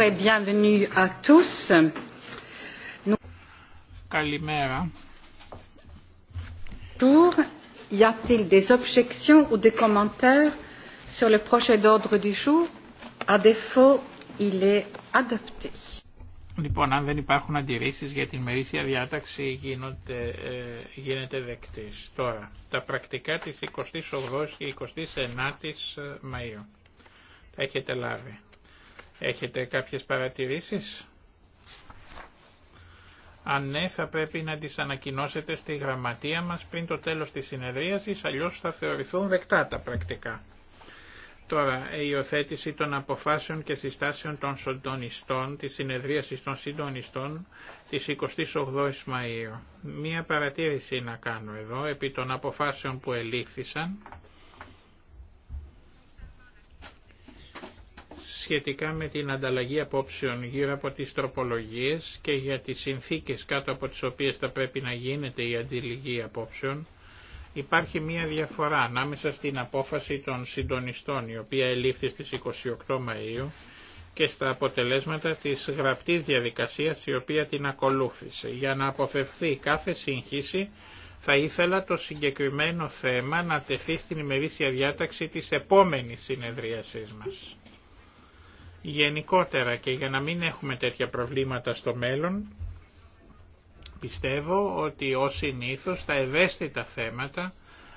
et bienvenue à tous. Καλημέρα. Bonjour. Y des objections ou des sur le du À Λοιπόν, αν δεν υπάρχουν αντιρρήσεις για την μερίσια διάταξη γίνονται, ε, γίνεται δεκτής. Τώρα, τα πρακτικά της 28ης και 29ης ε, Μαΐου. Τα έχετε λάβει. Έχετε κάποιες παρατηρήσεις? Αν ναι, θα πρέπει να τις ανακοινώσετε στη γραμματεία μας πριν το τέλος της συνεδρίασης, αλλιώς θα θεωρηθούν δεκτά τα πρακτικά. Τώρα, η υιοθέτηση των αποφάσεων και συστάσεων των συντονιστών, της συνεδρίασης των συντονιστών της 28ης Μαΐου. Μία παρατήρηση να κάνω εδώ, επί των αποφάσεων που ελήφθησαν σχετικά με την ανταλλαγή απόψεων γύρω από τις τροπολογίες και για τις συνθήκες κάτω από τις οποίες θα πρέπει να γίνεται η αντιληγή απόψεων, υπάρχει μία διαφορά ανάμεσα στην απόφαση των συντονιστών, η οποία ελήφθη στις 28 Μαΐου, και στα αποτελέσματα της γραπτής διαδικασίας η οποία την ακολούθησε. Για να αποφευθεί κάθε σύγχυση, θα ήθελα το συγκεκριμένο θέμα να τεθεί στην ημερήσια διάταξη της επόμενης συνεδρίασής μας γενικότερα και για να μην έχουμε τέτοια προβλήματα στο μέλλον, πιστεύω ότι ως συνήθως τα ευαίσθητα θέματα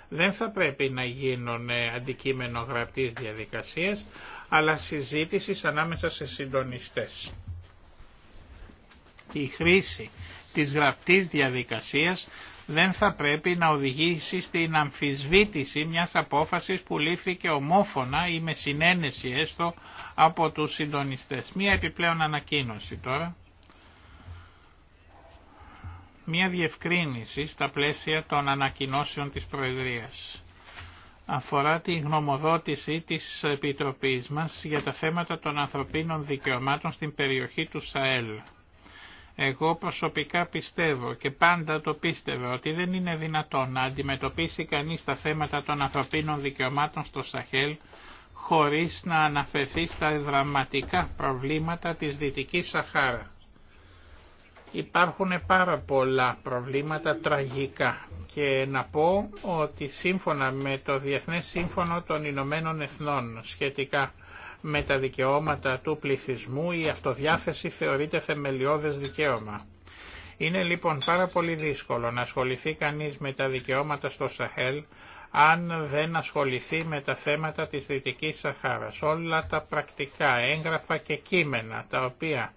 δεν θα πρέπει να γίνουν ε, αντικείμενο γραπτής διαδικασίας, αλλά συζήτησης ανάμεσα σε συντονιστές. Η χρήση της γραπτής διαδικασίας δεν θα πρέπει να οδηγήσει στην αμφισβήτηση μιας απόφασης που λήφθηκε ομόφωνα ή με συνένεση έστω από τους συντονιστές. Μία επιπλέον ανακοίνωση τώρα. Μία διευκρίνηση στα πλαίσια των ανακοινώσεων της Προεδρίας. Αφορά τη γνωμοδότηση της Επιτροπής μας για τα θέματα των ανθρωπίνων δικαιωμάτων στην περιοχή του ΣΑΕΛ. Εγώ προσωπικά πιστεύω και πάντα το πίστευα ότι δεν είναι δυνατόν να αντιμετωπίσει κανείς τα θέματα των ανθρωπίνων δικαιωμάτων στο Σαχέλ χωρίς να αναφερθεί στα δραματικά προβλήματα της Δυτικής Σαχάρα. Υπάρχουν πάρα πολλά προβλήματα τραγικά και να πω ότι σύμφωνα με το Διεθνές Σύμφωνο των Ηνωμένων Εθνών σχετικά με τα δικαιώματα του πληθυσμού η αυτοδιάθεση θεωρείται θεμελιώδες δικαίωμα. Είναι λοιπόν πάρα πολύ δύσκολο να ασχοληθεί κανείς με τα δικαιώματα στο Σαχέλ αν δεν ασχοληθεί με τα θέματα της Δυτικής Σαχάρας. Όλα τα πρακτικά, έγγραφα και κείμενα τα οποία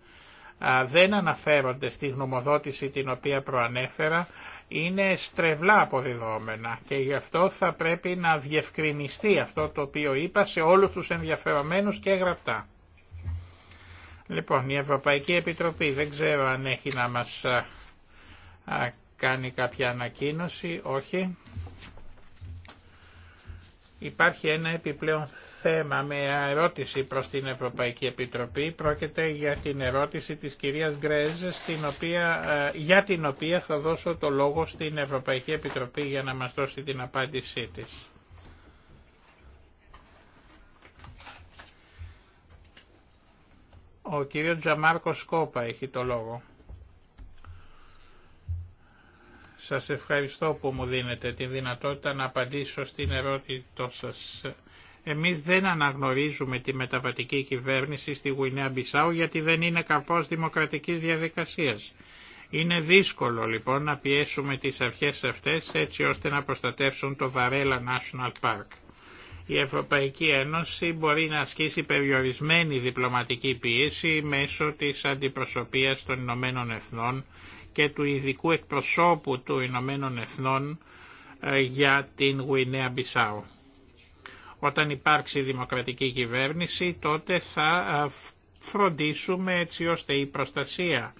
δεν αναφέρονται στη γνωμοδότηση την οποία προανέφερα είναι στρεβλά αποδεδόμενα και γι' αυτό θα πρέπει να διευκρινιστεί αυτό το οποίο είπα σε όλους τους ενδιαφερομένους και γραπτά. Λοιπόν, η Ευρωπαϊκή Επιτροπή δεν ξέρω αν έχει να μας κάνει κάποια ανακοίνωση, όχι. Υπάρχει ένα επιπλέον θέμα με ερώτηση προς την Ευρωπαϊκή Επιτροπή. Πρόκειται για την ερώτηση της κυρίας Γκρέζ, στην οποία, ε, για την οποία θα δώσω το λόγο στην Ευρωπαϊκή Επιτροπή για να μας δώσει την απάντησή της. Ο κύριος Τζαμάρκο Σκόπα έχει το λόγο. Σας ευχαριστώ που μου δίνετε τη δυνατότητα να απαντήσω στην ερώτητό σας. Εμείς δεν αναγνωρίζουμε τη μεταβατική κυβέρνηση στη Γουινέα Μπισάου γιατί δεν είναι καρπός δημοκρατικής διαδικασίας. Είναι δύσκολο λοιπόν να πιέσουμε τις αρχές αυτές έτσι ώστε να προστατεύσουν το Βαρέλα National Park. Η Ευρωπαϊκή Ένωση μπορεί να ασκήσει περιορισμένη διπλωματική πίεση μέσω της αντιπροσωπείας των Ηνωμένων Εθνών και του ειδικού εκπροσώπου του Ηνωμένων Εθνών ε, για την Γουινέα Μπισάου. Όταν υπάρξει δημοκρατική κυβέρνηση τότε θα φροντίσουμε έτσι ώστε η προστασία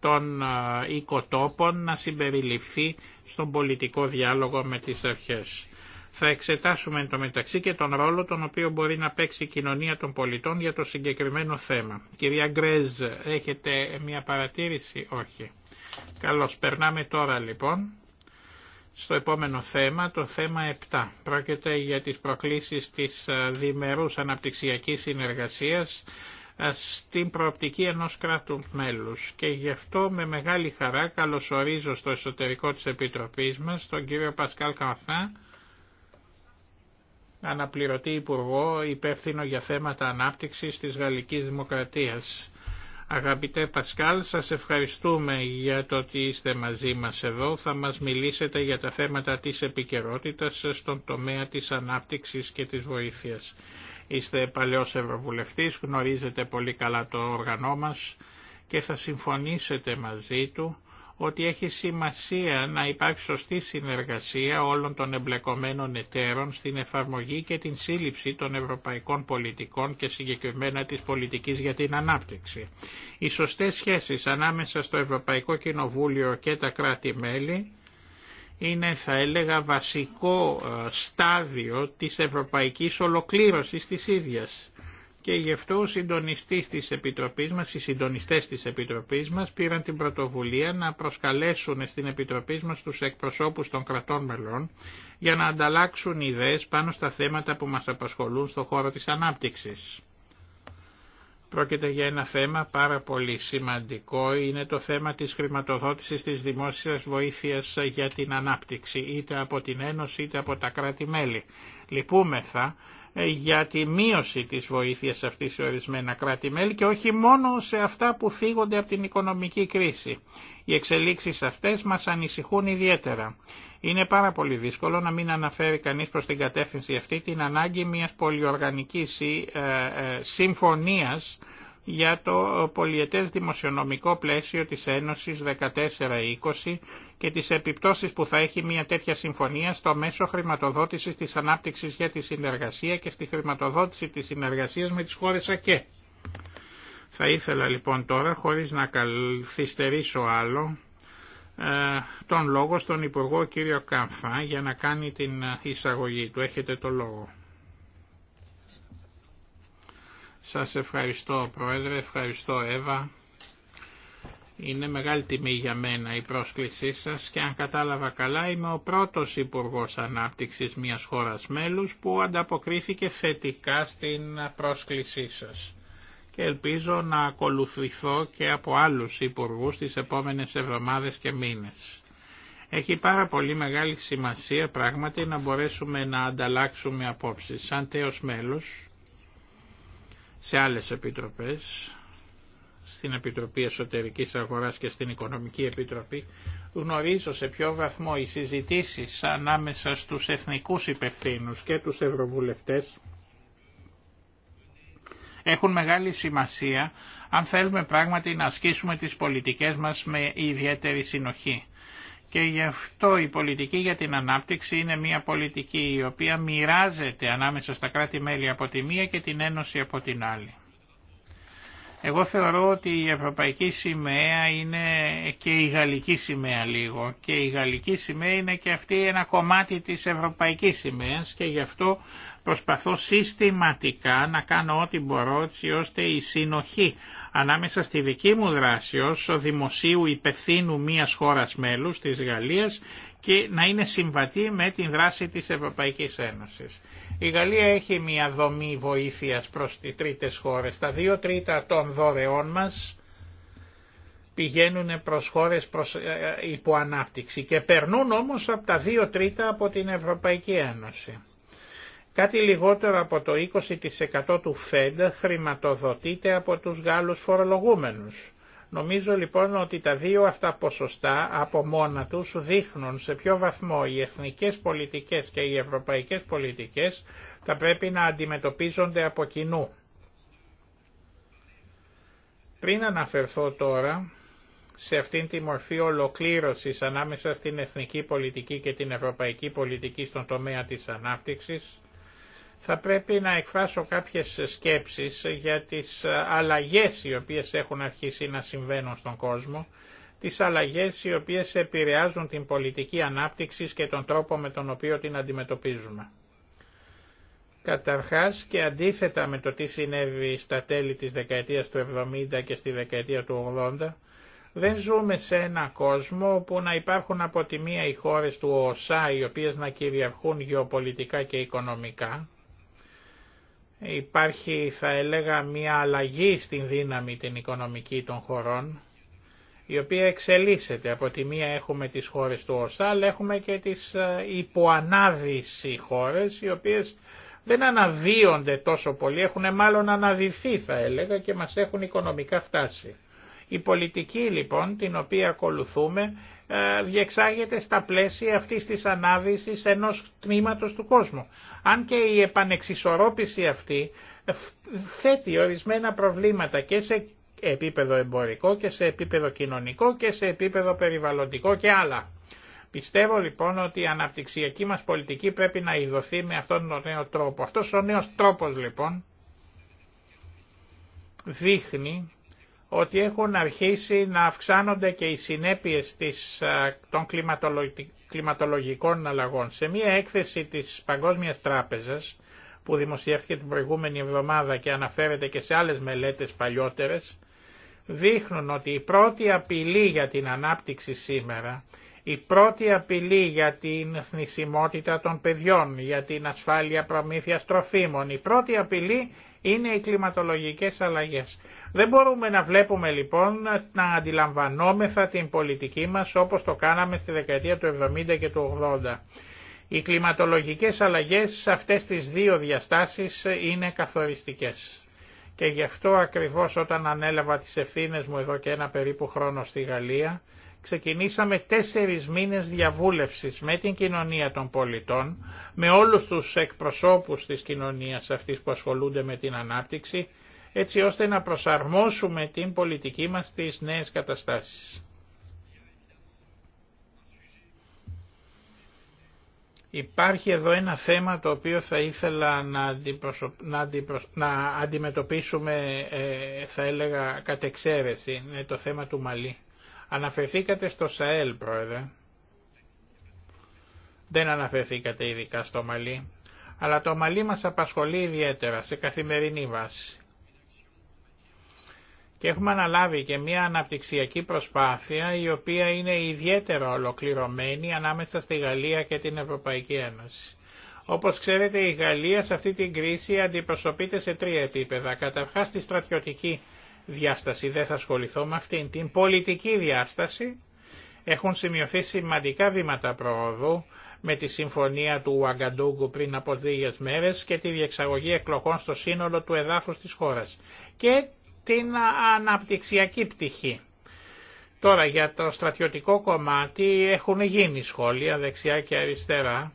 των οικοτόπων να συμπεριληφθεί στον πολιτικό διάλογο με τις αρχές. Θα εξετάσουμε εν τω μεταξύ και τον ρόλο τον οποίο μπορεί να παίξει η κοινωνία των πολιτών για το συγκεκριμένο θέμα. Κυρία Γκρέζ, έχετε μια παρατήρηση? Όχι. Καλώς, περνάμε τώρα λοιπόν στο επόμενο θέμα, το θέμα 7, πρόκειται για τις προκλήσεις της ε, διμερούς αναπτυξιακής συνεργασίας ε, στην προοπτική ενός κράτου μέλους και γι' αυτό με μεγάλη χαρά καλωσορίζω στο εσωτερικό της Επιτροπής μας τον κύριο Πασκάλ Καμφά, αναπληρωτή Υπουργό υπεύθυνο για θέματα ανάπτυξης της Γαλλικής Δημοκρατίας. Αγαπητέ Πασκάλ, σας ευχαριστούμε για το ότι είστε μαζί μας εδώ. Θα μας μιλήσετε για τα θέματα της επικαιρότητα στον τομέα της ανάπτυξης και της βοήθειας. Είστε παλαιός Ευρωβουλευτής, γνωρίζετε πολύ καλά το όργανό μας και θα συμφωνήσετε μαζί του ότι έχει σημασία να υπάρχει σωστή συνεργασία όλων των εμπλεκομένων εταίρων στην εφαρμογή και την σύλληψη των ευρωπαϊκών πολιτικών και συγκεκριμένα της πολιτικής για την ανάπτυξη. Οι σωστές σχέσεις ανάμεσα στο Ευρωπαϊκό Κοινοβούλιο και τα κράτη-μέλη είναι θα έλεγα βασικό ε, στάδιο της ευρωπαϊκής ολοκλήρωσης της ίδιας και γι' αυτό ο συντονιστής τη Επιτροπή μα, οι συντονιστέ της Επιτροπής μα πήραν την πρωτοβουλία να προσκαλέσουν στην Επιτροπή μα τους εκπροσώπους των κρατών μελών για να ανταλλάξουν ιδέες πάνω στα θέματα που μας απασχολούν στον χώρο τη ανάπτυξη. Πρόκειται για ένα θέμα πάρα πολύ σημαντικό, είναι το θέμα της χρηματοδότησης της δημόσιας βοήθειας για την ανάπτυξη, είτε από την Ένωση είτε από τα κράτη-μέλη. Λυπούμεθα ε, για τη μείωση της βοήθειας αυτής σε ορισμένα κράτη-μέλη και όχι μόνο σε αυτά που θίγονται από την οικονομική κρίση. Οι εξελίξεις αυτές μας ανησυχούν ιδιαίτερα. Είναι πάρα πολύ δύσκολο να μην αναφέρει κανείς προς την κατεύθυνση αυτή την ανάγκη μιας πολυοργανικής ε, ε, συμφωνίας για το πολιετές δημοσιονομικό πλαίσιο της Ένωσης 14-20 και τις επιπτώσεις που θα έχει μια τέτοια συμφωνία στο μέσο χρηματοδότησης της ανάπτυξης για τη συνεργασία και στη χρηματοδότηση της συνεργασίας με τις χώρες ΑΚΕ. Θα ήθελα λοιπόν τώρα, χωρίς να καλυστερήσω άλλο, ε, τον λόγο στον Υπουργό κύριο Κάμφα για να κάνει την εισαγωγή του. Έχετε το λόγο. Σας ευχαριστώ Πρόεδρε, ευχαριστώ Εύα. Είναι μεγάλη τιμή για μένα η πρόσκλησή σας και αν κατάλαβα καλά είμαι ο πρώτος Υπουργός Ανάπτυξης μιας χώρας μέλους που ανταποκρίθηκε θετικά στην πρόσκλησή σας και ελπίζω να ακολουθηθώ και από άλλους Υπουργούς τις επόμενες εβδομάδες και μήνες. Έχει πάρα πολύ μεγάλη σημασία πράγματι να μπορέσουμε να ανταλλάξουμε απόψεις. Σαν τέος μέλος σε άλλες επιτροπές, στην Επιτροπή Εσωτερικής Αγοράς και στην Οικονομική Επιτροπή, γνωρίζω σε ποιο βαθμό οι συζητήσεις ανάμεσα στους εθνικούς υπευθύνους και τους ευρωβουλευτές έχουν μεγάλη σημασία αν θέλουμε πράγματι να ασκήσουμε τις πολιτικές μας με ιδιαίτερη συνοχή και γι' αυτό η πολιτική για την ανάπτυξη είναι μια πολιτική η οποία μοιράζεται ανάμεσα στα κράτη-μέλη από τη μία και την Ένωση από την άλλη. Εγώ θεωρώ ότι η ευρωπαϊκή σημαία είναι και η γαλλική σημαία λίγο και η γαλλική σημαία είναι και αυτή ένα κομμάτι της ευρωπαϊκής σημαίας και γι' αυτό Προσπαθώ συστηματικά να κάνω ό,τι μπορώ έτσι ώστε η συνοχή ανάμεσα στη δική μου δράση ως ο δημοσίου υπευθύνου μιας χώρας μέλους της Γαλλίας και να είναι συμβατή με την δράση της Ευρωπαϊκής Ένωσης. Η Γαλλία έχει μια δομή βοήθειας προς τις τρίτες χώρες. Τα δύο τρίτα των δωρεών μας πηγαίνουν προς χώρες προς ε, ε, υποανάπτυξη και περνούν όμως από τα δύο τρίτα από την Ευρωπαϊκή Ένωση. Κάτι λιγότερο από το 20% του ΦΕΔ χρηματοδοτείται από τους Γάλλους φορολογούμενους. Νομίζω λοιπόν ότι τα δύο αυτά ποσοστά από μόνα τους δείχνουν σε ποιο βαθμό οι εθνικές πολιτικές και οι ευρωπαϊκές πολιτικές θα πρέπει να αντιμετωπίζονται από κοινού. Πριν αναφερθώ τώρα σε αυτήν τη μορφή ολοκλήρωσης ανάμεσα στην εθνική πολιτική και την ευρωπαϊκή πολιτική στον τομέα της ανάπτυξης, θα πρέπει να εκφράσω κάποιες σκέψεις για τις αλλαγές οι οποίες έχουν αρχίσει να συμβαίνουν στον κόσμο, τις αλλαγές οι οποίες επηρεάζουν την πολιτική ανάπτυξη και τον τρόπο με τον οποίο την αντιμετωπίζουμε. Καταρχάς και αντίθετα με το τι συνέβη στα τέλη της δεκαετίας του 70 και στη δεκαετία του 80, δεν ζούμε σε ένα κόσμο όπου να υπάρχουν από τη μία οι χώρες του ΟΣΑ οι οποίες να κυριαρχούν γεωπολιτικά και οικονομικά Υπάρχει θα έλεγα μια αλλαγή στην δύναμη την οικονομική των χωρών η οποία εξελίσσεται. Από τη μία έχουμε τις χώρες του ΟΣΑ, αλλά έχουμε και τις ε, υποανάδυση χώρες, οι οποίες δεν αναδύονται τόσο πολύ, έχουν μάλλον αναδυθεί θα έλεγα και μας έχουν οικονομικά φτάσει. Η πολιτική λοιπόν την οποία ακολουθούμε ε, διεξάγεται στα πλαίσια αυτής της ανάδυσης ενός τμήματος του κόσμου. Αν και η επανεξισορρόπηση αυτή θέτει ορισμένα προβλήματα και σε επίπεδο εμπορικό και σε επίπεδο κοινωνικό και σε επίπεδο περιβαλλοντικό και άλλα. Πιστεύω λοιπόν ότι η αναπτυξιακή μας πολιτική πρέπει να ειδωθεί με αυτόν τον νέο τρόπο. Αυτός ο νέος τρόπος λοιπόν δείχνει ότι έχουν αρχίσει να αυξάνονται και οι συνέπειες της, των κλιματολογικών αλλαγών. Σε μία έκθεση της Παγκόσμιας Τράπεζας που δημοσιεύθηκε την προηγούμενη εβδομάδα και αναφέρεται και σε άλλες μελέτες παλιότερες, δείχνουν ότι η πρώτη απειλή για την ανάπτυξη σήμερα, η πρώτη απειλή για την θνησιμότητα των παιδιών, για την ασφάλεια προμήθειας τροφίμων, η πρώτη απειλή είναι οι κλιματολογικές αλλαγές. Δεν μπορούμε να βλέπουμε λοιπόν να αντιλαμβανόμεθα την πολιτική μας όπως το κάναμε στη δεκαετία του 70 και του 80. Οι κλιματολογικές αλλαγές σε αυτές τις δύο διαστάσεις είναι καθοριστικές. Και γι' αυτό ακριβώς όταν ανέλαβα τις ευθύνες μου εδώ και ένα περίπου χρόνο στη Γαλλία, ξεκινήσαμε τέσσερις μήνες διαβούλευσης με την κοινωνία των πολιτών, με όλους τους εκπροσώπους της κοινωνίας αυτής που ασχολούνται με την ανάπτυξη, έτσι ώστε να προσαρμόσουμε την πολιτική μας στις νέες καταστάσεις. Υπάρχει εδώ ένα θέμα το οποίο θα ήθελα να, να, αντιμετωπίσουμε, ε, θα έλεγα, κατεξαίρεση. το θέμα του Μαλή. Αναφερθήκατε στο ΣΑΕΛ, πρόεδρε. Δεν αναφερθήκατε ειδικά στο Μαλί, αλλά το Μαλί μας απασχολεί ιδιαίτερα σε καθημερινή βάση. Και έχουμε αναλάβει και μια αναπτυξιακή προσπάθεια η οποία είναι ιδιαίτερα ολοκληρωμένη ανάμεσα στη Γαλλία και την Ευρωπαϊκή Ένωση. Όπως ξέρετε η Γαλλία σε αυτή την κρίση αντιπροσωπείται σε τρία επίπεδα. Καταρχάς τη στρατιωτική διάσταση, δεν θα ασχοληθώ με αυτήν, την πολιτική διάσταση, έχουν σημειωθεί σημαντικά βήματα προοδού με τη συμφωνία του Ουαγκαντούγκου πριν από δύο μέρες και τη διεξαγωγή εκλογών στο σύνολο του εδάφους της χώρας και την αναπτυξιακή πτυχή. Τώρα για το στρατιωτικό κομμάτι έχουν γίνει σχόλια δεξιά και αριστερά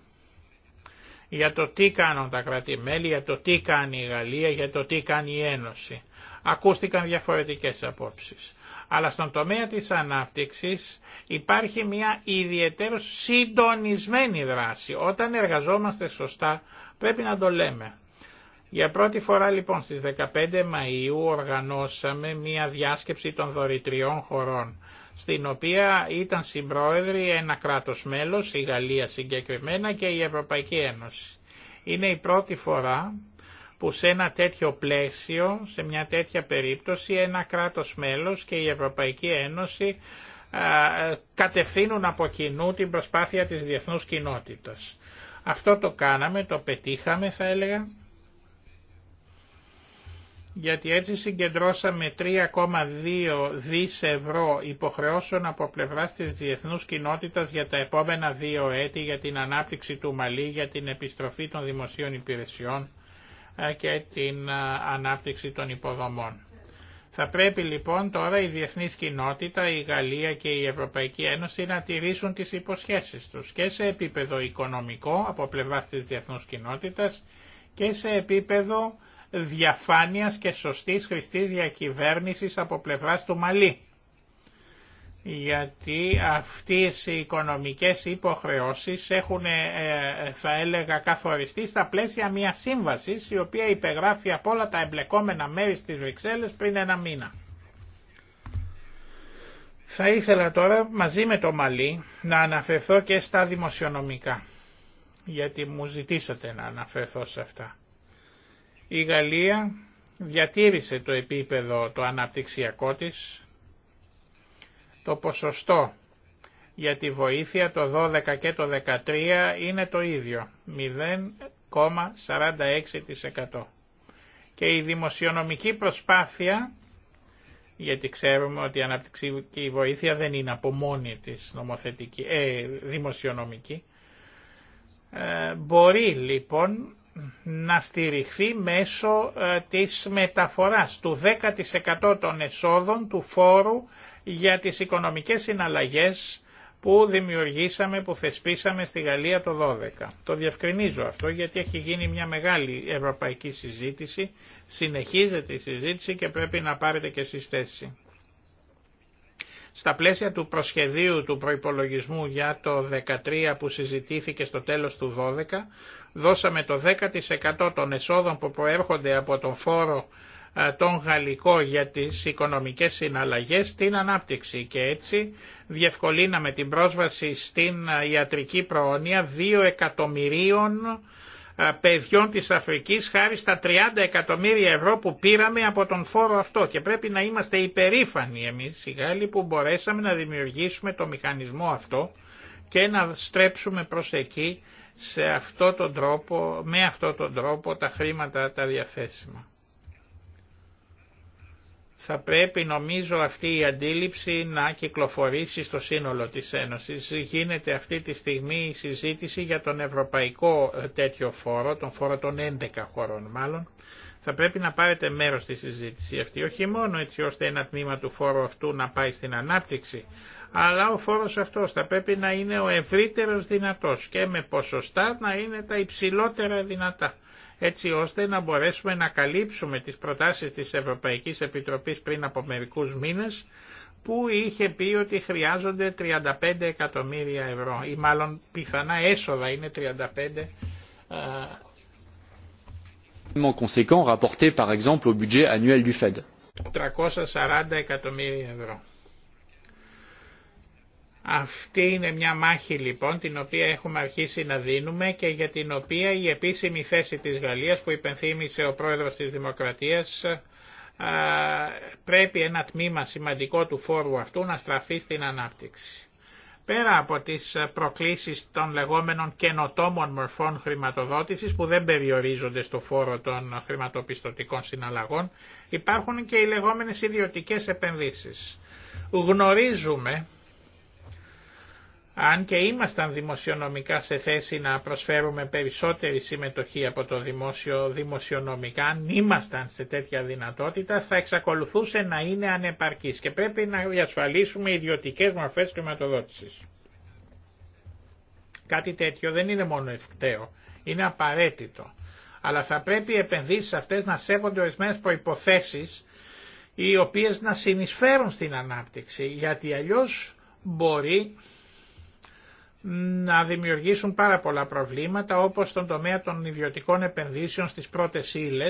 για το τι κάνουν τα κρατημέλη, για το τι κάνει η Γαλλία, για το τι κάνει η Ένωση ακούστηκαν διαφορετικές απόψεις. Αλλά στον τομέα της ανάπτυξης υπάρχει μια ιδιαίτερως συντονισμένη δράση. Όταν εργαζόμαστε σωστά πρέπει να το λέμε. Για πρώτη φορά λοιπόν στις 15 Μαΐου οργανώσαμε μια διάσκεψη των δωρητριών χωρών στην οποία ήταν συμπρόεδροι ένα κράτος μέλος, η Γαλλία συγκεκριμένα και η Ευρωπαϊκή Ένωση. Είναι η πρώτη φορά που σε ένα τέτοιο πλαίσιο, σε μια τέτοια περίπτωση, ένα κράτος μέλος και η Ευρωπαϊκή Ένωση κατευθύνουν από κοινού την προσπάθεια της διεθνούς κοινότητας. Αυτό το κάναμε, το πετύχαμε θα έλεγα, γιατί έτσι συγκεντρώσαμε 3,2 δις ευρώ υποχρεώσεων από πλευράς της διεθνούς κοινότητας για τα επόμενα δύο έτη για την ανάπτυξη του Μαλή, για την επιστροφή των δημοσίων υπηρεσιών και την ανάπτυξη των υποδομών. Θα πρέπει λοιπόν τώρα η διεθνής κοινότητα, η Γαλλία και η Ευρωπαϊκή Ένωση να τηρήσουν τις υποσχέσεις τους και σε επίπεδο οικονομικό από πλευράς της διεθνούς κοινότητας και σε επίπεδο διαφάνειας και σωστής χρηστής διακυβέρνησης από πλευράς του Μαλή γιατί αυτές οι οικονομικές υποχρεώσεις έχουν ε, ε, θα έλεγα καθοριστεί στα πλαίσια μια σύμβαση η οποία υπεγράφει από όλα τα εμπλεκόμενα μέρη στις Βρυξέλλες πριν ένα μήνα. Θα ήθελα τώρα μαζί με το Μαλή να αναφερθώ και στα δημοσιονομικά, γιατί μου ζητήσατε να αναφερθώ σε αυτά. Η Γαλλία διατήρησε το επίπεδο το αναπτυξιακό της το ποσοστό για τη βοήθεια το 12 και το 13 είναι το ίδιο, 0,46%. Και η δημοσιονομική προσπάθεια, γιατί ξέρουμε ότι η αναπτυξιακή βοήθεια δεν είναι από μόνη της νομοθετική, ε, δημοσιονομική, ε, μπορεί λοιπόν να στηριχθεί μέσω ε, της μεταφοράς του 10% των εσόδων του φόρου για τις οικονομικές συναλλαγές που δημιουργήσαμε, που θεσπίσαμε στη Γαλλία το 12. Το διευκρινίζω αυτό γιατί έχει γίνει μια μεγάλη ευρωπαϊκή συζήτηση, συνεχίζεται η συζήτηση και πρέπει να πάρετε και εσείς θέση. Στα πλαίσια του προσχεδίου του προϋπολογισμού για το 13 που συζητήθηκε στο τέλος του 12, δώσαμε το 10% των εσόδων που προέρχονται από τον φόρο τον γαλλικό για τις οικονομικές συναλλαγές στην ανάπτυξη και έτσι διευκολύναμε την πρόσβαση στην ιατρική προώνια 2 εκατομμυρίων παιδιών της Αφρικής χάρη στα 30 εκατομμύρια ευρώ που πήραμε από τον φόρο αυτό και πρέπει να είμαστε υπερήφανοι εμείς οι Γάλλοι που μπορέσαμε να δημιουργήσουμε το μηχανισμό αυτό και να στρέψουμε προς εκεί σε αυτό τον τρόπο, με αυτόν τον τρόπο τα χρήματα τα διαθέσιμα θα πρέπει νομίζω αυτή η αντίληψη να κυκλοφορήσει στο σύνολο της Ένωσης. Γίνεται αυτή τη στιγμή η συζήτηση για τον ευρωπαϊκό ε, τέτοιο φόρο, τον φόρο των 11 χωρών μάλλον. Θα πρέπει να πάρετε μέρος στη συζήτηση αυτή, όχι μόνο έτσι ώστε ένα τμήμα του φόρου αυτού να πάει στην ανάπτυξη, αλλά ο φόρος αυτός θα πρέπει να είναι ο ευρύτερος δυνατός και με ποσοστά να είναι τα υψηλότερα δυνατά έτσι ώστε να μπορέσουμε να καλύψουμε τις προτάσεις της Ευρωπαϊκής Επιτροπής πριν από μερικούς μήνες που είχε πει ότι χρειάζονται 35 εκατομμύρια ευρώ ή μάλλον πιθανά έσοδα είναι 35 ε, conséquent rapporté par exemple au budget annuel du Fed. 340 εκατομμύρια ευρώ. Αυτή είναι μια μάχη λοιπόν την οποία έχουμε αρχίσει να δίνουμε και για την οποία η επίσημη θέση της Γαλλίας που υπενθύμησε ο πρόεδρος της Δημοκρατίας πρέπει ένα τμήμα σημαντικό του φόρου αυτού να στραφεί στην ανάπτυξη. Πέρα από τις προκλήσεις των λεγόμενων καινοτόμων μορφών χρηματοδότησης που δεν περιορίζονται στο φόρο των χρηματοπιστωτικών συναλλαγών, υπάρχουν και οι λεγόμενες ιδιωτικές επενδύσεις. Γνωρίζουμε αν και ήμασταν δημοσιονομικά σε θέση να προσφέρουμε περισσότερη συμμετοχή από το δημόσιο δημοσιονομικά, αν ήμασταν σε τέτοια δυνατότητα θα εξακολουθούσε να είναι ανεπαρκής και πρέπει να διασφαλίσουμε ιδιωτικές μορφές χρηματοδότησης. Κάτι τέτοιο δεν είναι μόνο ευκταίο, είναι απαραίτητο. Αλλά θα πρέπει οι επενδύσεις αυτές να σέβονται ορισμένε προϋποθέσεις οι οποίες να συνεισφέρουν στην ανάπτυξη, γιατί αλλιώς μπορεί να δημιουργήσουν πάρα πολλά προβλήματα όπως στον τομέα των ιδιωτικών επενδύσεων στις πρώτες ύλε,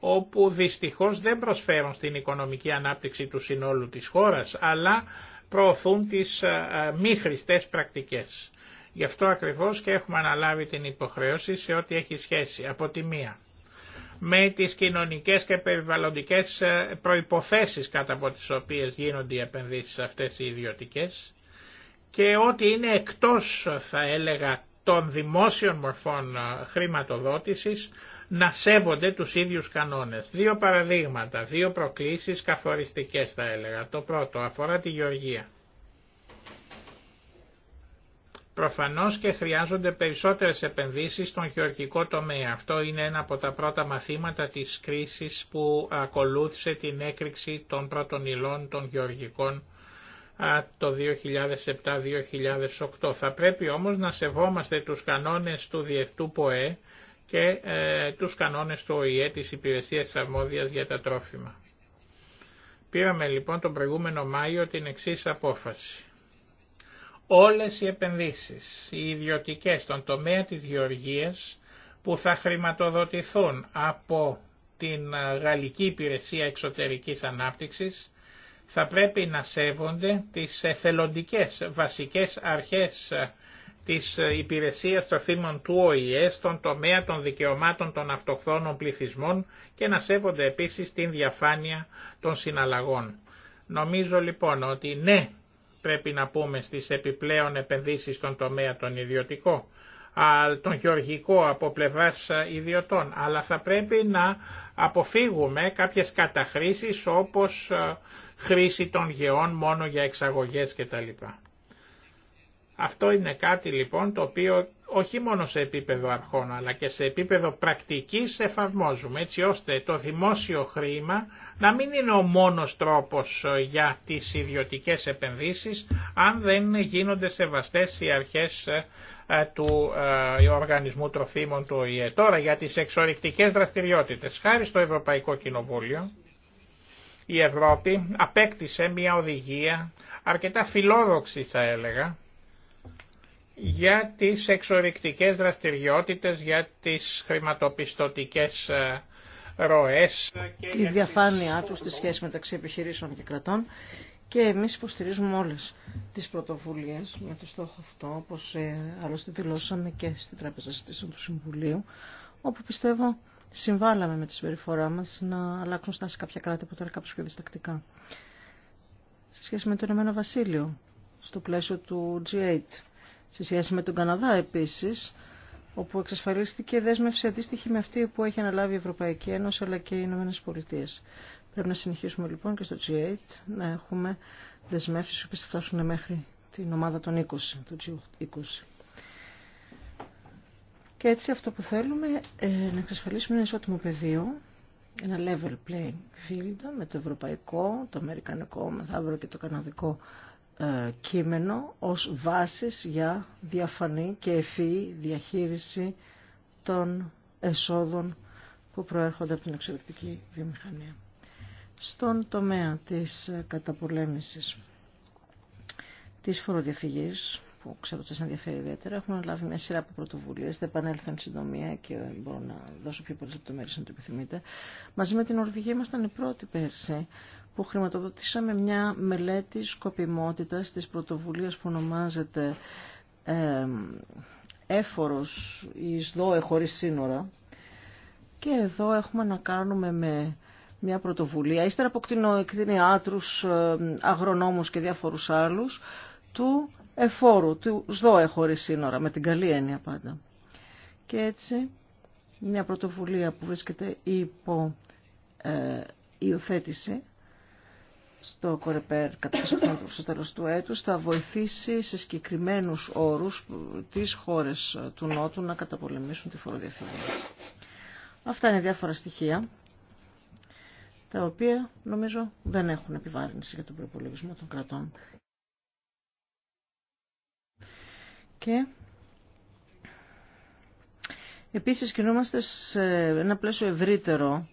όπου δυστυχώς δεν προσφέρουν στην οικονομική ανάπτυξη του συνόλου της χώρας αλλά προωθούν τις ε, ε, μη χρηστές πρακτικές. Γι' αυτό ακριβώς και έχουμε αναλάβει την υποχρέωση σε ό,τι έχει σχέση από τη μία με τις κοινωνικές και περιβαλλοντικές ε, προϋποθέσεις κατά από τις οποίες γίνονται οι επενδύσεις αυτές οι ιδιωτικές και ό,τι είναι εκτός θα έλεγα των δημόσιων μορφών ε, χρηματοδότησης να σέβονται τους ίδιους κανόνες. Δύο παραδείγματα, δύο προκλήσεις καθοριστικές θα έλεγα. Το πρώτο αφορά τη γεωργία. Προφανώς και χρειάζονται περισσότερες επενδύσεις στον γεωργικό τομέα. Αυτό είναι ένα από τα πρώτα μαθήματα της κρίσης που ακολούθησε την έκρηξη των πρώτων υλών των γεωργικών το 2007-2008. Θα πρέπει όμως να σεβόμαστε τους κανόνες του Διευτού ΠΟΕ και ε, τους κανόνες του ΟΗΕ της Υπηρεσίας Αρμόδιας για τα Τρόφιμα. Πήραμε λοιπόν τον προηγούμενο Μάιο την εξής απόφαση. Όλες οι επενδύσεις, οι ιδιωτικές στον τομέα της γεωργίας που θα χρηματοδοτηθούν από την Γαλλική Υπηρεσία Εξωτερικής Ανάπτυξης θα πρέπει να σέβονται τις εθελοντικές βασικές αρχές της υπηρεσίας των θύμων του ΟΗΕ στον τομέα των δικαιωμάτων των αυτοχθόνων πληθυσμών και να σέβονται επίσης την διαφάνεια των συναλλαγών. Νομίζω λοιπόν ότι ναι πρέπει να πούμε στις επιπλέον επενδύσεις στον τομέα τον ιδιωτικό, τον γεωργικό από πλευράς ε, ιδιωτών, αλλά θα πρέπει να αποφύγουμε κάποιες καταχρήσεις όπως ε, χρήση των γεών μόνο για εξαγωγές κτλ. Αυτό είναι κάτι λοιπόν το οποίο όχι μόνο σε επίπεδο αρχών αλλά και σε επίπεδο πρακτικής εφαρμόζουμε έτσι ώστε το δημόσιο χρήμα να μην είναι ο μόνος τρόπος ε, για τις ιδιωτικές επενδύσεις αν δεν γίνονται σεβαστές οι αρχές ε, ε, του Οργανισμού Τροφίμων του ΟΗΕ. Τώρα για τις εξορρυκτικές δραστηριότητες. Χάρη στο Ευρωπαϊκό Κοινοβούλιο η Ευρώπη απέκτησε μια οδηγία αρκετά φιλόδοξη θα έλεγα για τις εξορρυκτικές δραστηριότητες, για τις χρηματοπιστωτικές ε, ροές. Και η διαφάνειά τους στη σχέση μεταξύ επιχειρήσεων και κρατών. Και εμείς υποστηρίζουμε όλες τις πρωτοβουλίες με το στόχο αυτό, όπως ε, άλλωστε δηλώσαμε και στην Τράπεζα Συντήσεων του Συμβουλίου, όπου πιστεύω συμβάλαμε με τη συμπεριφορά μας να αλλάξουν στάση κάποια κράτη που τώρα κάπως πιο διστακτικά. Σε σχέση με το Ηνωμένο Βασίλειο, στο πλαίσιο του G8, σε σχέση με τον Καναδά επίσης, όπου εξασφαλίστηκε δέσμευση αντίστοιχη με αυτή που έχει αναλάβει η Ευρωπαϊκή Ένωση αλλά και οι Ηνωμένες Πολιτείες. Πρέπει να συνεχίσουμε λοιπόν και στο G8 να έχουμε δεσμεύσεις που θα φτάσουν μέχρι την ομάδα των 20, του G20. Και έτσι αυτό που θέλουμε ε, να εξασφαλίσουμε ένα ισότιμο πεδίο, ένα level playing field με το ευρωπαϊκό, το αμερικανικό, μεθαύριο και το καναδικό ε, κείμενο ως βάσης για διαφανή και ευφυή διαχείριση των εσόδων που προέρχονται από την εξελικτική βιομηχανία. Στον τομέα της καταπολέμησης της φοροδιαφυγής που ξέρω ότι σας ενδιαφέρει ιδιαίτερα, έχουμε λάβει μια σειρά από πρωτοβουλίες, Δεν επανέλθω εν συντομία και μπορώ να δώσω πιο πολλές λεπτομέρειες αν το επιθυμείτε. Μαζί με την Ορβηγία ήμασταν οι πρώτοι πέρσι που χρηματοδοτήσαμε μια μελέτη σκοπιμότητας της πρωτοβουλίας που ονομάζεται ε, έφορος ή δόε χωρίς σύνορα. Και εδώ έχουμε να κάνουμε με μια πρωτοβουλία, ύστερα από κτηνιάτρους, αγρονόμους και διάφορους άλλους, του εφόρου, του ΣΔΟΕ χωρίς σύνορα, με την καλή έννοια πάντα. Και έτσι, μια πρωτοβουλία που βρίσκεται υπό ε, υιοθέτηση στο Κορεπέρ κατά το τέλος του έτους θα βοηθήσει σε συγκεκριμένους όρους τις χώρες του Νότου να καταπολεμήσουν τη φοροδιαφυγή. Αυτά είναι διάφορα στοιχεία τα οποία νομίζω δεν έχουν επιβάρυνση για τον προπολογισμό των κρατών. Και επίσης κινούμαστε σε ένα πλαίσιο ευρύτερο,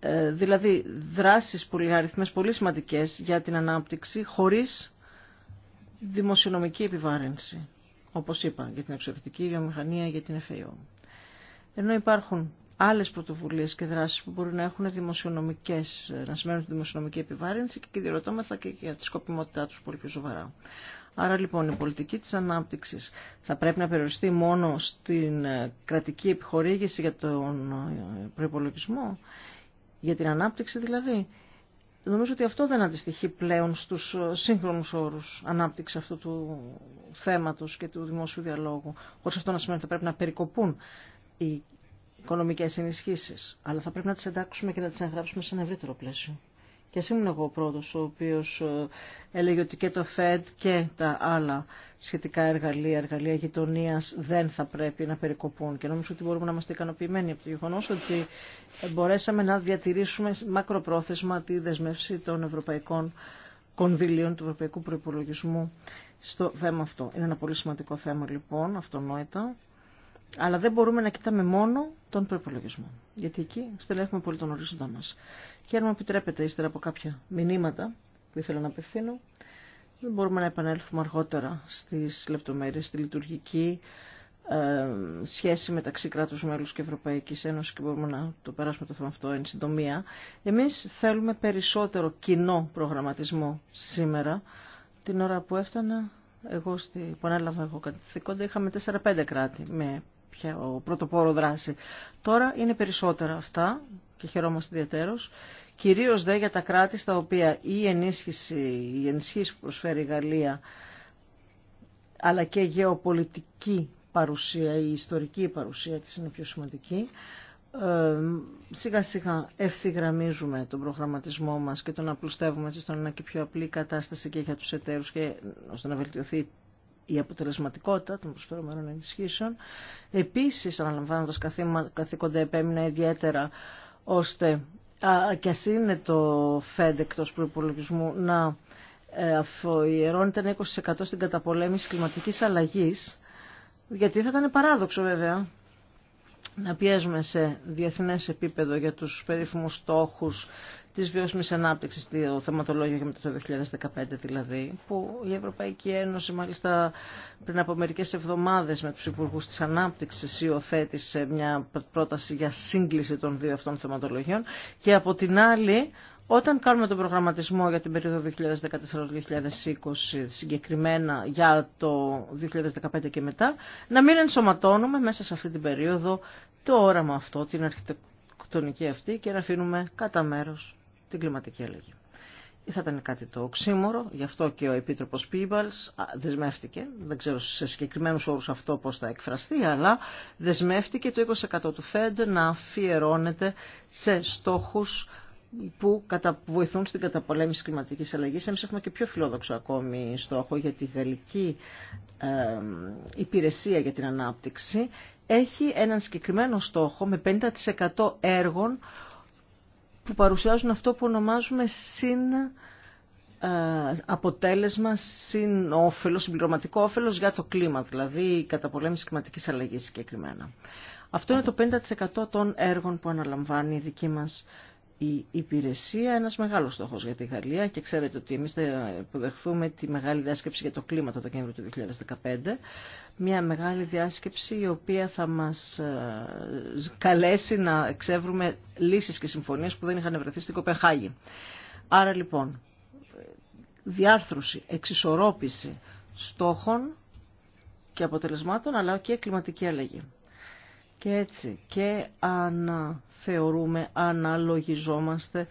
ε, δηλαδή δράσεις πολυαριθμές πολύ σημαντικές για την ανάπτυξη χωρίς δημοσιονομική επιβάρυνση, όπως είπα, για την εξωτερική βιομηχανία, για την ΕΦΕΟ. Ενώ υπάρχουν άλλες πρωτοβουλίες και δράσεις που μπορεί να έχουν δημοσιονομικές, να σημαίνουν δημοσιονομική επιβάρυνση και κυριολεκτόμεθα και για τη σκοπιμότητά τους πολύ πιο σοβαρά. Άρα λοιπόν η πολιτική της ανάπτυξης θα πρέπει να περιοριστεί μόνο στην ε, κρατική επιχορήγηση για τον ε, προπολογισμό. για την ανάπτυξη δηλαδή. Νομίζω ότι αυτό δεν αντιστοιχεί πλέον στους ε, σύγχρονους όρους ανάπτυξη αυτού του θέματος και του δημόσιου διαλόγου. Χωρίς αυτό να σημαίνει ότι θα πρέπει να περικοπούν οι Οικονομικέ ενισχύσει. Αλλά θα πρέπει να τι εντάξουμε και να τι εγγράψουμε σε ένα ευρύτερο πλαίσιο. Και εσύ ήμουν εγώ ο πρώτο, ο οποίο ε, έλεγε ότι και το ΦΕΔ και τα άλλα σχετικά εργαλεία, εργαλεία γειτονία δεν θα πρέπει να περικοπούν. Και νομίζω ότι μπορούμε να είμαστε ικανοποιημένοι από το γεγονό ότι μπορέσαμε να διατηρήσουμε μακροπρόθεσμα τη δεσμεύση των ευρωπαϊκών κονδυλίων του ευρωπαϊκού προπολογισμού στο θέμα αυτό. Είναι ένα πολύ σημαντικό θέμα λοιπόν, αυτονόητο. Αλλά δεν μπορούμε να κοιτάμε μόνο τον προπολογισμό. Γιατί εκεί στελέχουμε πολύ τον ορίζοντά μα. Και αν μου επιτρέπετε, ύστερα από κάποια μηνύματα που ήθελα να απευθύνω, δεν μπορούμε να επανέλθουμε αργότερα στι λεπτομέρειε, στη λειτουργική ε, σχέση μεταξύ κράτου μέλου και Ευρωπαϊκή Ένωση και μπορούμε να το περάσουμε το θέμα αυτό εν συντομία. Εμεί θέλουμε περισσότερο κοινό προγραμματισμό σήμερα. Την ώρα που έφτανα εγώ στη, που εγω εγώ καθήκοντα, είχαμε 4-5 κράτη με ο πρωτοπόρο δράση. Τώρα είναι περισσότερα αυτά και χαιρόμαστε ιδιαίτερως. Κυρίως δε για τα κράτη στα οποία η ενίσχυση, η ενισχύση που προσφέρει η Γαλλία αλλά και γεωπολιτική παρουσία, η ιστορική παρουσία της είναι πιο σημαντική. Ε, σιγά σιγά ευθυγραμμίζουμε τον προγραμματισμό μας και τον απλουστεύουμε έτσι ώστε να και πιο απλή κατάσταση και για τους εταίρους και ώστε να βελτιωθεί η αποτελεσματικότητα των προσφερόμενων ενισχύσεων. Επίσης, αναλαμβάνοντας καθήκοντα επέμεινα ιδιαίτερα ώστε α, και ας είναι το ΦΕΔ εκτός προϋπολογισμού να ε, αφοιερώνεται ένα 20% στην καταπολέμηση κλιματικής αλλαγής, γιατί θα ήταν παράδοξο βέβαια να πιέζουμε σε διεθνές επίπεδο για τους περίφημους στόχους Τη βιώσιμη ανάπτυξη το θεματολόγιο για μετά το 2015 δηλαδή, που η Ευρωπαϊκή Ένωση μάλιστα πριν από μερικέ εβδομάδε με του Υπουργού τη ανάπτυξη, υιοθέτησε μια πρόταση για σύγκληση των δύο αυτών θεματολογιών και από την άλλη όταν κάνουμε τον προγραμματισμό για την περίοδο 2014-2020 συγκεκριμένα για το 2015 και μετά, να μην ενσωματώνουμε μέσα σε αυτή την περίοδο το όραμα αυτό, την αρχιτεκτονική αυτή και να αφήνουμε κατά μέρος την κλιματική αλλαγή. Θα ήταν κάτι το οξύμορο, γι' αυτό και ο Επίτροπος Πίμπαλς δεσμεύτηκε, δεν ξέρω σε συγκεκριμένους όρους αυτό πώς θα εκφραστεί, αλλά δεσμεύτηκε το 20% του ΦΕΔ να αφιερώνεται σε στόχους που βοηθούν στην καταπολέμηση κλιματικής αλλαγής. Εμείς έχουμε και πιο φιλόδοξο ακόμη στόχο για τη γαλλική υπηρεσία για την ανάπτυξη. Έχει έναν συγκεκριμένο στόχο με 50% έργων που παρουσιάζουν αυτό που ονομάζουμε συν ε, αποτέλεσμα συν όφελος, συμπληρωματικό όφελος για το κλίμα, δηλαδή η καταπολέμηση κλιματικής αλλαγής συγκεκριμένα. Αυτό είναι το 50% των έργων που αναλαμβάνει η δική μας η υπηρεσία ένας μεγάλος στόχος για τη Γαλλία και ξέρετε ότι εμείς θα υποδεχθούμε τη μεγάλη διάσκεψη για το κλίμα το Δεκέμβριο του 2015 μια μεγάλη διάσκεψη η οποία θα μας ε, καλέσει να εξεύρουμε λύσεις και συμφωνίες που δεν είχαν βρεθεί στην Κοπεχάγη. Άρα λοιπόν διάρθρωση, εξισορρόπηση στόχων και αποτελεσμάτων αλλά και κλιματική αλλαγή και έτσι και αναθεωρούμε, αναλογιζόμαστε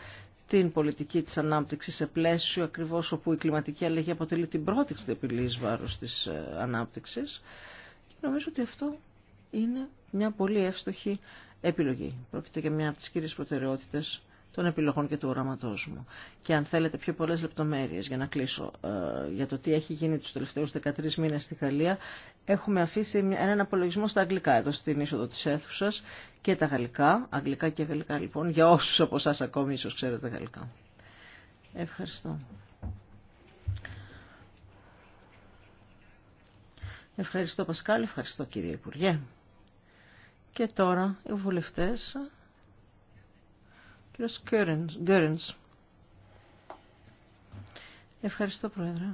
την πολιτική της ανάπτυξης σε πλαίσιο ακριβώς όπου η κλιματική αλλαγή αποτελεί την πρώτη της βάρος της ε, ανάπτυξης και νομίζω ότι αυτό είναι μια πολύ εύστοχη επιλογή. Πρόκειται για μια από τις κύριες προτεραιότητες των επιλογών και του οράματό μου. Και αν θέλετε πιο πολλές λεπτομέρειες για να κλείσω ε, για το τι έχει γίνει του τελευταίου 13 μήνες στη Γαλλία, έχουμε αφήσει έναν απολογισμό στα αγγλικά εδώ στην είσοδο τη αίθουσα και τα γαλλικά, αγγλικά και γαλλικά λοιπόν, για όσους από εσά ακόμη ίσω ξέρετε γαλλικά. Ευχαριστώ. Ευχαριστώ Πασκάλη, ευχαριστώ κύριε Υπουργέ. Και τώρα οι βουλευτές Κύριος Γκέρενς. Ευχαριστώ, Πρόεδρε.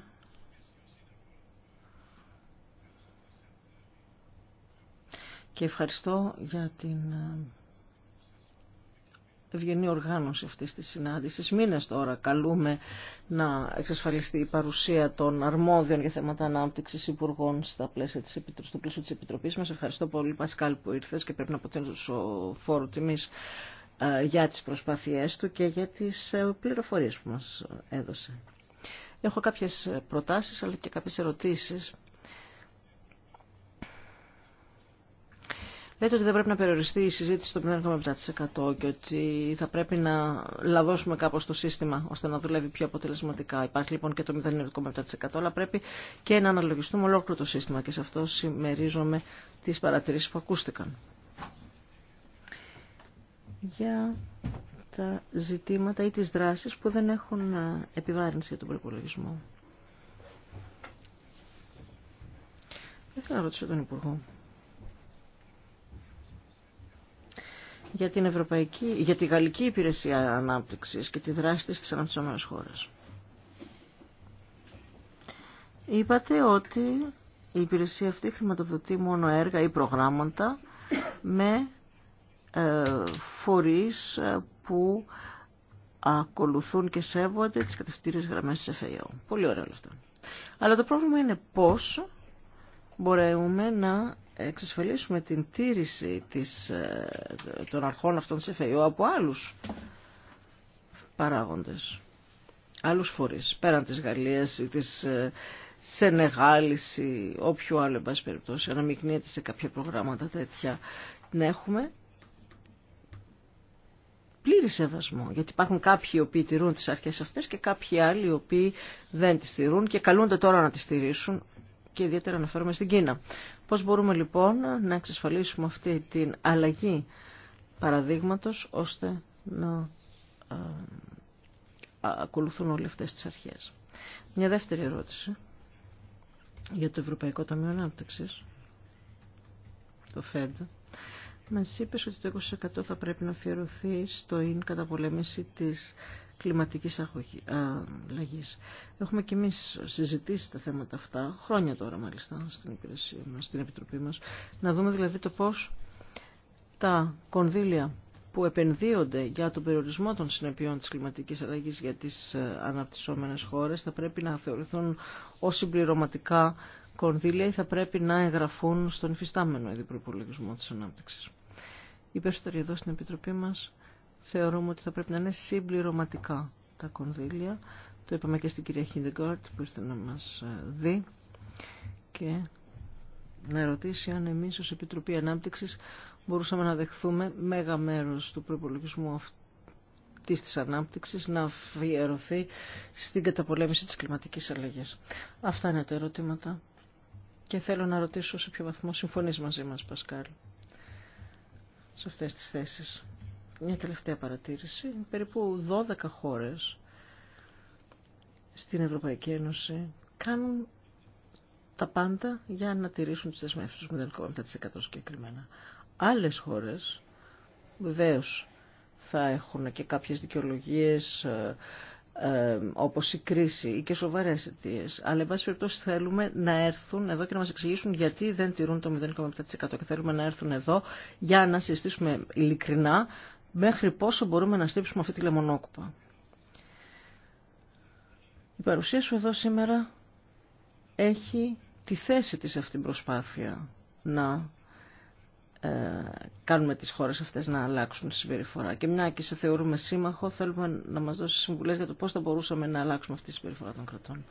Και ευχαριστώ για την ε, ευγενή οργάνωση αυτής της συνάντησης. Μήνες τώρα καλούμε να εξασφαλιστεί η παρουσία των αρμόδιων για θέματα ανάπτυξης υπουργών στα πλαίσια της, στο πλαίσιο της Επιτροπής μας. Ευχαριστώ πολύ Πασκάλ που ήρθες και πρέπει να αποτείνω ο φόρο τιμής ε, για τις προσπάθειές του και για τις ε, πληροφορίες που μας έδωσε. Έχω κάποιες προτάσεις αλλά και κάποιες ερωτήσεις. Λέτε ότι δεν πρέπει να περιοριστεί η συζήτηση στο 0,7% και ότι θα πρέπει να λαδώσουμε κάπως το σύστημα ώστε να δουλεύει πιο αποτελεσματικά. Υπάρχει λοιπόν και το 0,7%, αλλά πρέπει και να αναλογιστούμε ολόκληρο το σύστημα και σε αυτό συμμερίζομαι τις παρατηρήσεις που ακούστηκαν για τα ζητήματα ή τις δράσεις που δεν έχουν ε, επιβάρυνση για τον προπολογισμό. Δεν θέλω να ρωτήσω τον Υπουργό. Για, την Ευρωπαϊκή, για τη Γαλλική Υπηρεσία Ανάπτυξης και τη δράση της στις αναπτυσσόμενες χώρες. Είπατε ότι η υπηρεσία αυτή χρηματοδοτεί μόνο έργα ή προγράμματα με φορείς ε, που ακολουθούν και σέβονται τις κατευθυντήριες γραμμές της ΕΦΕΙΟ. Πολύ ωραία όλα αυτά. Αλλά το πρόβλημα είναι πώς μπορούμε να εξασφαλίσουμε την τήρηση της, ε, των αρχών αυτών της ΕΦΕΙΟ από άλλους παράγοντες, άλλους φορείς, πέραν της Γαλλίας ή της ε, Σενεγάλης ή όποιο άλλο, εν πάση περιπτώσει, αναμειγνύεται σε κάποια προγράμματα τέτοια, Την έχουμε πλήρη σεβασμό. Γιατί υπάρχουν κάποιοι οι οποίοι τηρούν τις αρχές αυτές και κάποιοι άλλοι οι οποίοι δεν τις τηρούν και καλούνται τώρα να τις στηρίσουν και ιδιαίτερα αναφέρομαι στην Κίνα. Πώς μπορούμε λοιπόν να εξασφαλίσουμε αυτή την αλλαγή παραδείγματος ώστε να ε, ακολουθούν όλε αυτέ τις αρχές. Μια δεύτερη ερώτηση για το Ευρωπαϊκό Ταμείο Ανάπτυξη, το ΦΕΔ. Μας είπες ότι το 20% θα πρέπει να αφιερωθεί στο ίν πολέμηση της κλιματικής αλλαγής. Έχουμε και εμεί συζητήσει τα θέματα αυτά, χρόνια τώρα μάλιστα, στην υπηρεσία μα, στην Επιτροπή μας, να δούμε δηλαδή το πώς τα κονδύλια που επενδύονται για τον περιορισμό των συνεπειών της κλιματικής αλλαγής για τις ε, αναπτυσσόμενες χώρες θα πρέπει να θεωρηθούν ως συμπληρωματικά κονδύλια θα πρέπει να εγγραφούν στον υφιστάμενο ήδη προπολογισμό της ανάπτυξης. Οι περισσότεροι εδώ στην Επιτροπή μας θεωρούμε ότι θα πρέπει να είναι συμπληρωματικά τα κονδύλια. Το είπαμε και στην κυρία Χιντεγκάρτ που ήρθε να μας ε, δει και να ρωτήσει αν εμεί ω Επιτροπή ανάπτυξη μπορούσαμε να δεχθούμε μέγα μέρο του προπολογισμού αυτού αυτής της ανάπτυξης να αφιερωθεί στην καταπολέμηση της κλιματικής αλλαγής. Αυτά είναι τα ερωτήματα και θέλω να ρωτήσω σε ποιο βαθμό συμφωνείς μαζί μας, Πασκάλ, σε αυτές τις θέσεις. Μια τελευταία παρατήρηση. Περίπου 12 χώρες στην Ευρωπαϊκή Ένωση κάνουν τα πάντα για να τηρήσουν τις δεσμεύσεις τους με 0,7% συγκεκριμένα. Άλλες χώρες βεβαίως θα έχουν και κάποιες δικαιολογίες ε, ε, όπως η κρίση ή και σοβαρές αιτίε. Αλλά, εν πάση περιπτώσει, θέλουμε να έρθουν εδώ και να μας εξηγήσουν γιατί δεν τηρούν το 0,7% και θέλουμε να έρθουν εδώ για να συζητήσουμε ειλικρινά μέχρι πόσο μπορούμε να στύψουμε αυτή τη λεμονόκουπα. Η παρουσία σου εδώ σήμερα έχει τη θέση της αυτήν προσπάθεια να ε, κάνουμε τις χώρες αυτές να αλλάξουν συμπεριφορά. Και μια και σε θεωρούμε σύμμαχο, θέλουμε να μας δώσει συμβουλές για το πώς θα μπορούσαμε να αλλάξουμε αυτή τη συμπεριφορά των κρατών.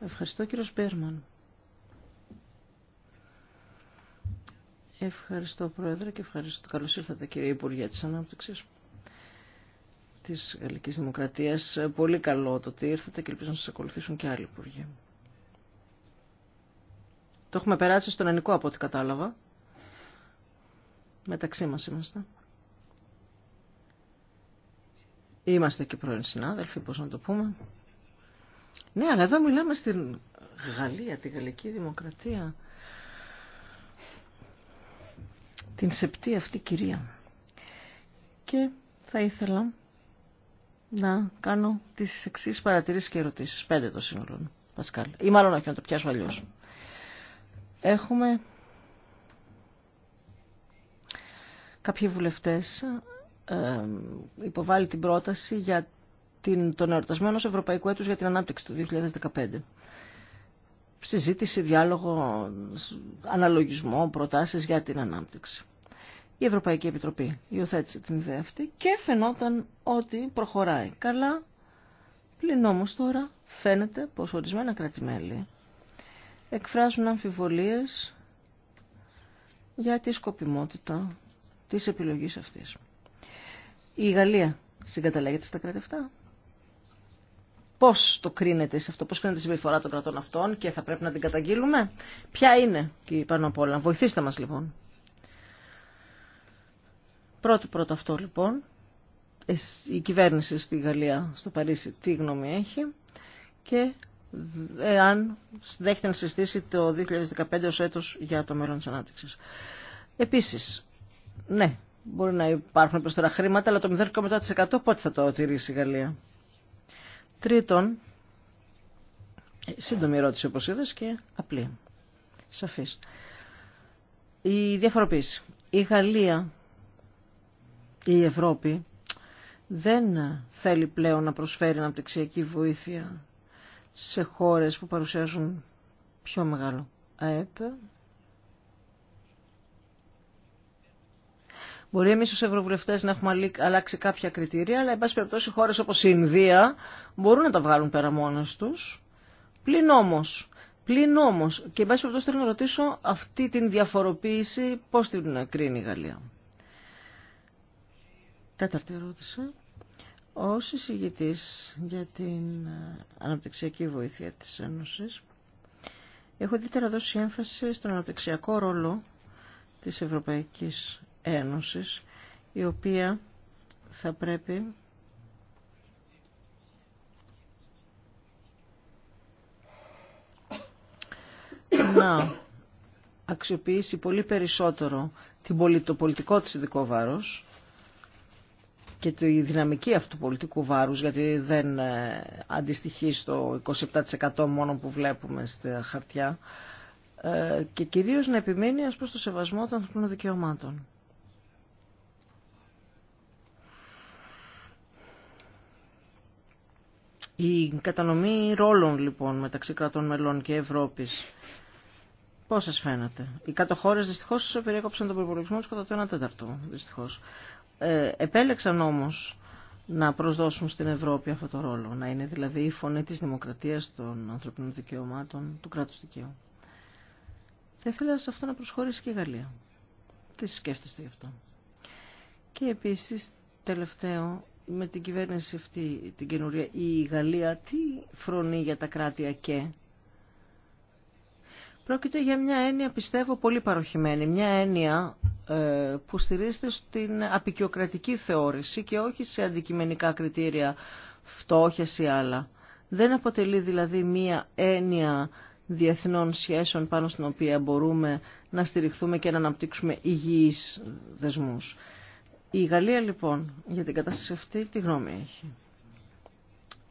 Ευχαριστώ κύριο Σπέρμαν. Ευχαριστώ Πρόεδρε και ευχαριστώ. Καλώς ήρθατε κύριε Υπουργέ της Ανάπτυξης της Γαλλικής Δημοκρατίας. Πολύ καλό το ότι ήρθατε και ελπίζω να σας ακολουθήσουν και άλλοι υπουργοί. Το έχουμε περάσει στον ελληνικό από ό,τι κατάλαβα. Μεταξύ μας είμαστε. Είμαστε και πρώην συνάδελφοι, πώς να το πούμε. Ναι, αλλά εδώ μιλάμε στην Γαλλία, τη Γαλλική Δημοκρατία. Την σεπτή αυτή κυρία. Και θα ήθελα να κάνω τις εξή παρατηρήσεις και ερωτήσεις. Πέντε το σύνολο, Πασκάλ. Ή μάλλον όχι, να το πιάσω αλλιώς. Έχουμε κάποιοι βουλευτές ε, υποβάλει την πρόταση για την, τον εορτασμένο Ευρωπαϊκό έτους για την ανάπτυξη του 2015. Συζήτηση, διάλογο, αναλογισμό, προτάσεις για την ανάπτυξη. Η Ευρωπαϊκή Επιτροπή υιοθέτησε την ιδέα αυτή και φαινόταν ότι προχωράει καλά, πλην όμως τώρα φαίνεται πως ορισμένα κρατημέλη εκφράζουν αμφιβολίες για τη σκοπιμότητα της επιλογής αυτής. Η Γαλλία συγκαταλέγεται στα κράτη αυτά. Πώς το κρίνεται σε αυτό, πώς κρίνεται η συμπεριφορά των κρατών αυτών και θα πρέπει να την καταγγείλουμε. Ποια είναι, κύριε πάνω απ' όλα. Βοηθήστε μας λοιπόν. Πρώτο πρώτο αυτό λοιπόν, η κυβέρνηση στη Γαλλία, στο Παρίσι, τι γνώμη έχει και ε, αν δέχεται να συστήσει το 2015 ως έτος για το μέλλον της ανάπτυξης. Επίσης, ναι, μπορεί να υπάρχουν προς τώρα χρήματα, αλλά το 0,3% πότε θα το τηρήσει η Γαλλία. Τρίτον, σύντομη ερώτηση όπως είδες και απλή, σαφής. Η διαφοροποίηση. Η Γαλλία, η Ευρώπη, δεν θέλει πλέον να προσφέρει αναπτυξιακή βοήθεια σε χώρες που παρουσιάζουν πιο μεγάλο ΑΕΠ, Μπορεί εμεί ω Ευρωβουλευτέ να έχουμε αλλάξει κάποια κριτήρια, αλλά εν πάση περιπτώσει χώρε όπω η Ινδία μπορούν να τα βγάλουν πέρα μόνε του. Πλην όμω. Πλην όμω, και εν πάση περιπτώσει θέλω να ρωτήσω αυτή την διαφοροποίηση πώ την κρίνει η Γαλλία. Τέταρτη ερώτηση. Ω εισηγητή για την ε, αναπτυξιακή βοήθεια τη Ένωση, έχω ιδιαίτερα δώσει έμφαση στον αναπτυξιακό ρόλο της Ευρωπαϊκής Ένωσης, η οποία θα πρέπει να αξιοποιήσει πολύ περισσότερο το πολιτικό της ειδικό βάρος και τη δυναμική αυτού πολιτικού βάρους, γιατί δεν ε, αντιστοιχεί στο 27% μόνο που βλέπουμε στα χαρτιά, ε, και κυρίως να επιμείνει ας προς το σεβασμό των ανθρωπίνων δικαιωμάτων. Η κατανομή ρόλων λοιπόν μεταξύ κρατών μελών και Ευρώπης, πώς σας φαίνεται. Οι κάτω δυστυχώ δυστυχώς περιέκοψαν τον προπολογισμό τους κατά το 1 τέταρτο, δυστυχώς. Ε, επέλεξαν όμως να προσδώσουν στην Ευρώπη αυτό το ρόλο, να είναι δηλαδή η φωνή της δημοκρατίας, των ανθρωπινών δικαιωμάτων, του κράτους δικαίου. Θα ήθελα σε αυτό να προσχωρήσει και η Γαλλία. Τι σκέφτεστε γι' αυτό. Και επίσης τελευταίο με την κυβέρνηση αυτή την καινούρια η Γαλλία τι φρονεί για τα κράτη ΑΚΕ. Πρόκειται για μια έννοια πιστεύω πολύ παροχημένη, μια έννοια ε, που στηρίζεται στην απεικιοκρατική θεώρηση και όχι σε αντικειμενικά κριτήρια φτωχεία ή άλλα. Δεν αποτελεί δηλαδή μια έννοια διεθνών σχέσεων πάνω στην οποία μπορούμε να στηριχθούμε και να αναπτύξουμε υγιείς δεσμούς. Η Γαλλία λοιπόν για την κατάσταση αυτή τι γνώμη έχει.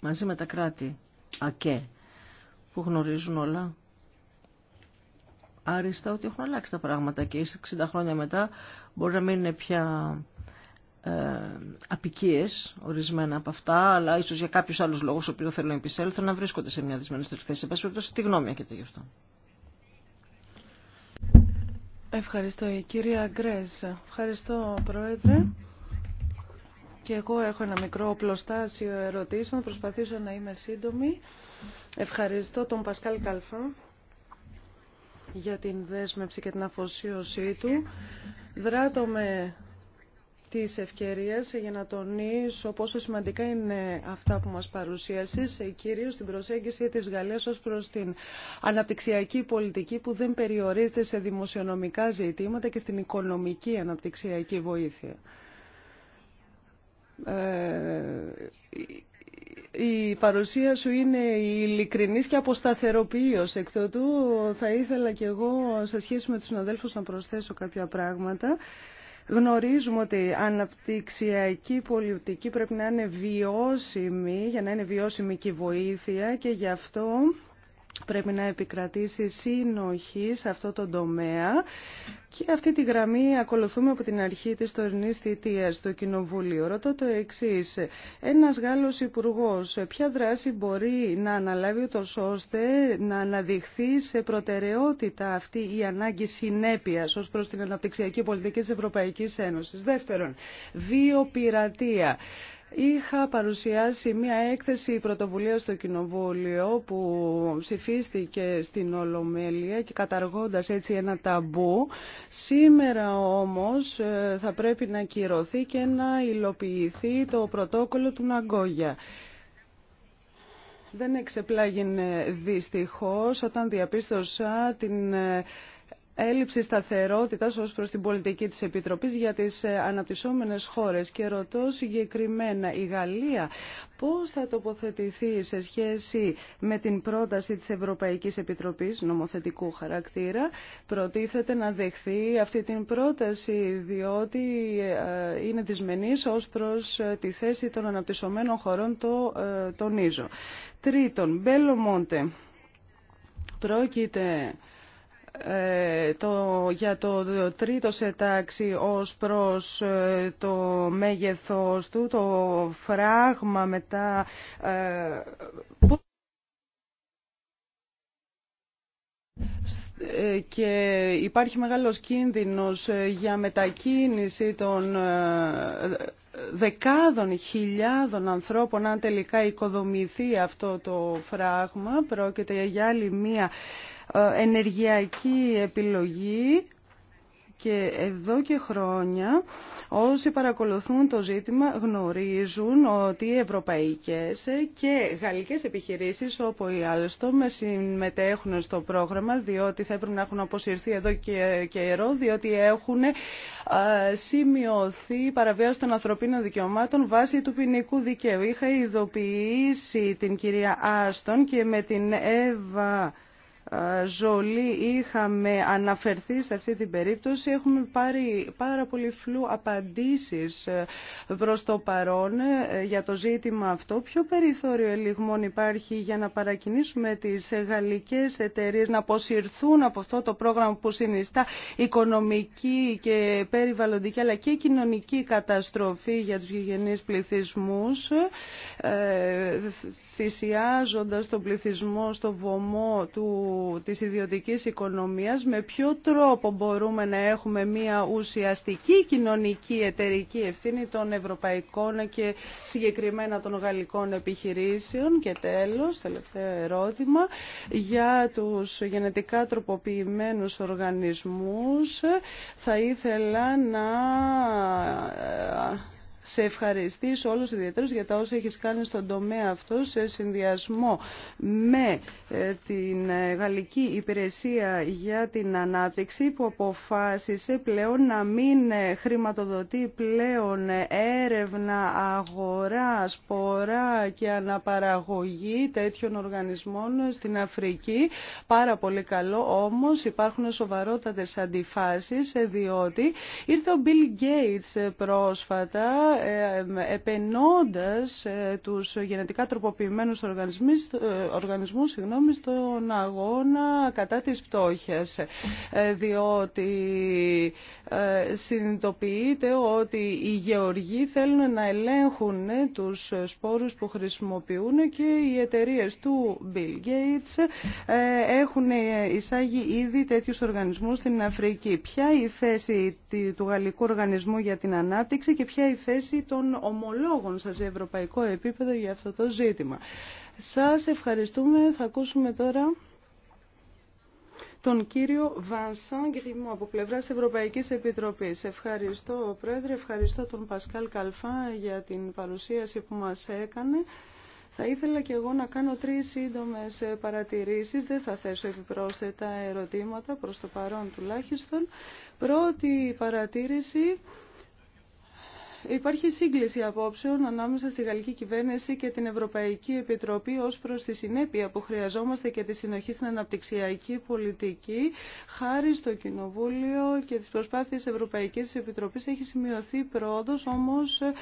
Μαζί με τα κράτη ΑΚΕ που γνωρίζουν όλα άριστα ότι έχουν αλλάξει τα πράγματα και 60 χρόνια μετά μπορεί να μην είναι πια ε, απικίες ορισμένα από αυτά, αλλά ίσως για κάποιους άλλους λόγους, ο οποίος θέλω να επισέλθω, να βρίσκονται σε μια δυσμένη στριχθέση. Εν τι γνώμη έχετε γι' αυτό. Ευχαριστώ. Η κυρία Γκρέζ. Ευχαριστώ, Πρόεδρε. Και εγώ έχω ένα μικρό οπλοστάσιο ερωτήσεων. προσπαθήσω να είμαι σύντομη. Ευχαριστώ τον Πασκάλ Καλφά για την δέσμευση και την αφοσίωσή του. Δράτω με τις ευκαιρίες, για να τονίσω πόσο σημαντικά είναι αυτά που μας παρουσίασες, ε, κυρίως στην προσέγγιση της Γαλλίας ως προς την αναπτυξιακή πολιτική που δεν περιορίζεται σε δημοσιονομικά ζητήματα και στην οικονομική αναπτυξιακή βοήθεια. Ε, η παρουσία σου είναι ειλικρινής και αποσταθεροποιείως. Εκ τούτου θα ήθελα κι εγώ σε σχέση με τους αδέλφους να προσθέσω κάποια πράγματα. Γνωρίζουμε ότι αναπτυξιακή πολιτική πρέπει να είναι βιώσιμη, για να είναι βιώσιμη και η βοήθεια και γι' αυτό πρέπει να επικρατήσει σύνοχη σε αυτό το τομέα και αυτή τη γραμμή ακολουθούμε από την αρχή της τωρινής θητείας στο Κοινοβούλιο. Ρωτώ το εξή. Ένας Γάλλος υπουργό. ποια δράση μπορεί να αναλάβει το ώστε να αναδειχθεί σε προτεραιότητα αυτή η ανάγκη συνέπειας ως προς την αναπτυξιακή πολιτική της Ευρωπαϊκής Ένωσης. Δεύτερον, βιοπειρατεία. Είχα παρουσιάσει μια έκθεση πρωτοβουλία στο Κοινοβούλιο που ψηφίστηκε στην Ολομέλεια και καταργώντας έτσι ένα ταμπού. Σήμερα όμως ε, θα πρέπει να κυρωθεί και να υλοποιηθεί το πρωτόκολλο του Ναγκόγια. Δεν εξεπλάγινε δυστυχώς όταν διαπίστωσα την ε, έλλειψη σταθερότητας ως προς την πολιτική της Επιτροπής για τις ε, αναπτυσσόμενες χώρες και ρωτώ συγκεκριμένα η Γαλλία πώς θα τοποθετηθεί σε σχέση με την πρόταση της Ευρωπαϊκής Επιτροπής νομοθετικού χαρακτήρα προτίθεται να δεχθεί αυτή την πρόταση διότι ε, ε, είναι δυσμενής ως προς τη θέση των αναπτυσσομένων χωρών το τονίζω. Τρίτον, Μπέλο Μόντε. Πρόκειται ε, το, για το τρίτο σε τάξη ως προς ε, το μέγεθος του, το φράγμα μετά... Ε, και υπάρχει μεγάλος κίνδυνος για μετακίνηση των δεκάδων χιλιάδων ανθρώπων αν τελικά οικοδομηθεί αυτό το φράγμα. Πρόκειται για άλλη μία ε, ενεργειακή επιλογή και εδώ και χρόνια όσοι παρακολουθούν το ζήτημα γνωρίζουν ότι οι ευρωπαϊκές και γαλλικές επιχειρήσεις όπου οι Alstom συμμετέχουν στο πρόγραμμα διότι θα έπρεπε να έχουν αποσυρθεί εδώ και καιρό διότι έχουν ε, σημειωθεί παραβίαση των ανθρωπίνων δικαιωμάτων βάσει του ποινικού δικαίου. Είχα ειδοποιήσει την κυρία Άστον και με την Εύα Ζολή είχαμε αναφερθεί σε αυτή την περίπτωση. Έχουμε πάρει πάρα πολύ φλού απαντήσεις ε, προς το παρόν ε, για το ζήτημα αυτό. Ποιο περιθώριο ελιγμών υπάρχει για να παρακινήσουμε τις γαλλικές εταιρείες να αποσυρθούν από αυτό το πρόγραμμα που συνιστά οικονομική και περιβαλλοντική αλλά και κοινωνική καταστροφή για τους γηγενείς πληθυσμούς ε, θυσιάζοντας τον πληθυσμό στο βωμό του της ιδιωτικής οικονομίας, με ποιο τρόπο μπορούμε να έχουμε μια ουσιαστική κοινωνική εταιρική ευθύνη των ευρωπαϊκών και συγκεκριμένα των γαλλικών επιχειρήσεων. Και τέλος, τελευταίο ερώτημα, για τους γενετικά τροποποιημένους οργανισμούς θα ήθελα να ε, σε ευχαριστήσω όλους ιδιαίτερους για τα όσα έχεις κάνει στον τομέα αυτό σε συνδυασμό με ε, την ε, Γαλλική Υπηρεσία για την Ανάπτυξη που αποφάσισε πλέον να μην ε, χρηματοδοτεί πλέον έρευνα, αγορά, σπορά και αναπαραγωγή τέτοιων οργανισμών στην Αφρική. Πάρα πολύ καλό όμως υπάρχουν σοβαρότατες αντιφάσεις διότι ήρθε ο Bill Gates πρόσφατα ε, ε, επενώντας ε, τους γενετικά τροποποιημένους οργανισμούς, στον αγώνα κατά της φτώχειας. Διότι συνειδητοποιείται ότι οι γεωργοί θέλουν να ελέγχουν τους σπόρους που χρησιμοποιούν και οι εταιρείε του Bill Gates έχουν εισάγει ήδη τέτοιους οργανισμούς στην Αφρική. Ποια η θέση του Γαλλικού Οργανισμού για την Ανάπτυξη και ποια η θέση θέση των ομολόγων σας σε ευρωπαϊκό επίπεδο για αυτό το ζήτημα. Σας ευχαριστούμε. Θα ακούσουμε τώρα τον κύριο Βανσάν Γκριμό από πλευρά Ευρωπαϊκή Επιτροπή. Ευχαριστώ, Πρόεδρε, ευχαριστώ τον Πασκάλ Καλφά για την παρουσίαση που μα έκανε. Θα ήθελα και εγώ να κάνω τρεις σύντομε παρατηρήσεις, δεν θα θέσω επιπρόσθετα ερωτήματα προς το παρόν τουλάχιστον. Πρώτη παρατήρηση Υπάρχει σύγκληση απόψεων ανάμεσα στη γαλλική κυβέρνηση και την Ευρωπαϊκή Επιτροπή ως προς τη συνέπεια που χρειαζόμαστε και τη συνοχή στην αναπτυξιακή πολιτική. Χάρη στο Κοινοβούλιο και τις προσπάθειες Ευρωπαϊκής Επιτροπής έχει σημειωθεί πρόοδος, όμως ε,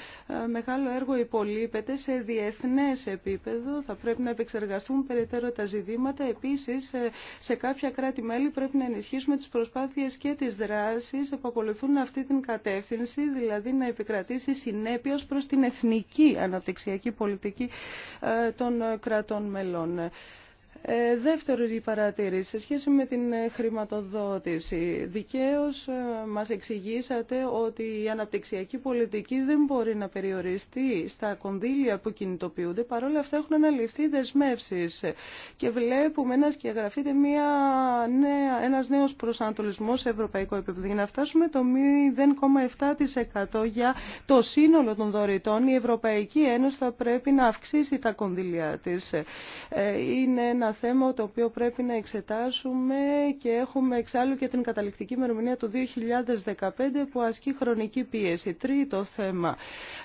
μεγάλο έργο υπολείπεται σε διεθνές επίπεδο. Θα πρέπει να επεξεργαστούν περαιτέρω τα ζητήματα. Επίσης, ε, σε κάποια κράτη-μέλη πρέπει να ενισχύσουμε τις προσπάθειες και τις δράσεις που ακολουθούν αυτή την κατεύθυνση, δηλαδή να επικρατεί αποκτήσει συνέπειος προ την εθνική αναπτυξιακή πολιτική ε, των κρατών μελών. Ε, δεύτερη παρατήρηση, σε σχέση με την ε, χρηματοδότηση. Δικαίως ε, μας εξηγήσατε ότι η αναπτυξιακή πολιτική δεν μπορεί να περιοριστεί στα κονδύλια που κινητοποιούνται. Παρόλα αυτά έχουν αναλυφθεί δεσμεύσεις και βλέπουμε να σκιαγραφείται μια νέα, ένας νέος προσανατολισμός σε ευρωπαϊκό επίπεδο. Για να φτάσουμε το 0,7% για το σύνολο των δωρητών, η Ευρωπαϊκή Ένωση θα πρέπει να αυξήσει τα κονδύλια της. Είναι ένα θέμα το οποίο πρέπει να εξετάσουμε και έχουμε εξάλλου και την καταληκτική ημερομηνία του 2015 που ασκεί χρονική πίεση. Τρίτο θέμα.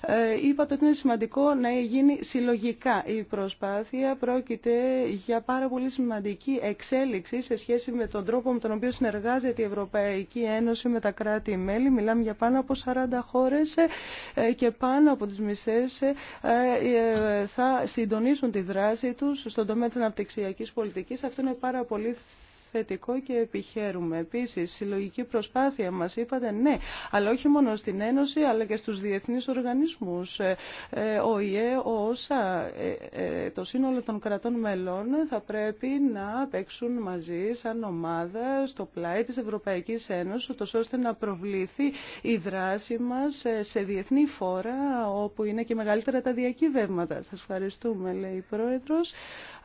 Ε, είπατε ότι είναι σημαντικό να γίνει συλλογικά η προσπάθεια. Πρόκειται για πάρα πολύ σημαντική εξέλιξη σε σχέση με τον τρόπο με τον οποίο συνεργάζεται η Ευρωπαϊκή Ένωση με τα κράτη-μέλη. Μιλάμε για πάνω από 40 χώρες ε, και πάνω από τις μισέ ε, θα συντονίσουν τη δράση του στον τομέα της αναπτυξιακής ευρωπαϊκής πολιτικής. Αυτό είναι πάρα πολύ θετικό και επιχαίρουμε. Επίσης, συλλογική προσπάθεια μας είπατε ναι, αλλά όχι μόνο στην Ένωση, αλλά και στους διεθνείς οργανισμούς. Ε, ε, ο ΙΕ, ο ΩΣΑ, ε, το σύνολο των κρατών μελών θα πρέπει να παίξουν μαζί σαν ομάδα στο πλάι της Ευρωπαϊκής Ένωσης, ώστε να προβληθεί η δράση μας σε διεθνή φόρα, όπου είναι και μεγαλύτερα τα διακύβευματα. Σα ευχαριστούμε, λέει η πρόεδρο.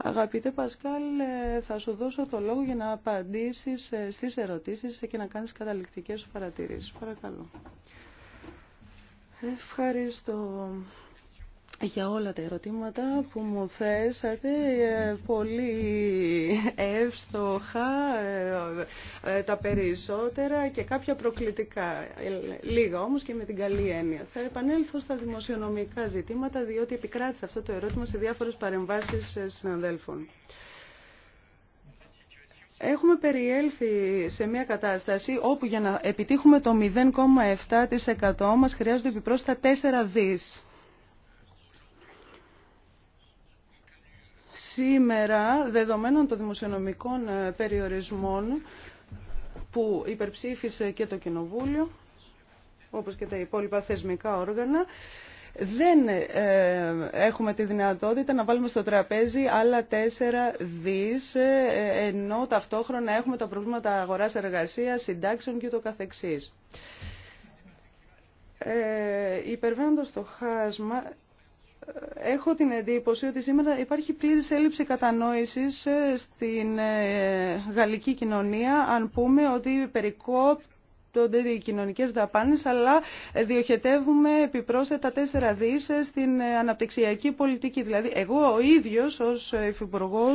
Αγαπητέ Πασκάλ, θα σου δώσω το λόγο για να απαντήσεις ε, στις ερωτήσεις και να κάνεις καταληκτικές σου παρατηρήσεις. Παρακαλώ. Ευχαριστώ για όλα τα ερωτήματα που μου θέσατε ε, πολύ εύστοχα ε, τα περισσότερα και κάποια προκλητικά λίγα όμως και με την καλή έννοια θα επανέλθω στα δημοσιονομικά ζητήματα διότι επικράτησε αυτό το ερώτημα σε διάφορες παρεμβάσεις συναδέλφων Έχουμε περιέλθει σε μια κατάσταση όπου για να επιτύχουμε το 0,7% μας χρειάζονται επιπρόσθετα 4 δις. Σήμερα, δεδομένων των δημοσιονομικών ε, περιορισμών που υπερψήφισε και το Κοινοβούλιο, όπως και τα υπόλοιπα θεσμικά όργανα, δεν ε, έχουμε τη δυνατότητα να βάλουμε στο τραπέζι άλλα τέσσερα δις, ε, ενώ ταυτόχρονα έχουμε τα προβλήματα αγοράς εργασίας, συντάξεων και το καθεξής. Ε, υπερβαίνοντας το χάσμα, ε, έχω την εντύπωση ότι σήμερα υπάρχει πλήρης έλλειψη κατανόησης στην γαλλική κοινωνία αν πούμε ότι περικόπ οι κοινωνικές δαπάνες, αλλά διοχετεύουμε επιπρόσθετα τέσσερα δίσες στην αναπτυξιακή πολιτική. Δηλαδή, εγώ ο ίδιος ως υφυπουργό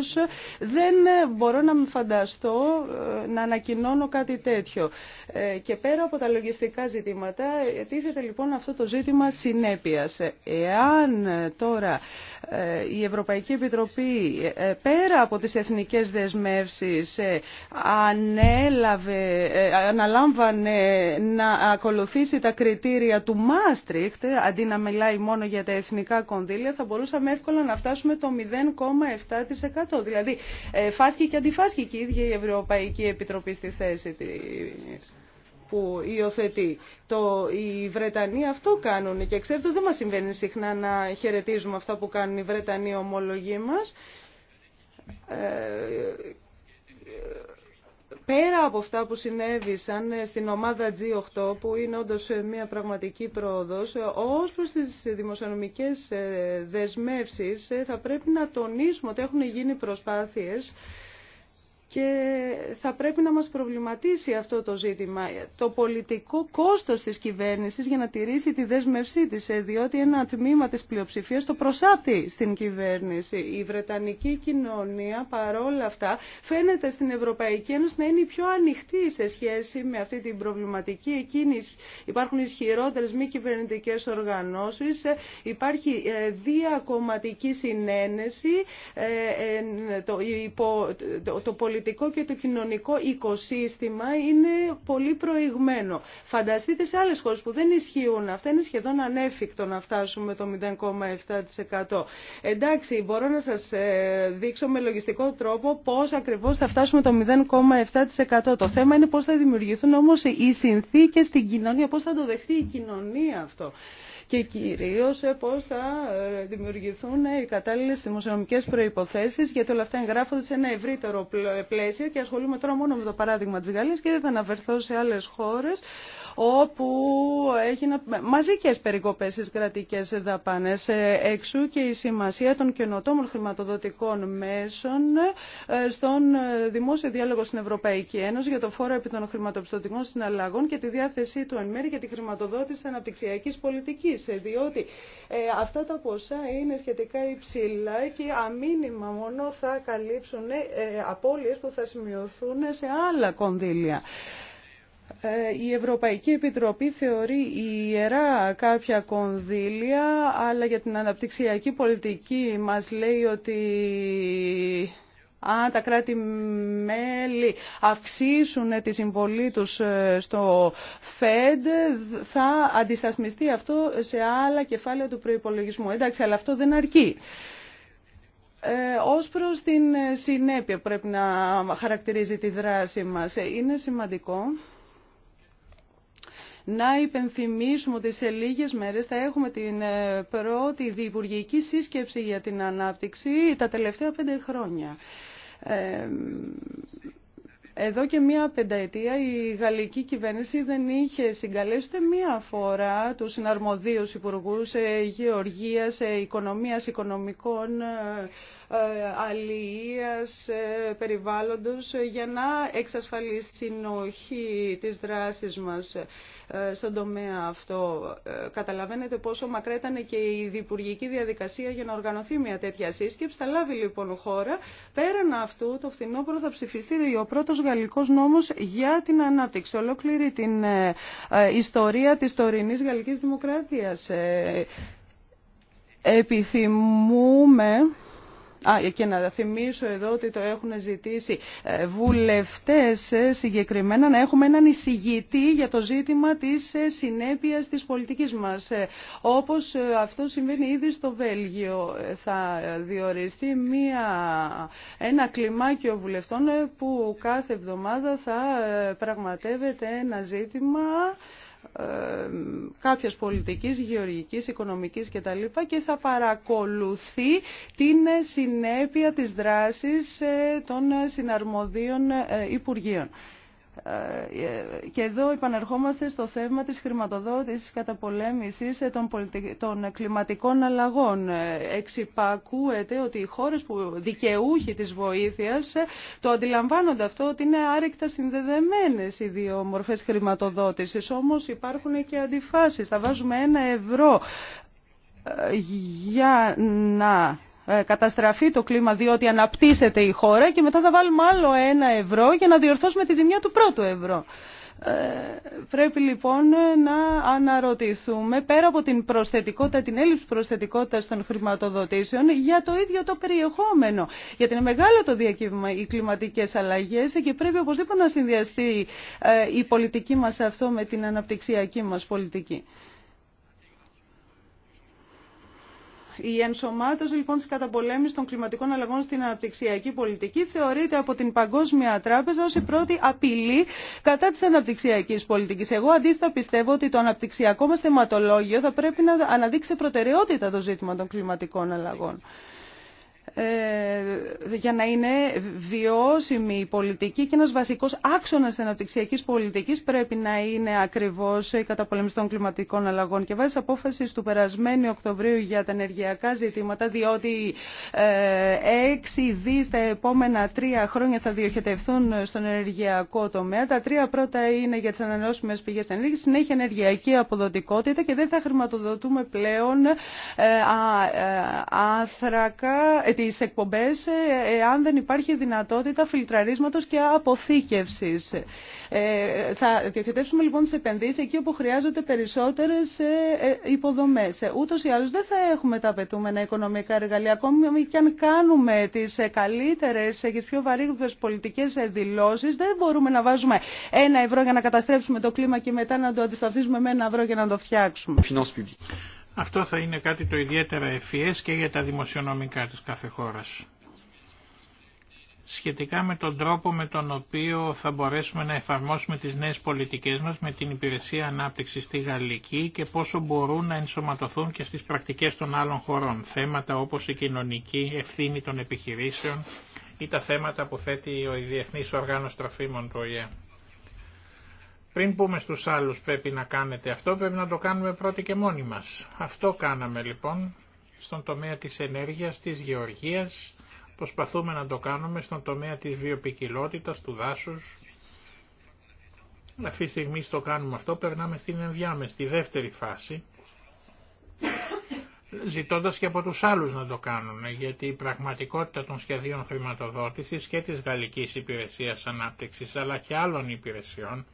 δεν μπορώ να με φανταστώ ε, να ανακοινώνω κάτι τέτοιο. Ε, και πέρα από τα λογιστικά ζητήματα, τίθεται λοιπόν αυτό το ζήτημα συνέπεια. Ε, εάν τώρα η Ευρωπαϊκή Επιτροπή, πέρα από τις εθνικές δεσμεύσεις, ανέλαβε, αναλάμβανε ε, να ακολουθήσει τα κριτήρια του Μάστριχτ, αντί να μιλάει μόνο για τα εθνικά κονδύλια, θα μπορούσαμε εύκολα να φτάσουμε το 0,7%. Δηλαδή, ε, φάσκει και αντιφάσκει και η ίδια η Ευρωπαϊκή Επιτροπή στη θέση που υιοθετεί. Το, οι Βρετανοί αυτό κάνουν και ξέρετε δεν μας συμβαίνει συχνά να χαιρετίζουμε αυτά που κάνουν οι Βρετανοί ομολογοί μας. Ε, πέρα από αυτά που συνέβησαν ε, στην ομάδα G8, που είναι όντως ε, μια πραγματική πρόοδος, ε, ως προς τις δημοσιονομικές δεσμεύσεις θα πρέπει να τονίσουμε ότι έχουν γίνει προσπάθειες και θα πρέπει να μας προβληματίσει αυτό το ζήτημα. Το πολιτικό κόστος της κυβέρνησης για να τηρήσει τη δέσμευσή της, ε, διότι ένα τμήμα της πλειοψηφίας το προσάπτει στην κυβέρνηση. Η Βρετανική κοινωνία παρόλα αυτά φαίνεται στην Ευρωπαϊκή Ένωση να είναι η πιο ανοιχτή σε σχέση με αυτή την προβληματική. Εκείνη υπάρχουν ισχυρότερες μη κυβερνητικέ οργανώσεις, ε, υπάρχει ε, διακομματική συνένεση, το πολιτικό πολιτικό και το κοινωνικό οικοσύστημα είναι πολύ προηγμένο. Φανταστείτε σε άλλες χώρες που δεν ισχύουν αυτά, είναι σχεδόν ανέφικτο να φτάσουμε το 0,7%. Εντάξει, μπορώ να σας ε, δείξω με λογιστικό τρόπο πώς ακριβώς θα φτάσουμε το 0,7%. Το θέμα είναι πώς θα δημιουργηθούν όμως οι συνθήκες στην κοινωνία, πώς θα το δεχτεί η κοινωνία αυτό και κυρίως ε, πώς θα ε, δημιουργηθούν ε, οι κατάλληλες δημοσιονομικές προϋποθέσεις γιατί όλα αυτά εγγράφονται σε ένα ευρύτερο πλαίσιο και ασχολούμαι τώρα μόνο με το παράδειγμα της Γαλλίας και δεν θα αναφερθώ σε άλλες χώρες όπου έγιναν μαζικές περικοπές στις κρατικές δαπάνες. Ε, εξού και η σημασία των καινοτόμων χρηματοδοτικών μέσων ε, στον ε, δημόσιο διάλογο στην Ευρωπαϊκή Ένωση για το φόρο επί των χρηματοπιστωτικών συναλλαγών και τη διάθεσή του εν μέρει για τη χρηματοδότηση αναπτυξιακής πολιτικής, διότι αυτά τα ποσά είναι σχετικά υψηλά και αμήνυμα μόνο θα καλύψουν απώλειες που θα σημειωθούν σε άλλα κονδύλια. Ε, η Ευρωπαϊκή Επιτροπή θεωρεί ιερά κάποια κονδύλια, αλλά για την αναπτυξιακή πολιτική μας λέει ότι αν τα κράτη-μέλη αυξήσουν τη συμβολή τους ε, στο ΦΕΔ, θα αντισταθμιστεί αυτό σε άλλα κεφάλαια του προϋπολογισμού. Εντάξει, αλλά αυτό δεν αρκεί. Ε, ως την συνέπεια πρέπει να χαρακτηρίζει τη δράση μας. Ε, είναι σημαντικό να υπενθυμίσουμε ότι σε λίγες μέρες θα έχουμε την ε, πρώτη διυπουργική σύσκεψη για την ανάπτυξη τα τελευταία πέντε χρόνια. Ε, εδώ και μία πενταετία η γαλλική κυβέρνηση δεν είχε συγκαλέσει ούτε μία φορά τους συναρμοδίους υπουργούς γεωργίας, οικονομίας, οικονομικών, ε, αλληλείας, περιβάλλοντος για να εξασφαλίσει οχή της δράσης μας. Ε, στον τομέα αυτό. Ε, καταλαβαίνετε πόσο μακρά ήταν και η διπουργική διαδικασία για να οργανωθεί μια τέτοια σύσκεψη. Θα λάβει λοιπόν χώρα. Πέραν αυτού, το φθινόπωρο θα ψηφιστεί ο πρώτο γαλλικό νόμο για την ανάπτυξη. Ολόκληρη την ε, ιστορία τη τωρινή γαλλική δημοκρατία. Επιθυμούμε Α, και να θυμίσω εδώ ότι το έχουν ζητήσει ε, βουλευτές ε, συγκεκριμένα να έχουμε έναν εισηγητή για το ζήτημα της ε, συνέπειας της πολιτικής μας. Όπως αυτό συμβαίνει ήδη στο Βέλγιο. Θα διοριστεί μία, ένα κλιμάκιο βουλευτών που κάθε εβδομάδα θα πραγματεύεται ένα ζήτημα ε, κάποιας πολιτικής, γεωργικής, οικονομικής κτλ. και θα παρακολουθεί την συνέπεια της δράσης ε, των συναρμοδίων ε, Υπουργείων. Ε, και εδώ επαναρχόμαστε στο θέμα της χρηματοδότησης καταπολέμησης ε, των, των κλιματικών αλλαγών. Ε, εξυπακούεται ότι οι χώρες που δικαιούχοι της βοήθειας το αντιλαμβάνονται αυτό ότι είναι άρρηκτα συνδεδεμένες οι δύο μορφές χρηματοδότησης. Όμως υπάρχουν και αντιφάσεις. Θα βάζουμε ένα ευρώ για να ε, καταστραφεί το κλίμα διότι αναπτύσσεται η χώρα και μετά θα βάλουμε άλλο ένα ευρώ για να διορθώσουμε τη ζημιά του πρώτου ευρώ. Ε, πρέπει λοιπόν ε, να αναρωτηθούμε πέρα από την προσθετικότητα, την έλλειψη προσθετικότητα των χρηματοδοτήσεων για το ίδιο το περιεχόμενο. Γιατί είναι μεγάλο το διακύβημα οι κλιματικέ αλλαγέ, και πρέπει οπωσδήποτε να συνδυαστεί η πολιτική μας αυτό με την αναπτυξιακή μα πολιτική. Η ενσωμάτωση λοιπόν της καταπολέμησης των κλιματικών αλλαγών στην αναπτυξιακή πολιτική θεωρείται από την Παγκόσμια Τράπεζα ως η πρώτη απειλή κατά της αναπτυξιακής πολιτικής. Εγώ αντίθετα πιστεύω ότι το αναπτυξιακό μας θεματολόγιο θα πρέπει να αναδείξει προτεραιότητα το ζήτημα των κλιματικών αλλαγών. Ε, για να είναι βιώσιμη η πολιτική και ένας βασικός άξονας αναπτυξιακής πολιτικής πρέπει να είναι ακριβώς η καταπολέμηση των κλιματικών αλλαγών. Και βάσει απόφαση του περασμένου Οκτωβρίου για τα ενεργειακά ζητήματα, διότι ε, έξι δι τα επόμενα τρία χρόνια θα διοχετευθούν στον ενεργειακό τομέα. Τα τρία πρώτα είναι για τι ανανεώσιμε πηγέ ενέργεια, συνέχεια ενεργειακή αποδοτικότητα και δεν θα χρηματοδοτούμε πλέον ε, α, α, ε, άθρακα, τις εκπομπές αν ε, δεν υπάρχει δυνατότητα φιλτραρίσματος και αποθήκευσης. Ε, θα διοχετεύσουμε λοιπόν τις επενδύσεις εκεί όπου χρειάζονται περισσότερες ε, υποδομές. Ούτως ή άλλως δεν θα έχουμε τα απαιτούμενα οικονομικά εργαλεία ακόμη και αν κάνουμε τις καλύτερες και τις πιο βαρύγδες πολιτικές δηλώσεις δεν μπορούμε να βάζουμε ένα ευρώ για να καταστρέψουμε το κλίμα και μετά να το αντισταθμίσουμε με ένα ευρώ για να το φτιάξουμε. Αυτό θα είναι κάτι το ιδιαίτερα ευφυές και για τα δημοσιονομικά της κάθε χώρας. Σχετικά με τον τρόπο με τον οποίο θα μπορέσουμε να εφαρμόσουμε τις νέες πολιτικές μας με την υπηρεσία ανάπτυξης στη Γαλλική και πόσο μπορούν να ενσωματωθούν και στις πρακτικές των άλλων χωρών, θέματα όπως η κοινωνική ευθύνη των επιχειρήσεων ή τα θέματα που θέτει ο Διεθνής Οργάνος Τροφίμων του πριν πούμε στους άλλους πρέπει να κάνετε αυτό, πρέπει να το κάνουμε πρώτοι και μόνοι μας. Αυτό κάναμε λοιπόν στον τομέα της ενέργειας, της γεωργίας, προσπαθούμε να το κάνουμε στον τομέα της βιοπικιλότητας, του δάσους. Αυτή τη στιγμή στο κάνουμε αυτό, περνάμε στην ενδιάμεση, στη δεύτερη φάση, ζητώντας και από τους άλλους να το κάνουν, γιατί η πραγματικότητα των σχεδίων χρηματοδότησης και της Γαλλικής Υπηρεσίας Ανάπτυξης, αλλά και άλλων υπηρεσιών,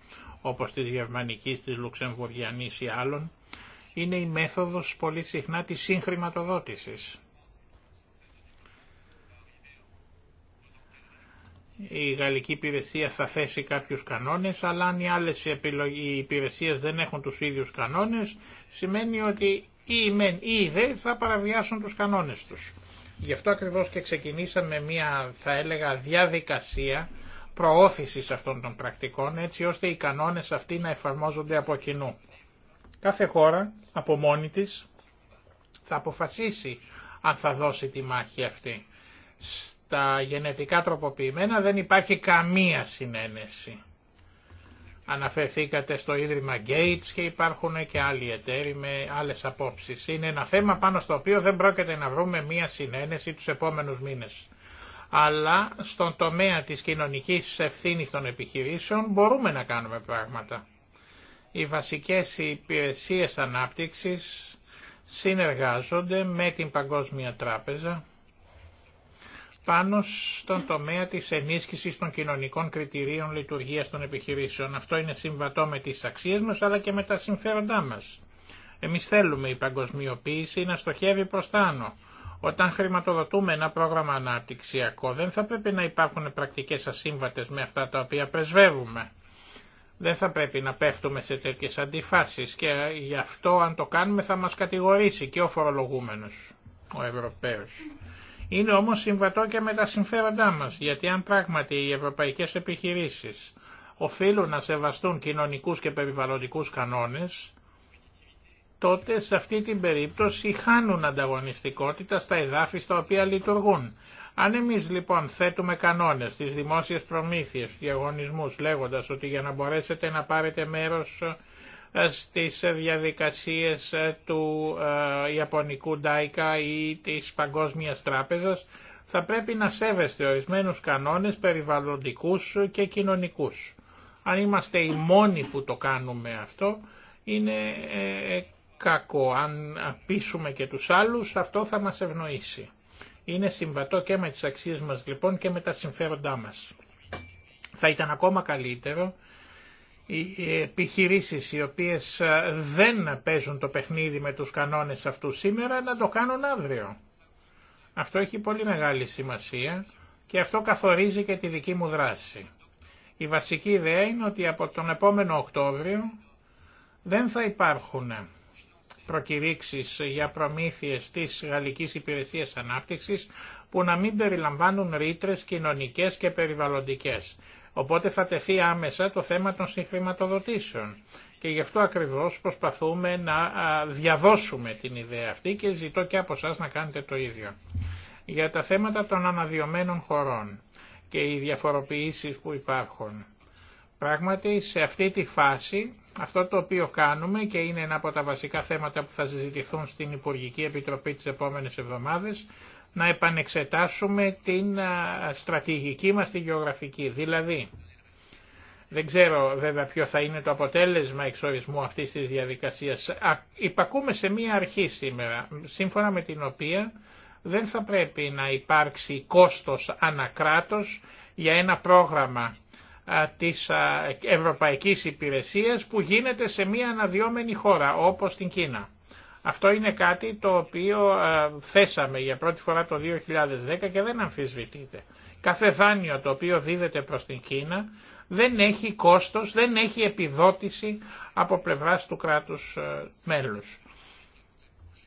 όπως της Γερμανικής, της Λουξεμβουργιανής ή άλλων... ...είναι η μέθοδος πολύ συχνά της συγχρηματοδότησης. η γαλλική υπηρεσία θα θέσει κάποιους κανόνες, αλλά αν οι άλλες οι υπηρεσίες δεν έχουν τους ίδιους κανόνες, σημαίνει ότι ή οι μεν ή δε θα παραβιάσουν τους κανόνες τους. Γι' αυτό ακριβώς και ξεκινήσαμε μια, θα έλεγα, διαδικασία προώθησης αυτών των πρακτικών έτσι ώστε οι κανόνες αυτοί να εφαρμόζονται από κοινού. Κάθε χώρα από μόνη της θα αποφασίσει αν θα δώσει τη μάχη αυτή. Στα γενετικά τροποποιημένα δεν υπάρχει καμία συνένεση. Αναφερθήκατε στο Ίδρυμα Gates και υπάρχουν και άλλοι εταίροι με άλλες απόψεις. Είναι ένα θέμα πάνω στο οποίο δεν πρόκειται να βρούμε μία συνένεση τους επόμενους μήνες αλλά στον τομέα της κοινωνικής ευθύνης των επιχειρήσεων μπορούμε να κάνουμε πράγματα. Οι βασικές υπηρεσίες ανάπτυξης συνεργάζονται με την Παγκόσμια Τράπεζα πάνω στον τομέα της ενίσχυσης των κοινωνικών κριτηρίων λειτουργίας των επιχειρήσεων. Αυτό είναι συμβατό με τις αξίες μας αλλά και με τα συμφέροντά μας. Εμείς θέλουμε η παγκοσμιοποίηση να στοχεύει προς τα όταν χρηματοδοτούμε ένα πρόγραμμα αναπτυξιακό δεν θα πρέπει να υπάρχουν πρακτικές ασύμβατες με αυτά τα οποία πρεσβεύουμε. Δεν θα πρέπει να πέφτουμε σε τέτοιες αντιφάσεις και γι' αυτό αν το κάνουμε θα μας κατηγορήσει και ο φορολογούμενος, ο Ευρωπαίος. Είναι όμως συμβατό και με τα συμφέροντά μας, γιατί αν πράγματι οι ευρωπαϊκές επιχειρήσεις οφείλουν να σεβαστούν κοινωνικούς και περιβαλλοντικούς κανόνες, τότε σε αυτή την περίπτωση χάνουν ανταγωνιστικότητα στα εδάφη στα οποία λειτουργούν. Αν εμεί λοιπόν θέτουμε κανόνες στις δημόσιες προμήθειες, διαγωνισμού λέγοντας ότι για να μπορέσετε να πάρετε μέρος ε, στις διαδικασίε ε, του ε, Ιαπωνικού Ντάικα ή της Παγκόσμιας Τράπεζας, θα πρέπει να σέβεστε ορισμένου κανόνε, περιβαλλοντικού και κοινωνικού. Αν είμαστε οι μόνοι που το κάνουμε αυτό, είναι κακό. Αν πείσουμε και τους άλλους αυτό θα μας ευνοήσει. Είναι συμβατό και με τις αξίες μας λοιπόν και με τα συμφέροντά μας. Θα ήταν ακόμα καλύτερο οι επιχειρήσεις οι οποίες ε, δεν παίζουν το παιχνίδι με τους κανόνες αυτού σήμερα να το κάνουν αύριο. Αυτό έχει πολύ μεγάλη σημασία και αυτό καθορίζει και τη δική μου δράση. Η βασική ιδέα είναι ότι από τον επόμενο Οκτώβριο δεν θα υπάρχουν προκηρύξεις για προμήθειες της Γαλλικής Υπηρεσίας Ανάπτυξης που να μην περιλαμβάνουν ρήτρε κοινωνικές και περιβαλλοντικές. Οπότε θα τεθεί άμεσα το θέμα των συγχρηματοδοτήσεων. Και γι' αυτό ακριβώς προσπαθούμε να διαδώσουμε την ιδέα αυτή και ζητώ και από εσά να κάνετε το ίδιο. Για τα θέματα των αναδειωμένων χωρών και οι διαφοροποιήσεις που υπάρχουν. Πράγματι σε αυτή τη φάση αυτό το οποίο κάνουμε και είναι ένα από τα βασικά θέματα που θα συζητηθούν στην Υπουργική Επιτροπή τις επόμενες εβδομάδες να επανεξετάσουμε την στρατηγική μας τη γεωγραφική. Δηλαδή, δεν ξέρω βέβαια ποιο θα είναι το αποτέλεσμα εξορισμού αυτής της διαδικασίας. Υπακούμε σε μία αρχή σήμερα, σύμφωνα με την οποία δεν θα πρέπει να υπάρξει κόστος ανακράτος για ένα πρόγραμμα της Ευρωπαϊκής Υπηρεσίας που γίνεται σε μια αναδιόμενη χώρα όπως την Κίνα. Αυτό είναι κάτι το οποίο θέσαμε για πρώτη φορά το 2010 και δεν αμφισβητείται. Κάθε δάνειο το οποίο δίδεται προς την Κίνα δεν έχει κόστος, δεν έχει επιδότηση από πλευράς του κράτους μέλους.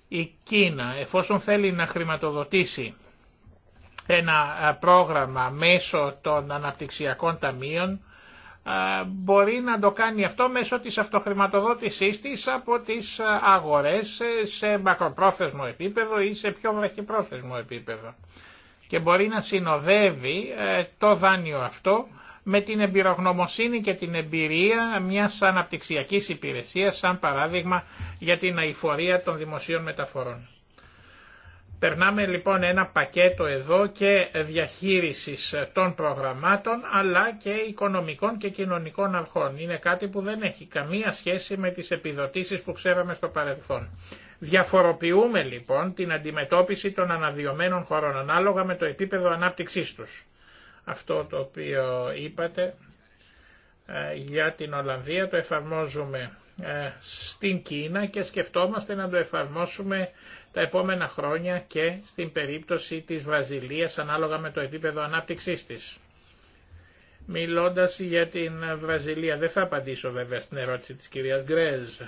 Η Κίνα εφόσον θέλει να χρηματοδοτήσει ένα ε, πρόγραμμα μέσω των αναπτυξιακών ταμείων ε, μπορεί να το κάνει αυτό μέσω της αυτοχρηματοδότησής της από τις ε, αγορές σε μακροπρόθεσμο επίπεδο ή σε πιο βραχυπρόθεσμο επίπεδο. Και μπορεί να συνοδεύει το δάνειο αυτό με την εμπειρογνωμοσύνη και την εμπειρία μιας αναπτυξιακής υπηρεσίας, σαν παράδειγμα για την αηφορία των δημοσίων μεταφορών. Περνάμε λοιπόν ένα πακέτο εδώ και διαχείρισης των προγραμμάτων αλλά και οικονομικών και κοινωνικών αρχών. Είναι κάτι που δεν έχει καμία σχέση με τις επιδοτήσεις που ξέραμε στο παρελθόν. Διαφοροποιούμε λοιπόν την αντιμετώπιση των αναδειωμένων χωρών ανάλογα με το επίπεδο ανάπτυξής τους. Αυτό το οποίο είπατε ε, για την Ολλανδία το εφαρμόζουμε ε, στην Κίνα και σκεφτόμαστε να το εφαρμόσουμε τα επόμενα χρόνια και στην περίπτωση της Βραζιλίας ανάλογα με το επίπεδο ανάπτυξής της. Μιλώντας για την Βραζιλία, δεν θα απαντήσω βέβαια στην ερώτηση της κυρίας Γκρέζ,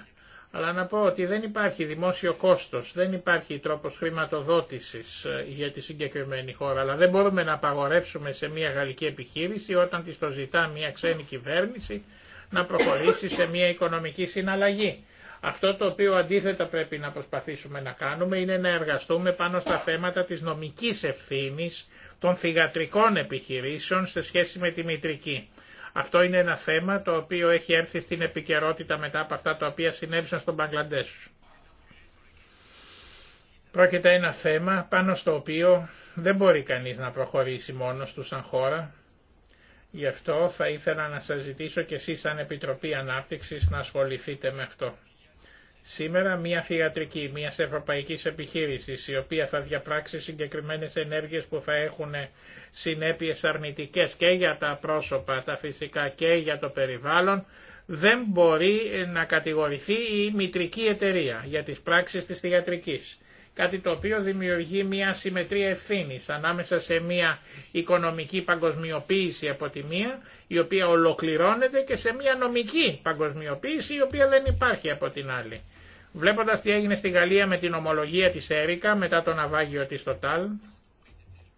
αλλά να πω ότι δεν υπάρχει δημόσιο κόστος, δεν υπάρχει τρόπος χρηματοδότησης ε, για τη συγκεκριμένη χώρα, αλλά δεν μπορούμε να απαγορεύσουμε σε μια γαλλική επιχείρηση όταν της το ζητά μια ξένη κυβέρνηση να προχωρήσει σε μια οικονομική συναλλαγή. Αυτό το οποίο αντίθετα πρέπει να προσπαθήσουμε να κάνουμε είναι να εργαστούμε πάνω στα θέματα της νομικής ευθύνης των θυγατρικών επιχειρήσεων σε σχέση με τη μητρική. Αυτό είναι ένα θέμα το οποίο έχει έρθει στην επικαιρότητα μετά από αυτά τα οποία συνέβησαν στον Παγκλαντές. Πρόκειται ένα θέμα πάνω στο οποίο δεν μπορεί κανείς να προχωρήσει μόνος του σαν χώρα, Γι' αυτό θα ήθελα να σας ζητήσω και εσείς σαν Επιτροπή Ανάπτυξης να ασχοληθείτε με αυτό. Σήμερα μια θηγατρική, μια ευρωπαϊκή επιχείρηση, η οποία θα διαπράξει συγκεκριμένες ενέργειες που θα έχουν συνέπειες αρνητικές και για τα πρόσωπα, τα φυσικά και για το περιβάλλον, δεν μπορεί να κατηγορηθεί η μητρική εταιρεία για τις πράξεις της θηγατρικής κάτι το οποίο δημιουργεί μια συμμετρία ευθύνη ανάμεσα σε μια οικονομική παγκοσμιοποίηση από τη μία, η οποία ολοκληρώνεται και σε μια νομική παγκοσμιοποίηση η οποία δεν υπάρχει από την άλλη. Βλέποντας τι έγινε στη Γαλλία με την ομολογία της Έρικα μετά το ναυάγιο της Total,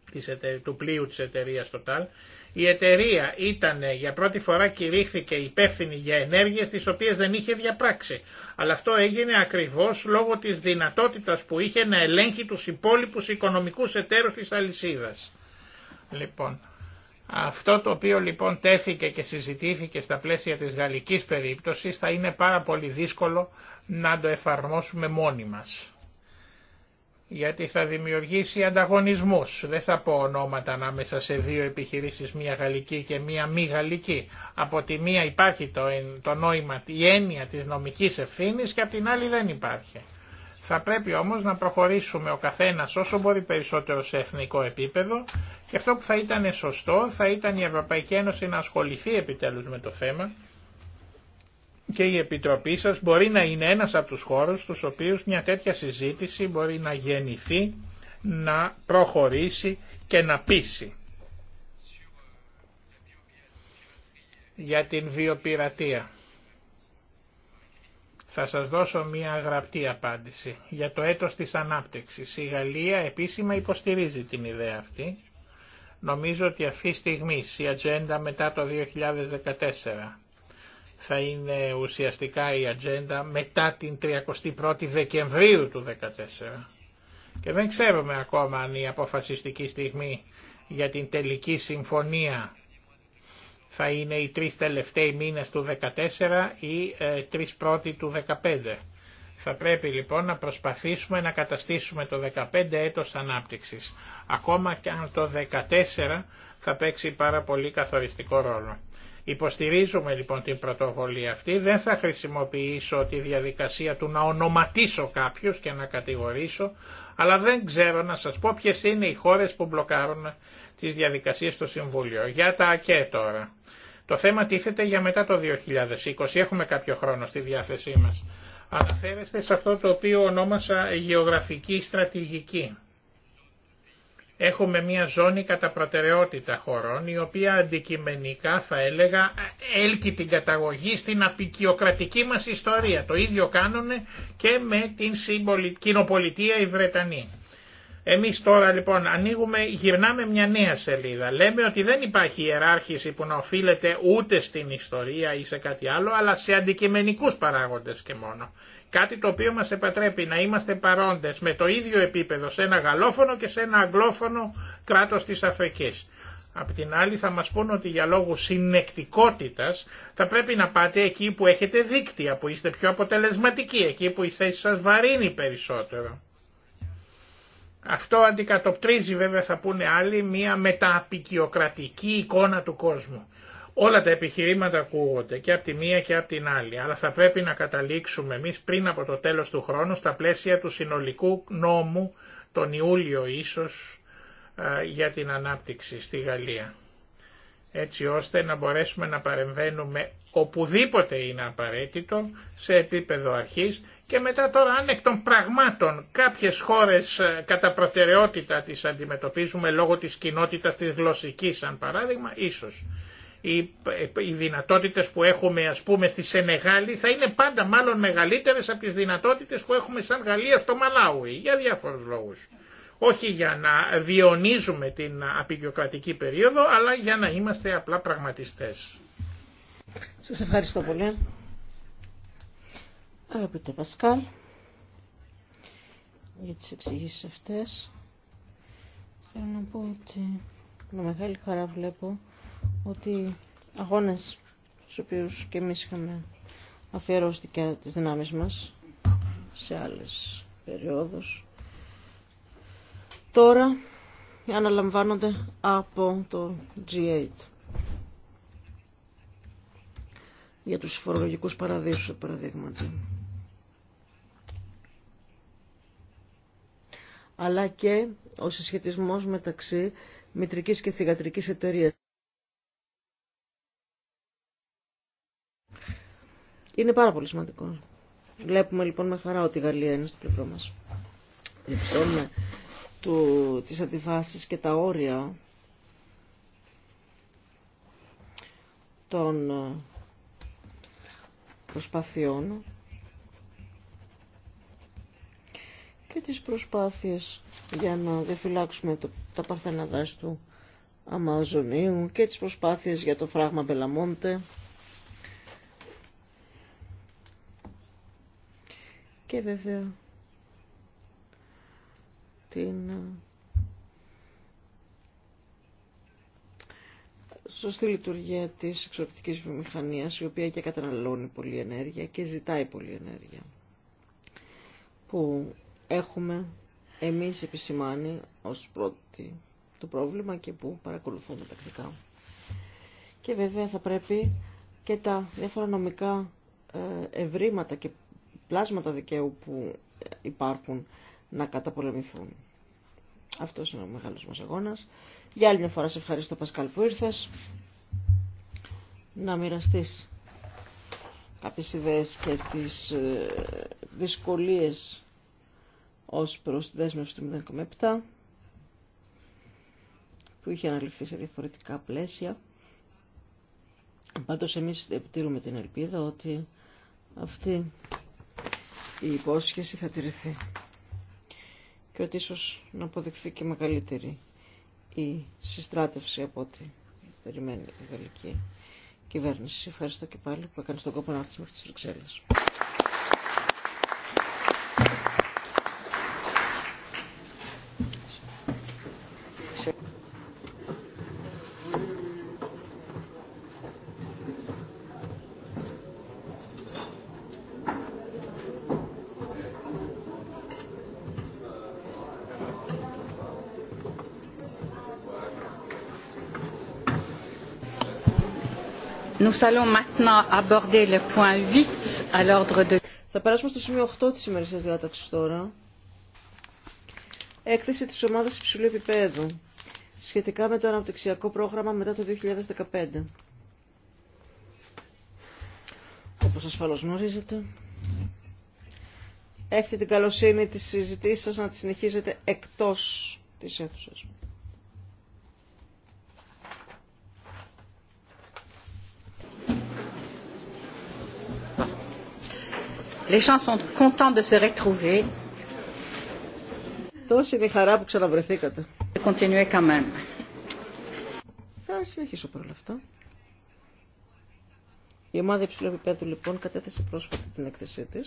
της, του πλοίου της εταιρείας Total, η εταιρεία ήταν ε, για πρώτη φορά κηρύχθηκε υπεύθυνη για ενέργειες τις οποίες δεν είχε διαπράξει. Αλλά αυτό έγινε ακριβώς λόγω της δυνατότητας που είχε να ελέγχει τους υπόλοιπους οικονομικούς εταίρους της αλυσίδας. Λοιπόν, αυτό το οποίο λοιπόν τέθηκε και συζητήθηκε στα πλαίσια της γαλλικής περίπτωσης θα είναι πάρα πολύ δύσκολο να το εφαρμόσουμε μόνοι μας γιατί θα δημιουργήσει ανταγωνισμούς. Δεν θα πω ονόματα ανάμεσα σε δύο επιχειρήσεις, μία γαλλική και μία μη γαλλική. Από τη μία υπάρχει το, το νόημα, η έννοια της νομικής ευθύνης και από την άλλη δεν υπάρχει. Θα πρέπει όμως να προχωρήσουμε ο καθένας όσο μπορεί περισσότερο σε εθνικό επίπεδο και αυτό που θα ήταν σωστό θα ήταν η Ευρωπαϊκή Ένωση να ασχοληθεί επιτέλους με το θέμα και η Επιτροπή σας μπορεί να είναι ένας από τους χώρους στους οποίους μια τέτοια συζήτηση μπορεί να γεννηθεί, να προχωρήσει και να πείσει. Για την βιοπειρατεία. Θα σας δώσω μία γραπτή απάντηση. Για το έτος της ανάπτυξης. Η Γαλλία επίσημα υποστηρίζει την ιδέα αυτή. Νομίζω ότι αυτή τη στιγμή η ατζέντα μετά το 2014 θα είναι ουσιαστικά η ατζέντα μετά την 31η Δεκεμβρίου του 2014. Και δεν ξέρουμε ακόμα αν η αποφασιστική στιγμή για την τελική συμφωνία θα είναι οι τρεις τελευταίοι μήνες του 2014 ή ε, τρεις πρώτοι του 2015. Θα πρέπει λοιπόν να προσπαθήσουμε να καταστήσουμε το 15 έτος ανάπτυξης. Ακόμα και αν το 2014 θα παίξει πάρα πολύ καθοριστικό ρόλο. Υποστηρίζουμε λοιπόν την πρωτοβολία αυτή. Δεν θα χρησιμοποιήσω τη διαδικασία του να ονοματίσω κάποιους και να κατηγορήσω, αλλά δεν ξέρω να σας πω ποιες είναι οι χώρες που μπλοκάρουν τις διαδικασίες στο Συμβούλιο. Για τα ΑΚΕ τώρα. Το θέμα τίθεται για μετά το 2020. Έχουμε κάποιο χρόνο στη διάθεσή μας. Αναφέρεστε σε αυτό το οποίο ονόμασα γεωγραφική στρατηγική. Έχουμε μια ζώνη κατά προτεραιότητα χωρών, η οποία αντικειμενικά θα έλεγα έλκει την καταγωγή στην απεικιοκρατική μας ιστορία. Το ίδιο κάνουν και με την κοινοπολιτεία οι Βρετανοί. Εμείς τώρα λοιπόν ανοίγουμε, γυρνάμε μια νέα σελίδα. Λέμε ότι δεν υπάρχει ιεράρχηση που να οφείλεται ούτε στην ιστορία ή σε κάτι άλλο, αλλά σε αντικειμενικούς παράγοντες και μόνο. Κάτι το οποίο μας επατρέπει να είμαστε παρόντες με το ίδιο επίπεδο σε ένα γαλλόφωνο και σε ένα αγγλόφωνο κράτος της Αφρικής. Απ' την άλλη θα μας πούν ότι για λόγους συνεκτικότητας θα πρέπει να πάτε εκεί που έχετε δίκτυα, που είστε πιο αποτελεσματικοί, εκεί που η θέση σας βαρύνει περισσότερο. Αυτό αντικατοπτρίζει βέβαια θα πούνε άλλοι μια μεταπικιοκρατική εικόνα του κόσμου. Όλα τα επιχειρήματα ακούγονται και από τη μία και από την άλλη, αλλά θα πρέπει να καταλήξουμε εμείς πριν από το τέλος του χρόνου στα πλαίσια του συνολικού νόμου, τον Ιούλιο ίσως, για την ανάπτυξη στη Γαλλία. Έτσι ώστε να μπορέσουμε να παρεμβαίνουμε οπουδήποτε είναι απαραίτητο, σε επίπεδο αρχής και μετά τώρα αν εκ των πραγμάτων κάποιες χώρες κατά προτεραιότητα τις αντιμετωπίζουμε λόγω της κοινότητας της γλωσσικής σαν παράδειγμα, ίσως οι δυνατότητες που έχουμε ας πούμε στη Σενεγάλη θα είναι πάντα μάλλον μεγαλύτερες από τις δυνατότητες που έχουμε σαν Γαλλία στο Μαλάουι για διάφορους λόγους. Όχι για να διονίζουμε την απεικιοκρατική περίοδο αλλά για να είμαστε απλά πραγματιστές. Σας ευχαριστώ πολύ. Αγαπητέ Πασκάλ για τις εξηγήσεις αυτές θέλω να πω ότι με μεγάλη χαρά βλέπω ότι αγώνες στους οποίους και εμείς είχαμε αφιερώσει τις δυνάμεις μας σε άλλες περιόδους τώρα αναλαμβάνονται από το G8 για τους φορολογικούς παραδείσους παραδείγματι αλλά και ο συσχετισμός μεταξύ μητρικής και θηγατρικής εταιρείας Είναι πάρα πολύ σημαντικό. Βλέπουμε λοιπόν με χαρά ότι η Γαλλία είναι στο πλευρό μας. Διαπιστώνουμε του, τις και τα όρια των ε, προσπαθειών και τις προσπάθειες για να διαφυλάξουμε το, τα παρθένα δάση του Αμαζονίου και τις προσπάθειες για το φράγμα Μπελαμόντε και βέβαια την ε, σωστή λειτουργία της εξωτερική βιομηχανίας, η οποία και καταναλώνει πολλή ενέργεια και ζητάει πολλή ενέργεια, που έχουμε εμείς επισημάνει ως πρώτη το πρόβλημα και που παρακολουθούμε τακτικά. Και βέβαια θα πρέπει και τα διάφορα νομικά ε, ευρήματα και πλάσματα δικαίου που υπάρχουν να καταπολεμηθούν. Αυτό είναι ο μεγάλος μας αγώνας. Για άλλη μια φορά σε ευχαριστώ Πασκάλ που ήρθες να μοιραστεί κάποιες ιδέες και τις ε, δυσκολίες ως προς τη δέσμευση του 0,7 που είχε αναλυφθεί σε διαφορετικά πλαίσια. Πάντως εμείς επιτήρουμε την ελπίδα ότι αυτή η υπόσχεση θα τηρηθεί. Και ότι ίσως να αποδειχθεί και μεγαλύτερη η συστράτευση από ό,τι περιμένει η γαλλική κυβέρνηση. Ευχαριστώ και πάλι που έκανε τον κόπο να έρθει μέχρι τις Βρυξέλλες. Θα περάσουμε στο σημείο 8 της ημερησίας διάταξης τώρα. Έκθεση της ομάδας υψηλού επίπεδου σχετικά με το αναπτυξιακό πρόγραμμα μετά το 2015. Όπως ασφαλώς γνωρίζετε, έχετε την καλοσύνη της συζητήσεις σας να τη συνεχίζετε εκτός της αίθουσας. Les gens sont contents de se retrouver. Τόση είναι η χαρά που ξαναβρεθήκατε. Continuez quand même. Θα συνεχίσω παρόλα αυτά. Η ομάδα υψηλού επίπεδου λοιπόν κατέθεσε πρόσφατα την έκθεσή τη.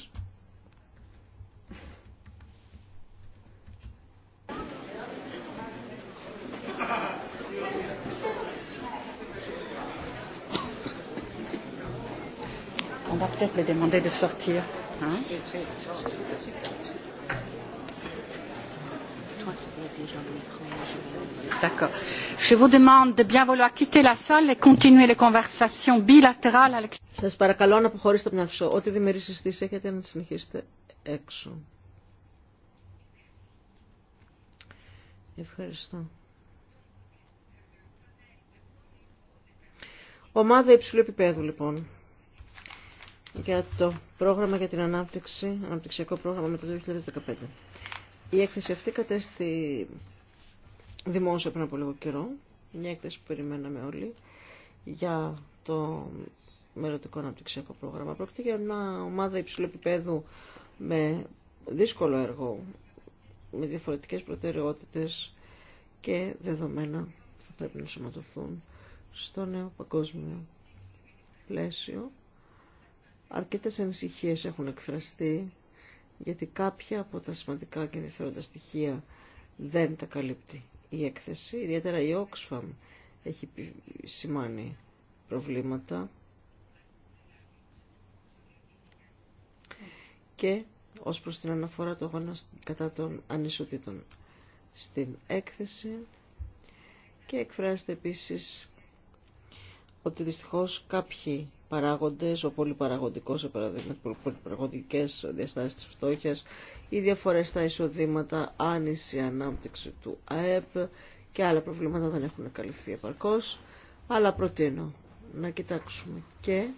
On va peut-être les demander de sortir. D'accord. Σας παρακαλώ να αποχωρήσετε από την αυσό. Ό,τι δημιουργήσετε, έχετε να τη συνεχίσετε έξω. Ευχαριστώ. Ομάδα υψηλού επίπεδου λοιπόν για το πρόγραμμα για την ανάπτυξη, αναπτυξιακό πρόγραμμα με το 2015. Η έκθεση αυτή κατέστη δημόσια πριν από λίγο καιρό, μια έκθεση που περιμέναμε όλοι, για το μελλοντικό αναπτυξιακό πρόγραμμα. Πρόκειται για μια ομάδα υψηλού επίπεδου με δύσκολο έργο, με διαφορετικές προτεραιότητες και δεδομένα που θα πρέπει να σωματωθούν στο νέο παγκόσμιο πλαίσιο Αρκετές ανησυχίες έχουν εκφραστεί γιατί κάποια από τα σημαντικά και ενδιαφέροντα στοιχεία δεν τα καλύπτει η έκθεση. Ιδιαίτερα η Oxfam έχει σημάνει προβλήματα και ως προς την αναφορά του αγώνα κατά των ανισοτήτων στην έκθεση και εκφράζεται επίσης ότι δυστυχώς κάποιοι παράγοντες, ο πολυπαραγωγικός, πολυπαραγωγικές διαστάσεις της φτώχειας, οι διαφορές στα εισοδήματα, άνηση ανάπτυξη του ΑΕΠ και άλλα προβλήματα δεν έχουν καλυφθεί επαρκώς, αλλά προτείνω να κοιτάξουμε και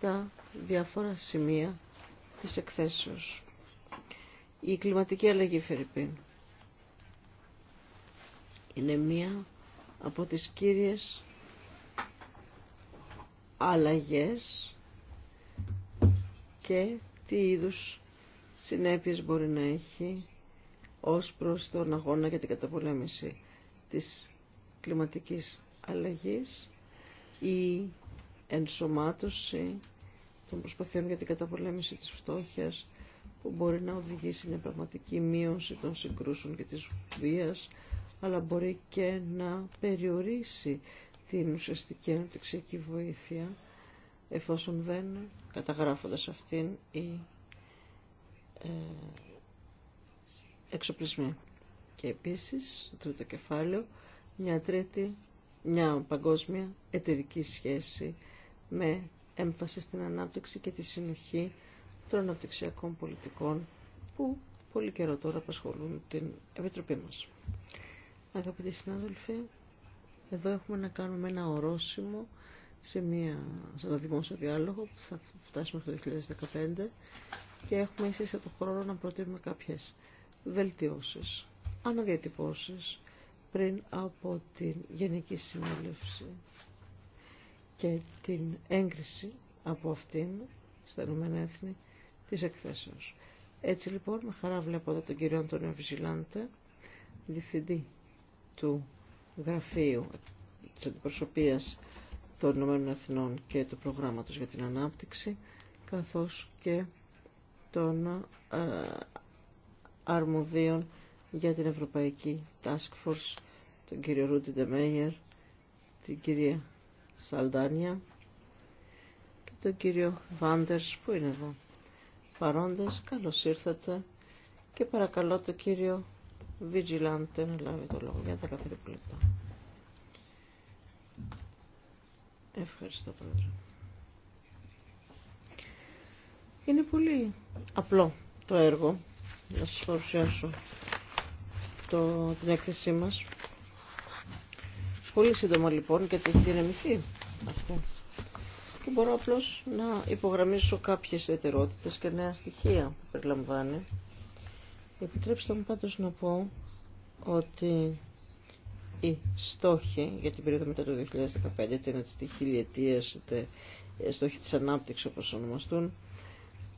τα διάφορα σημεία της εκθέσεως. Η κλιματική αλλαγή, Φερρυπίν, είναι μία από τις κύριες αλλαγές και τι είδους συνέπειες μπορεί να έχει ως προς τον αγώνα για την καταπολέμηση της κλιματικής αλλαγής η ενσωμάτωση των προσπαθειών για την καταπολέμηση της φτώχειας που μπορεί να οδηγήσει μια πραγματική μείωση των συγκρούσεων και της βίας αλλά μπορεί και να περιορίσει την ουσιαστική αναπτυξιακή βοήθεια εφόσον δεν καταγράφοντας αυτήν ή ε, εξοπλισμοί. Και επίσης, τρίτο κεφάλαιο, μια τρίτη, μια παγκόσμια εταιρική σχέση με έμφαση στην ανάπτυξη και τη συνοχή των αναπτυξιακών πολιτικών που πολύ καιρό τώρα απασχολούν την Επιτροπή μας. Αγαπητοί συνάδελφοι, εδώ έχουμε να κάνουμε ένα ορόσημο σε, μια, σε ένα δημόσιο διάλογο που θα φτάσουμε στο 2015 και έχουμε ίσως το χρόνο να προτείνουμε κάποιες βελτιώσεις, αναδιατυπώσεις πριν από την Γενική Συνέλευση και την έγκριση από αυτήν στα Ηνωμένα Έθνη της εκθέσεως. Έτσι λοιπόν, με χαρά βλέπω εδώ τον κύριο Αντώνιο Βυζιλάντε διευθυντή του γραφείου της αντιπροσωπείας των Ηνωμένων Εθνών και του προγράμματος για την ανάπτυξη, καθώς και των ε, αρμοδίων για την Ευρωπαϊκή Task Force, τον κύριο Ρούντι Ντεμέγερ την κυρία Σαλδάνια και τον κύριο Βάντερς που είναι εδώ. Παρόντες, καλώς ήρθατε και παρακαλώ τον κύριο Vigilante να λάβει το λόγο για τα λεπτά. Ευχαριστώ πρόεδρε. Είναι πολύ απλό το έργο να σας παρουσιάσω το, την έκθεσή μας. Πολύ σύντομα λοιπόν γιατί έχει δυναμηθεί αυτό. Και μπορώ απλώς να υπογραμμίσω κάποιες εταιρότητες και νέα στοιχεία που περιλαμβάνει. Επιτρέψτε μου πάντως να πω ότι οι στόχοι για την περίοδο μετά το 2015, είτε είναι τη χιλιετία, είτε στόχοι της ανάπτυξης όπως ονομαστούν,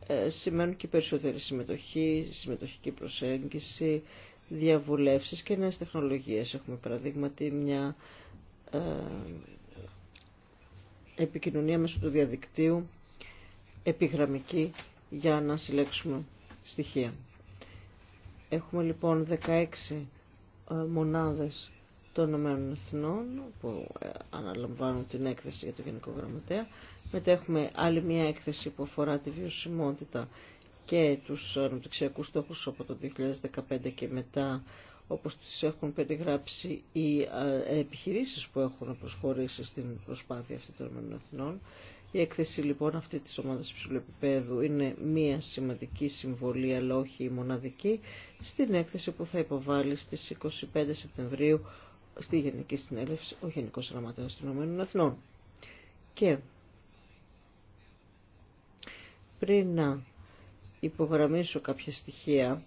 ε, σημαίνουν και περισσότερη συμμετοχή, συμμετοχική προσέγγιση, διαβουλεύσεις και νέες τεχνολογίες. Έχουμε παραδείγματι μια ε, επικοινωνία μέσω του διαδικτύου επιγραμμική για να συλλέξουμε στοιχεία. Έχουμε λοιπόν 16 ε, μονάδες των Ηνωμένων Εθνών που ε, αναλαμβάνουν την έκθεση για το Γενικό Γραμματέα. Μετά έχουμε άλλη μια έκθεση που αφορά τη βιωσιμότητα και τους αναπτυξιακούς στόχους από το 2015 και μετά όπως τις έχουν περιγράψει οι ε, επιχειρήσεις που έχουν προσχωρήσει στην προσπάθεια αυτή των Εθνών. Η έκθεση λοιπόν αυτή της ομάδας ψηλοεπιπέδου είναι μία σημαντική συμβολή αλλά όχι η μοναδική στην έκθεση που θα υποβάλει στις 25 Σεπτεμβρίου στη Γενική Συνέλευση ο Γενικός Γραμματέας των Ηνωμένων Εθνών. Και πριν να υπογραμμίσω κάποια στοιχεία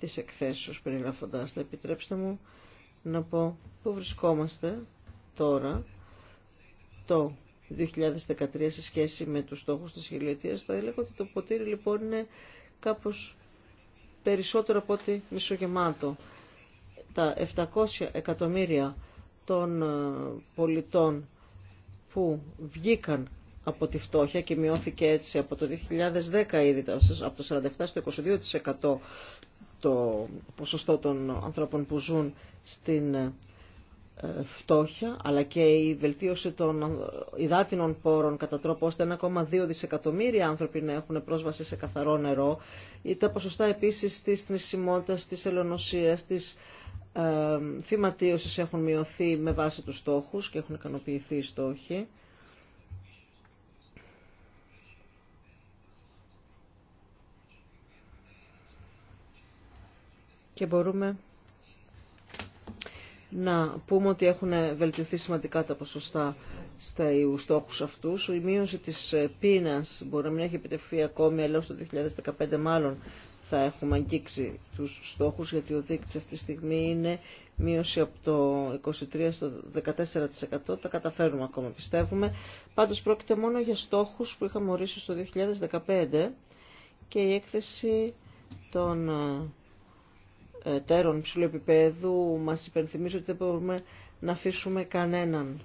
της εκθέσεως περιγράφοντάς τα, επιτρέψτε μου να πω που βρισκόμαστε τώρα το το 2013 σε σχέση με τους στόχους της χιλιετίας. Θα έλεγα ότι το ποτήρι λοιπόν είναι κάπως περισσότερο από ό,τι μισογεμάτο. Τα 700 εκατομμύρια των ε, πολιτών που βγήκαν από τη φτώχεια και μειώθηκε έτσι από το 2010 ήδη από το 47% στο 22% το ποσοστό των ανθρώπων που ζουν στην ε, ε, φτώχεια, αλλά και η βελτίωση των υδάτινων ε, πόρων κατά τρόπο ώστε 1,2 δισεκατομμύρια άνθρωποι να έχουν πρόσβαση σε καθαρό νερό, ή ε, τα ποσοστά επίσης της θνησιμότητας, της ελονοσίας, της ε, έχουν μειωθεί με βάση τους στόχους και έχουν ικανοποιηθεί οι στόχοι. Και μπορούμε να πούμε ότι έχουν βελτιωθεί σημαντικά τα ποσοστά στα στόχους αυτούς. Η μείωση της πείνας μπορεί να μην έχει επιτευχθεί ακόμη, αλλά το 2015 μάλλον θα έχουμε αγγίξει τους στόχους, γιατί ο δείκτης αυτή τη στιγμή είναι μείωση από το 23% στο 14%. Τα καταφέρουμε ακόμα, πιστεύουμε. Πάντως πρόκειται μόνο για στόχους που είχαμε ορίσει στο 2015 και η έκθεση των ε, εταίρων ψηλού επίπεδου μας υπενθυμίζει ότι δεν μπορούμε να αφήσουμε κανέναν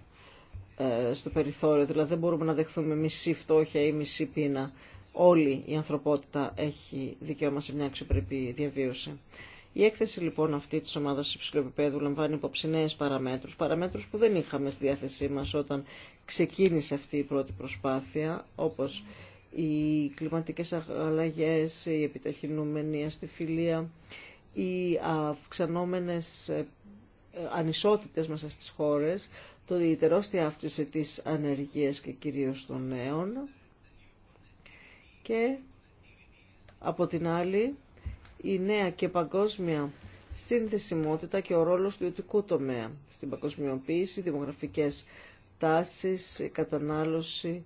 ε, στο περιθώριο. Δηλαδή δεν μπορούμε να δεχθούμε μισή φτώχεια ή μισή πείνα. Όλη η ανθρωπότητα έχει δικαίωμα σε μια αξιοπρεπή διαβίωση. Η έκθεση λοιπόν αυτή της ομάδας υψηλού επίπεδου λαμβάνει υπόψη νέε παραμέτρους, παραμέτρους που δεν είχαμε στη διάθεσή μας όταν ξεκίνησε αυτή η πρώτη προσπάθεια, όπως οι κλιματικές αλλαγές, η επιταχυνούμενη αστιφιλία, οι αυξανόμενες ε, ε, ανισότητες μέσα στις χώρες, το η τη αύξηση της ανεργίας και κυρίως των νέων και από την άλλη η νέα και παγκόσμια συνθεσιμότητα και ο ρόλος του ιδιωτικού τομέα στην παγκοσμιοποίηση, δημογραφικές τάσεις, κατανάλωση,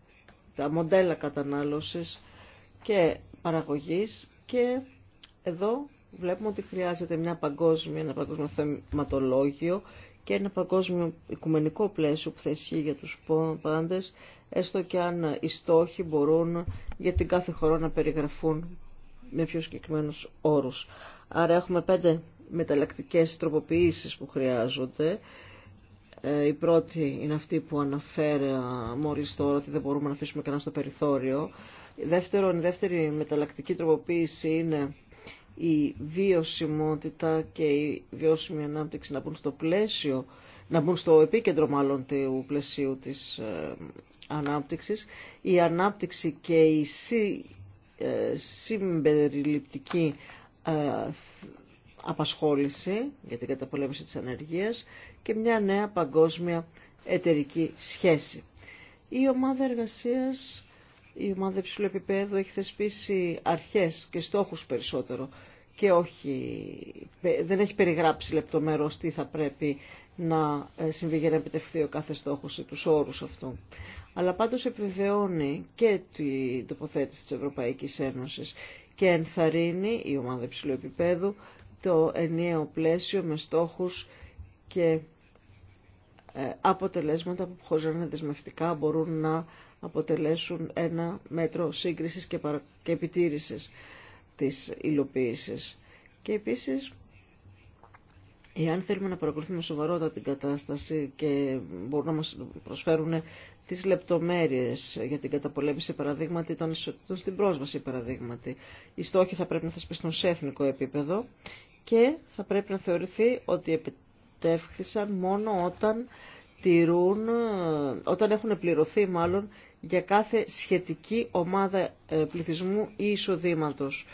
τα μοντέλα κατανάλωσης και παραγωγής και εδώ βλέπουμε ότι χρειάζεται μια παγκόσμια, ένα παγκόσμιο θεματολόγιο και ένα παγκόσμιο οικουμενικό πλαίσιο που θα ισχύει για τους πάντες, έστω και αν οι στόχοι μπορούν για την κάθε χώρα να περιγραφούν με πιο συγκεκριμένους όρους. Άρα έχουμε πέντε μεταλλακτικές τροποποιήσεις που χρειάζονται. Ε, η πρώτη είναι αυτή που αναφέρει μόλις τώρα ότι δεν μπορούμε να αφήσουμε κανένα στο περιθώριο. η δεύτερη μεταλλακτική τροποποίηση είναι η βιωσιμότητα και η βιώσιμη ανάπτυξη να μπουν στο πλαίσιο, να μπουν στο επίκεντρο μάλλον του πλαισίου της ε, ανάπτυξης. Η ανάπτυξη και η ε, συμπεριληπτική ε, απασχόληση για την καταπολέμηση της ανεργίας και μια νέα παγκόσμια εταιρική σχέση. Η ομάδα εργασίας η ομάδα υψηλού επίπεδου έχει θεσπίσει αρχές και στόχους περισσότερο και όχι, δεν έχει περιγράψει λεπτομέρως τι θα πρέπει να ε, συμβεί για να επιτευχθεί ο κάθε στόχος ή τους όρους αυτού. Αλλά πάντως επιβεβαιώνει και την τοποθέτηση της Ευρωπαϊκής Ένωσης και ενθαρρύνει η ομάδα υψηλού επίπεδου το ενιαίο πλαίσιο με στόχους και ε, αποτελέσματα που χωρίζονται να δεσμευτικά μπορούν να αποτελέσουν ένα μέτρο σύγκρισης και, παρα... και επιτήρησης της υλοποίησης. Και επίσης, εάν θέλουμε να παρακολουθούμε σοβαρότητα την κατάσταση και μπορούν να μας προσφέρουν τις λεπτομέρειες για την καταπολέμηση παραδείγματι των ισοτήτων στην πρόσβαση παραδείγματι, οι στόχοι θα πρέπει να θεσπιστούν σε εθνικό επίπεδο και θα πρέπει να θεωρηθεί ότι μόνο όταν, τηρούν, όταν έχουν πληρωθεί μάλλον για κάθε σχετική ομάδα ε, πληθυσμού ή εισοδήματος.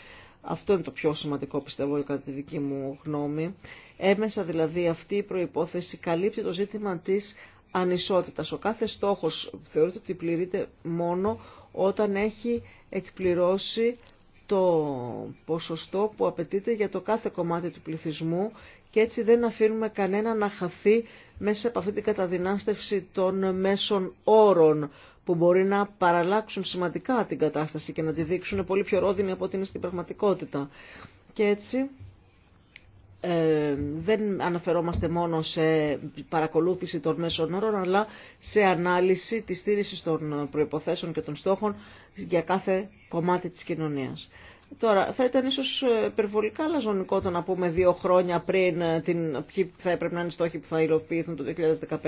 Αυτό είναι το πιο σημαντικό πιστεύω κατά τη δική μου γνώμη. Έμεσα δηλαδή αυτή η προϋπόθεση καλύπτει το ζήτημα της ανισότητας. Ο κάθε στόχος θεωρείται ότι πληρείται μόνο όταν έχει εκπληρώσει το ποσοστό που απαιτείται για το κάθε κομμάτι του πληθυσμού και έτσι δεν αφήνουμε κανένα να χαθεί μέσα από αυτή την καταδυνάστευση των μέσων όρων που μπορεί να παραλλάξουν σημαντικά την κατάσταση και να τη δείξουν πολύ πιο ρόδιμη από ό,τι είναι στην πραγματικότητα. Και έτσι ε, δεν αναφερόμαστε μόνο σε παρακολούθηση των μέσων όρων, αλλά σε ανάλυση της στήριξης των προϋποθέσεων και των στόχων για κάθε κομμάτι της κοινωνίας. Τώρα, θα ήταν ίσως περιβολικά λαζονικό το να πούμε δύο χρόνια πριν ε, την, ποιοι θα έπρεπε να είναι οι στόχοι που θα υλοποιηθούν το 2015.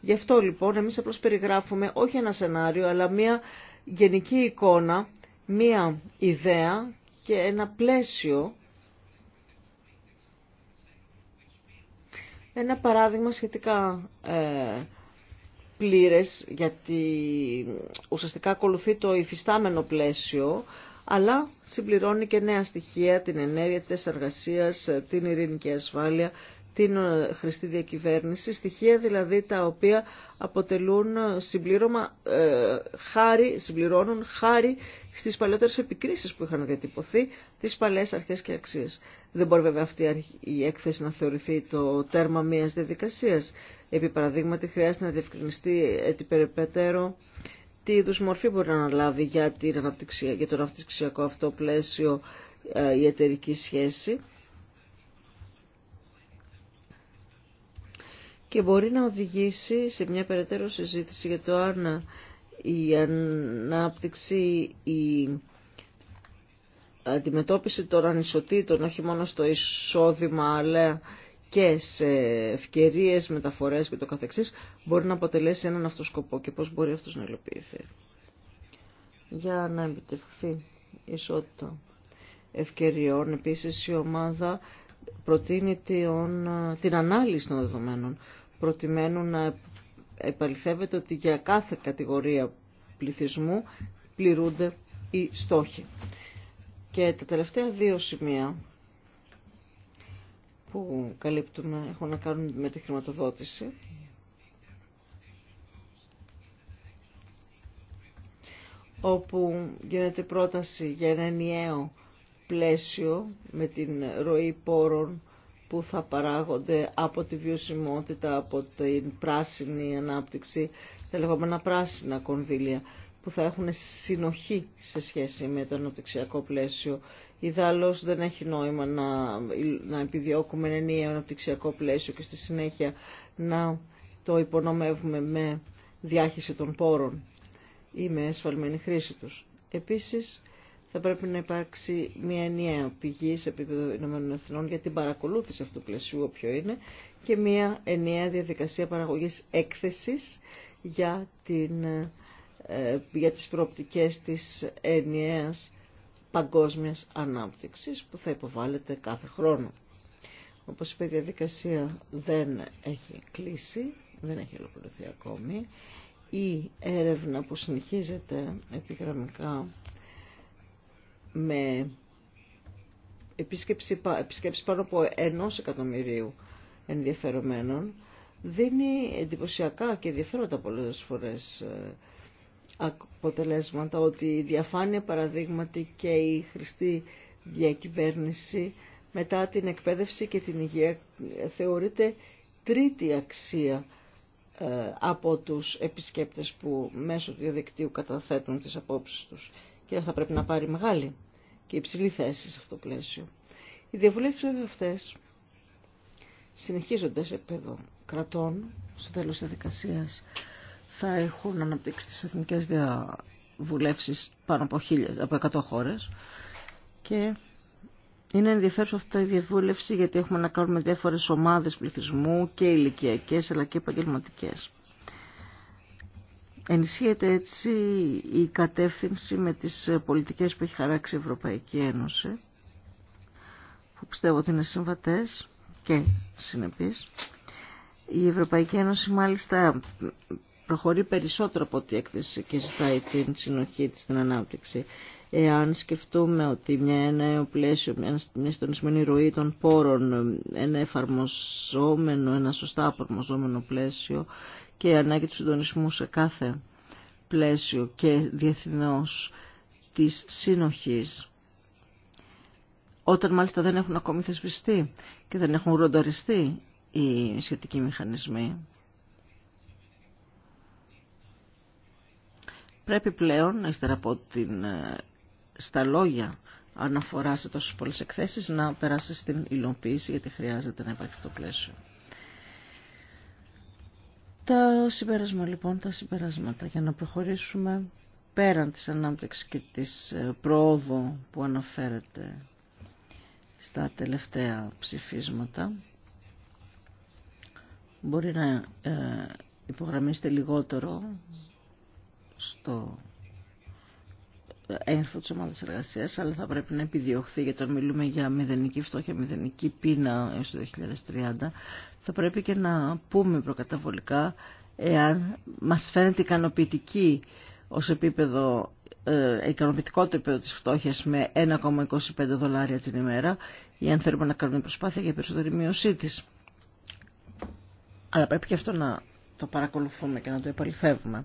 Γι' αυτό λοιπόν εμείς απλώς περιγράφουμε όχι ένα σενάριο, αλλά μια γενική εικόνα, μια ιδέα και ένα πλαίσιο Ένα παράδειγμα σχετικά ε, πλήρες, γιατί ουσιαστικά ακολουθεί το υφιστάμενο πλαίσιο, αλλά συμπληρώνει και νέα στοιχεία, την ενέργεια της εργασίας, ε, την ειρήνη και ασφάλεια την ε, χρηστή διακυβέρνηση, στοιχεία δηλαδή τα οποία αποτελούν ε, συμπλήρωμα, ε, χάρη, συμπληρώνουν χάρη στις παλαιότερες επικρίσεις που είχαν διατυπωθεί, τις παλαιές αρχές και αξίες. Δεν μπορεί βέβαια αυτή η έκθεση να θεωρηθεί το τέρμα μιας διαδικασίας. Επί παραδείγματι χρειάζεται να διευκρινιστεί περαιπέτερο τι είδου μορφή μπορεί να αναλάβει για, την για το αναπτυξιακό αυτό πλαίσιο η εταιρική σχέση και μπορεί να οδηγήσει σε μια περαιτέρω συζήτηση για το αν η ανάπτυξη, η αντιμετώπιση των ανισοτήτων, όχι μόνο στο εισόδημα, αλλά και σε ευκαιρίες, μεταφορές και το καθεξής, μπορεί να αποτελέσει έναν σκοπό και πώς μπορεί αυτός να υλοποιηθεί. Για να επιτευχθεί η ισότητα ευκαιριών, επίσης η ομάδα προτείνει την ανάλυση των δεδομένων προτιμένου να επαληθεύεται ότι για κάθε κατηγορία πληθυσμού πληρούνται οι στόχοι. Και τα τελευταία δύο σημεία που καλύπτουμε έχουν να κάνουν με τη χρηματοδότηση. όπου γίνεται πρόταση για ένα ενιαίο πλαίσιο με την ροή πόρων που θα παράγονται από τη βιωσιμότητα, από την πράσινη ανάπτυξη, τα λεγόμενα πράσινα κονδύλια που θα έχουν συνοχή σε σχέση με το αναπτυξιακό πλαίσιο. Ιδάλλως δεν έχει νόημα να, επιδιώκουμε ένα ενιαίο αναπτυξιακό πλαίσιο και στη συνέχεια να το υπονομεύουμε με διάχυση των πόρων ή με εσφαλμένη χρήση τους. Επίσης, θα πρέπει να υπάρξει μια ενιαία πηγή σε επίπεδο Ηνωμένων Εθνών για την παρακολούθηση αυτού του πλαισίου, όποιο είναι, και μια ενιαία διαδικασία παραγωγής έκθεσης για, την, ε, για τις προοπτικές της ενιαίας παγκόσμιας ανάπτυξης που θα υποβάλλεται κάθε χρόνο. Όπως είπε, η διαδικασία δεν έχει κλείσει, δεν έχει ολοκληρωθεί ακόμη. Η έρευνα που συνεχίζεται επιγραμμικά με επισκέψη, επισκέψη πάνω από ενός εκατομμυρίου ενδιαφερομένων δίνει εντυπωσιακά και ενδιαφέροντα πολλές φορές ε, αποτελέσματα ότι η διαφάνεια παραδείγματι και η χρηστή διακυβέρνηση μετά την εκπαίδευση και την υγεία θεωρείται τρίτη αξία ε, από τους επισκέπτες που μέσω του διαδικτύου καταθέτουν τις απόψεις τους και θα πρέπει να πάρει μεγάλη και υψηλή θέση σε αυτό το πλαίσιο. Οι διαβουλεύσεις αυτές συνεχίζονται σε επίπεδο κρατών στο τέλος της διαδικασίας θα έχουν αναπτύξει τις εθνικές διαβουλεύσεις πάνω από, 1000, από 100 χώρες και είναι ενδιαφέρουσα αυτή η διαβούλευση γιατί έχουμε να κάνουμε διάφορες ομάδες πληθυσμού και ηλικιακές αλλά και επαγγελματικέ. Ενισχύεται έτσι η κατεύθυνση με τις πολιτικές που έχει χαράξει η Ευρωπαϊκή Ένωση, που πιστεύω ότι είναι συμβατές και συνεπείς. Η Ευρωπαϊκή Ένωση μάλιστα προχωρεί περισσότερο από ό,τι έκθεση και ζητάει την συνοχή της στην ανάπτυξη. Εάν σκεφτούμε ότι μια νέο πλαίσιο, μια συντονισμένη ροή των πόρων, ένα εφαρμοζόμενο, ένα σωστά εφαρμοζόμενο πλαίσιο και η ανάγκη του συντονισμού σε κάθε πλαίσιο και διεθνώς της συνοχής, όταν μάλιστα δεν έχουν ακόμη θεσπιστεί και δεν έχουν ρονταριστεί οι σχετικοί μηχανισμοί. Πρέπει πλέον, ύστερα από την ε, στα λόγια αναφορά σε τόσες πολλές εκθέσεις να περάσει στην υλοποίηση γιατί χρειάζεται να υπάρχει το πλαίσιο. Τα συμπέρασμα λοιπόν, τα συμπεράσματα για να προχωρήσουμε πέραν της ανάπτυξης και της ε, προόδου που αναφέρεται στα τελευταία ψηφίσματα μπορεί να ε, υπογραμμίσετε λιγότερο στο έγχρο της ομάδα εργασία, αλλά θα πρέπει να επιδιωχθεί, γιατί όταν μιλούμε για μηδενική φτώχεια, μηδενική πείνα έως το 2030, θα πρέπει και να πούμε προκαταβολικά εάν μας φαίνεται ικανοποιητική ως επίπεδο ε, ικανοποιητικό το επίπεδο της φτώχειας με 1,25 δολάρια την ημέρα ή αν θέλουμε να κάνουμε προσπάθεια για περισσότερη μείωσή τη. Αλλά πρέπει και αυτό να το παρακολουθούμε και να το επαληθεύουμε.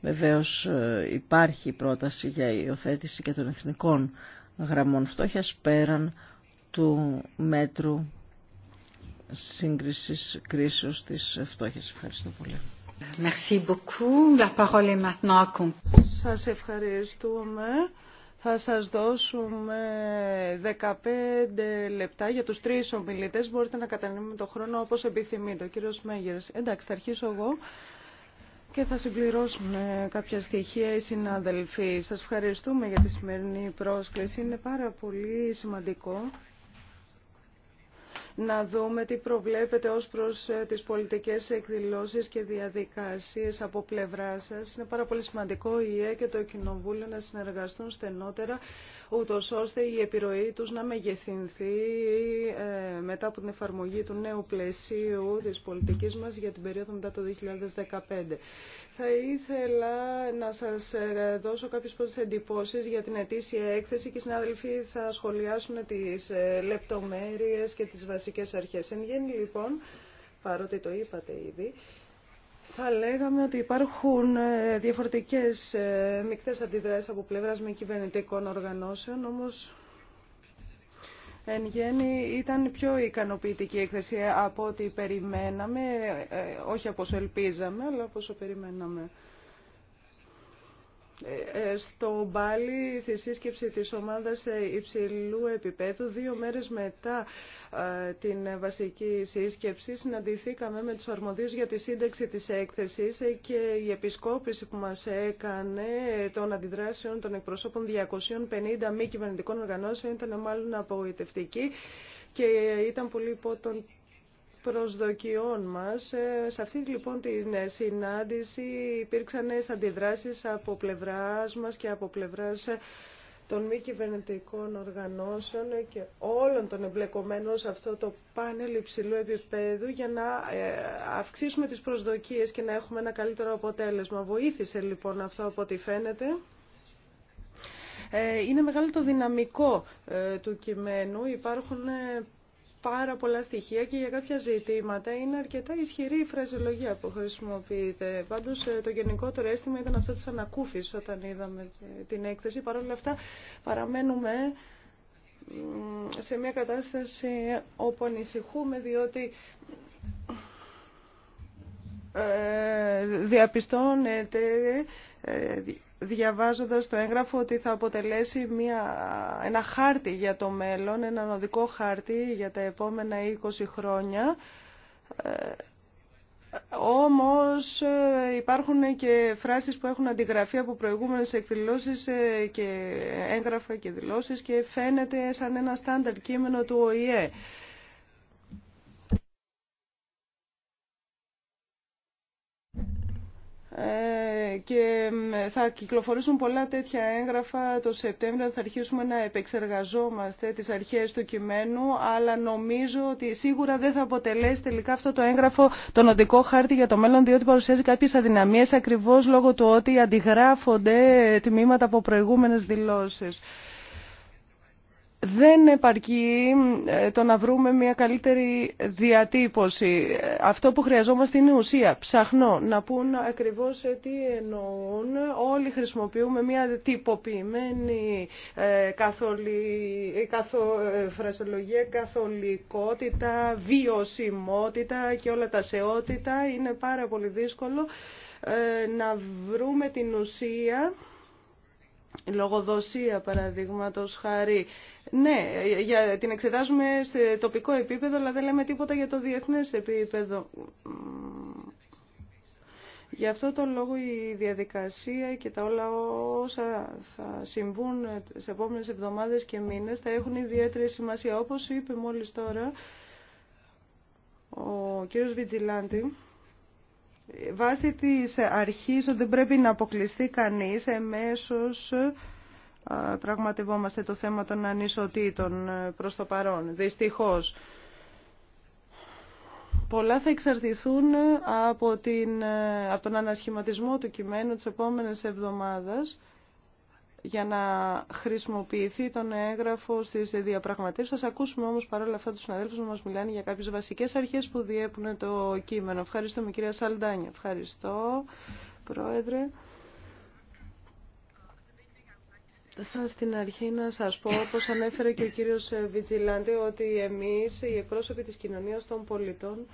Βεβαίως ε, υπάρχει πρόταση για υιοθέτηση και των εθνικών γραμμών φτώχειας πέραν του μέτρου σύγκρισης κρίσεως της φτώχειας. Ευχαριστώ πολύ. Merci Σας ευχαριστούμε. Θα σας δώσουμε 15 λεπτά για τους τρεις ομιλητές. Μπορείτε να κατανείμουμε το χρόνο όπως επιθυμείτε. Ο κύριος Μέγερς. Εντάξει, θα αρχίσω εγώ και θα συμπληρώσουμε κάποια στοιχεία οι συνάδελφοι. Σας ευχαριστούμε για τη σημερινή πρόσκληση. Είναι πάρα πολύ σημαντικό να δούμε τι προβλέπετε ως προς ε, τις πολιτικές εκδηλώσεις και διαδικασίες από πλευρά σας. Είναι πάρα πολύ σημαντικό η ΕΕ και το Κοινοβούλιο να συνεργαστούν στενότερα ούτως ώστε η επιρροή τους να μεγεθυνθεί ε, μετά από την εφαρμογή του νέου πλαισίου της πολιτικής μας για την περίοδο μετά το 2015. Θα ήθελα να σας ε, δώσω κάποιες πρώτες εντυπώσεις για την ετήσια έκθεση και οι συνάδελφοι θα σχολιάσουν τις ε, λεπτομέρειες και τις βασικές αρχές. Εν γέννη λοιπόν, παρότι το είπατε ήδη, θα λέγαμε ότι υπάρχουν ε, διαφορετικές ε, μικτές αντιδράσεις από πλευράς με κυβερνητικών οργανώσεων, όμως Εν γέννη ήταν πιο ικανοποιητική η έκθεση από ό,τι περιμέναμε, ε, όχι από όσο ελπίζαμε, αλλά από όσο περιμέναμε. Ε, ε, στο Μπάλι στη σύσκεψη της ομάδας ε, υψηλού επίπεδου δύο μέρες μετά την βασική σύσκεψη συναντηθήκαμε με τους αρμοδίους για τη σύνταξη της έκθεσης και η επισκόπηση που μας έκανε των αντιδράσεων των εκπροσώπων 250 μη κυβερνητικών οργανώσεων ήταν μάλλον απογοητευτική και ήταν πολύ υπό τον προσδοκιών μας. Ε, σε αυτή λοιπόν την ε, συνάντηση υπήρξαν νέες αντιδράσεις από πλευράς μας και από πλευράς ε, των μη κυβερνητικών οργανώσεων και όλων των εμπλεκομένων σε αυτό το πάνελ υψηλού επίπεδου για να αυξήσουμε τις προσδοκίες και να έχουμε ένα καλύτερο αποτέλεσμα. Βοήθησε λοιπόν αυτό από ό,τι φαίνεται. Είναι μεγάλο το δυναμικό του κειμένου. Υπάρχουν πάρα πολλά στοιχεία και για κάποια ζητήματα είναι αρκετά ισχυρή η φραζολογία που χρησιμοποιείται. πάντω. Ε, το γενικότερο αίσθημα ήταν αυτό τη ανακούφιση όταν είδαμε ε, την έκθεση. Παρ' όλα αυτά παραμένουμε σε μια κατάσταση όπου ανησυχούμε διότι ε, διαπιστώνεται διαβάζοντας το έγγραφο ότι θα αποτελέσει μια, ένα χάρτη για το μέλλον, ένα οδικό χάρτη για τα επόμενα 20 χρόνια. Ε, όμως ε, υπάρχουν και φράσεις που έχουν αντιγραφεί από προηγούμενες εκδηλώσεις ε, και έγγραφα και δηλώσεις και φαίνεται σαν ένα στάνταρ κείμενο του ΟΗΕ. Ε, και θα κυκλοφορήσουν πολλά τέτοια έγγραφα το Σεπτέμβριο θα αρχίσουμε να επεξεργαζόμαστε τις αρχές του κειμένου αλλά νομίζω ότι σίγουρα δεν θα αποτελέσει τελικά αυτό το έγγραφο τον οδικό χάρτη για το μέλλον διότι παρουσιάζει κάποιες αδυναμίες ακριβώς λόγω του ότι αντιγράφονται τμήματα από προηγούμενες δηλώσεις δεν επαρκεί ε, το να βρούμε μια καλύτερη διατύπωση. Αυτό που χρειαζόμαστε είναι ουσία. Ψαχνώ να πούν ακριβώς ε, τι εννοούν. Όλοι χρησιμοποιούμε μια τυποποιημένη ε, καθολι καθο... φρασολογία, καθολικότητα, βιωσιμότητα και όλα τα σεότητα. Είναι πάρα πολύ δύσκολο να βρούμε την ουσία λογοδοσία παραδείγματο χάρη. Ναι, για, την εξετάζουμε σε τοπικό επίπεδο, αλλά δεν λέμε τίποτα για το διεθνές επίπεδο. Γι' αυτό το λόγο η διαδικασία και τα όλα όσα θα συμβούν σε επόμενες εβδομάδες και μήνες θα έχουν ιδιαίτερη σημασία. Όπως είπε μόλις τώρα ο κύριος Βιτζιλάντη, Βάσει της αρχής ότι δεν πρέπει να αποκλειστεί κανείς εμέσως ε, πραγματευόμαστε το θέμα των ανισοτήτων ε, προς το παρόν. Δυστυχώς. Πολλά θα εξαρτηθούν ε, από, την, από τον ανασχηματισμό του κειμένου της επόμενης εβδομάδας για να χρησιμοποιηθεί τον έγγραφο στις διαπραγματεύσει, Θα ακούσουμε όμως παρόλα αυτά του συναδέλφου να μα μιλάνε για κάποιε βασικές αρχές που διέπουν το κείμενο. Ευχαριστούμε κυρία Σαλντάνια. Ευχαριστώ πρόεδρε. Θα στην αρχή να σας πω, όπως ανέφερε και ο κύριος Βιτζιλάντη, ότι εμείς οι εκπρόσωποι της κοινωνίας των πολιτών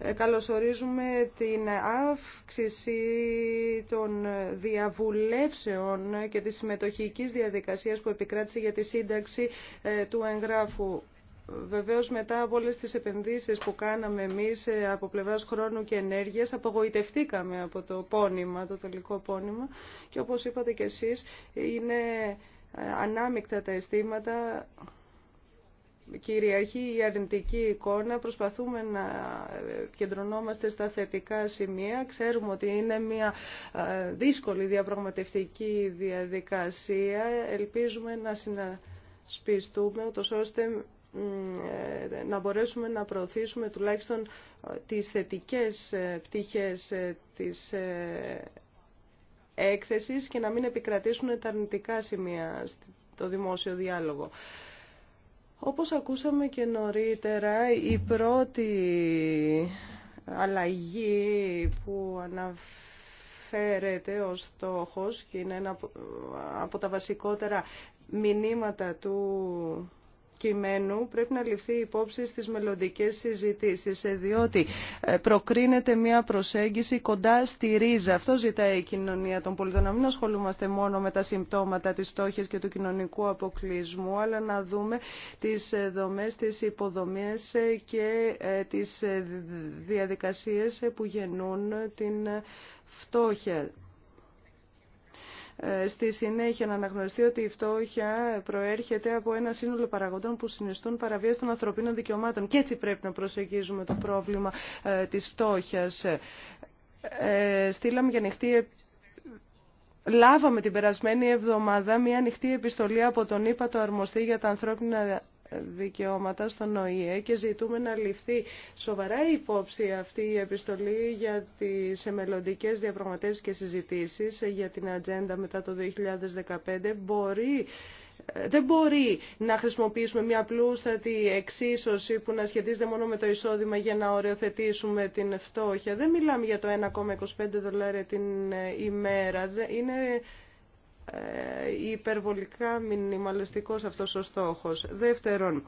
ε, καλωσορίζουμε την αύξηση των διαβουλεύσεων και της συμμετοχικής διαδικασίας που επικράτησε για τη σύνταξη ε, του εγγράφου. Βεβαίως μετά από όλες τις επενδύσεις που κάναμε εμείς ε, από πλευράς χρόνου και ενέργειας απογοητευτήκαμε από το πόνημα, το τελικό πόνημα και όπως είπατε και εσείς είναι ανάμεικτα τα αισθήματα κυριαρχεί η αρνητική εικόνα, προσπαθούμε να κεντρωνόμαστε στα θετικά σημεία. Ξέρουμε ότι είναι μια ε, δύσκολη διαπραγματευτική διαδικασία. Ελπίζουμε να συνασπιστούμε, ώστε ε, να μπορέσουμε να προωθήσουμε τουλάχιστον ε, τις θετικές πτυχές της έκθεσης και να μην επικρατήσουν τα αρνητικά σημεία στο δημόσιο διάλογο. Όπως ακούσαμε και νωρίτερα, η πρώτη αλλαγή που αναφέρεται ως στόχος και είναι ένα από τα βασικότερα μηνύματα του κειμένου πρέπει να ληφθεί υπόψη στις μελλοντικές συζητήσεις, διότι προκρίνεται μια προσέγγιση κοντά στη ρίζα. Αυτό ζητάει η κοινωνία των πολιτών, να μην ασχολούμαστε μόνο με τα συμπτώματα της φτώχειας και του κοινωνικού αποκλεισμού, αλλά να δούμε τις δομές, τις υποδομές και τις διαδικασίες που γεννούν την φτώχεια. Ε, στη συνέχεια να αναγνωριστεί ότι η φτώχεια προέρχεται από ένα σύνολο παραγόντων που συνιστούν παραβίαση των ανθρωπίνων δικαιωμάτων. Και έτσι πρέπει να προσεγγίζουμε το πρόβλημα ε, της φτώχειας. Ε, στείλαμε για Λάβαμε την περασμένη εβδομάδα μια ανοιχτή επιστολή από τον το αρμοστή για τα ανθρώπινα δικαιώματα στον ΟΗΕ και ζητούμε να ληφθεί σοβαρά υπόψη αυτή η επιστολή για τις μελλοντικέ διαπραγματεύσεις και συζητήσεις για την ατζέντα μετά το 2015 μπορεί δεν μπορεί να χρησιμοποιήσουμε μια πλούστατη εξίσωση που να σχετίζεται μόνο με το εισόδημα για να οριοθετήσουμε την φτώχεια. Δεν μιλάμε για το 1,25 δολάρια την ημέρα. Είναι ε, υπερβολικά μινιμαλιστικός αυτός ο στόχος. Δεύτερον,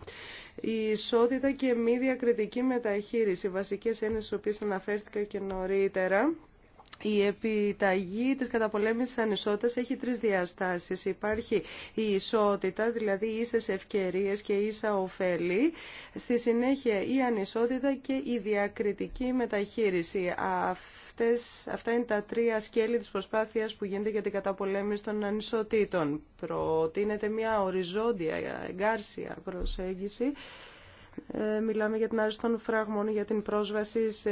η ισότητα και μη διακριτική μεταχείριση, βασικές έννοιες στις οποίες αναφέρθηκα και νωρίτερα, η επιταγή της καταπολέμησης ανισότητας έχει τρεις διαστάσεις. Υπάρχει η ισότητα, δηλαδή ίσες ευκαιρίες και ίσα ωφέλη. Στη συνέχεια η ανισότητα και η διακριτική μεταχείριση. Αυτές, αυτά είναι τα τρία σκέλη της προσπάθειας που γίνεται για την καταπολέμηση των ανισοτήτων. Προτείνεται μια οριζόντια, εγκάρσια προσέγγιση ε, μιλάμε για την άρση των φραγμών, για την πρόσβαση σε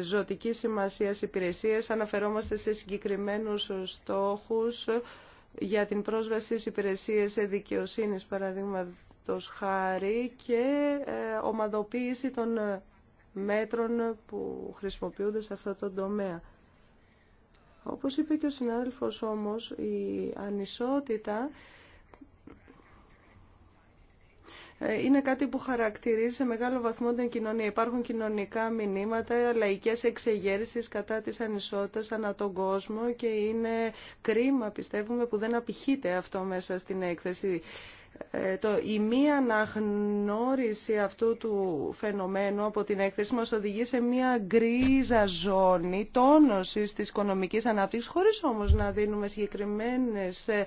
ζωτική σημασία υπηρεσίες. Αναφερόμαστε σε συγκεκριμένους στόχους για την πρόσβαση σε υπηρεσίες δικαιοσύνη, παραδείγματο χάρη, και ε, ομαδοποίηση των μέτρων που χρησιμοποιούνται σε αυτό το τομέα. Όπως είπε και ο συνάδελφος όμως, η ανισότητα ε, είναι κάτι που χαρακτηρίζει σε μεγάλο βαθμό την κοινωνία. Υπάρχουν κοινωνικά μηνύματα, λαϊκές εξεγέρσεις κατά της ανισότητας ανά τον κόσμο και είναι κρίμα, πιστεύουμε, που δεν απηχείται αυτό μέσα στην έκθεση το, η μία αναγνώριση αυτού του φαινομένου από την έκθεση μας οδηγεί σε μία γκρίζα ζώνη τόνωσης της οικονομικής ανάπτυξης χωρίς όμως να δίνουμε συγκεκριμένες ε,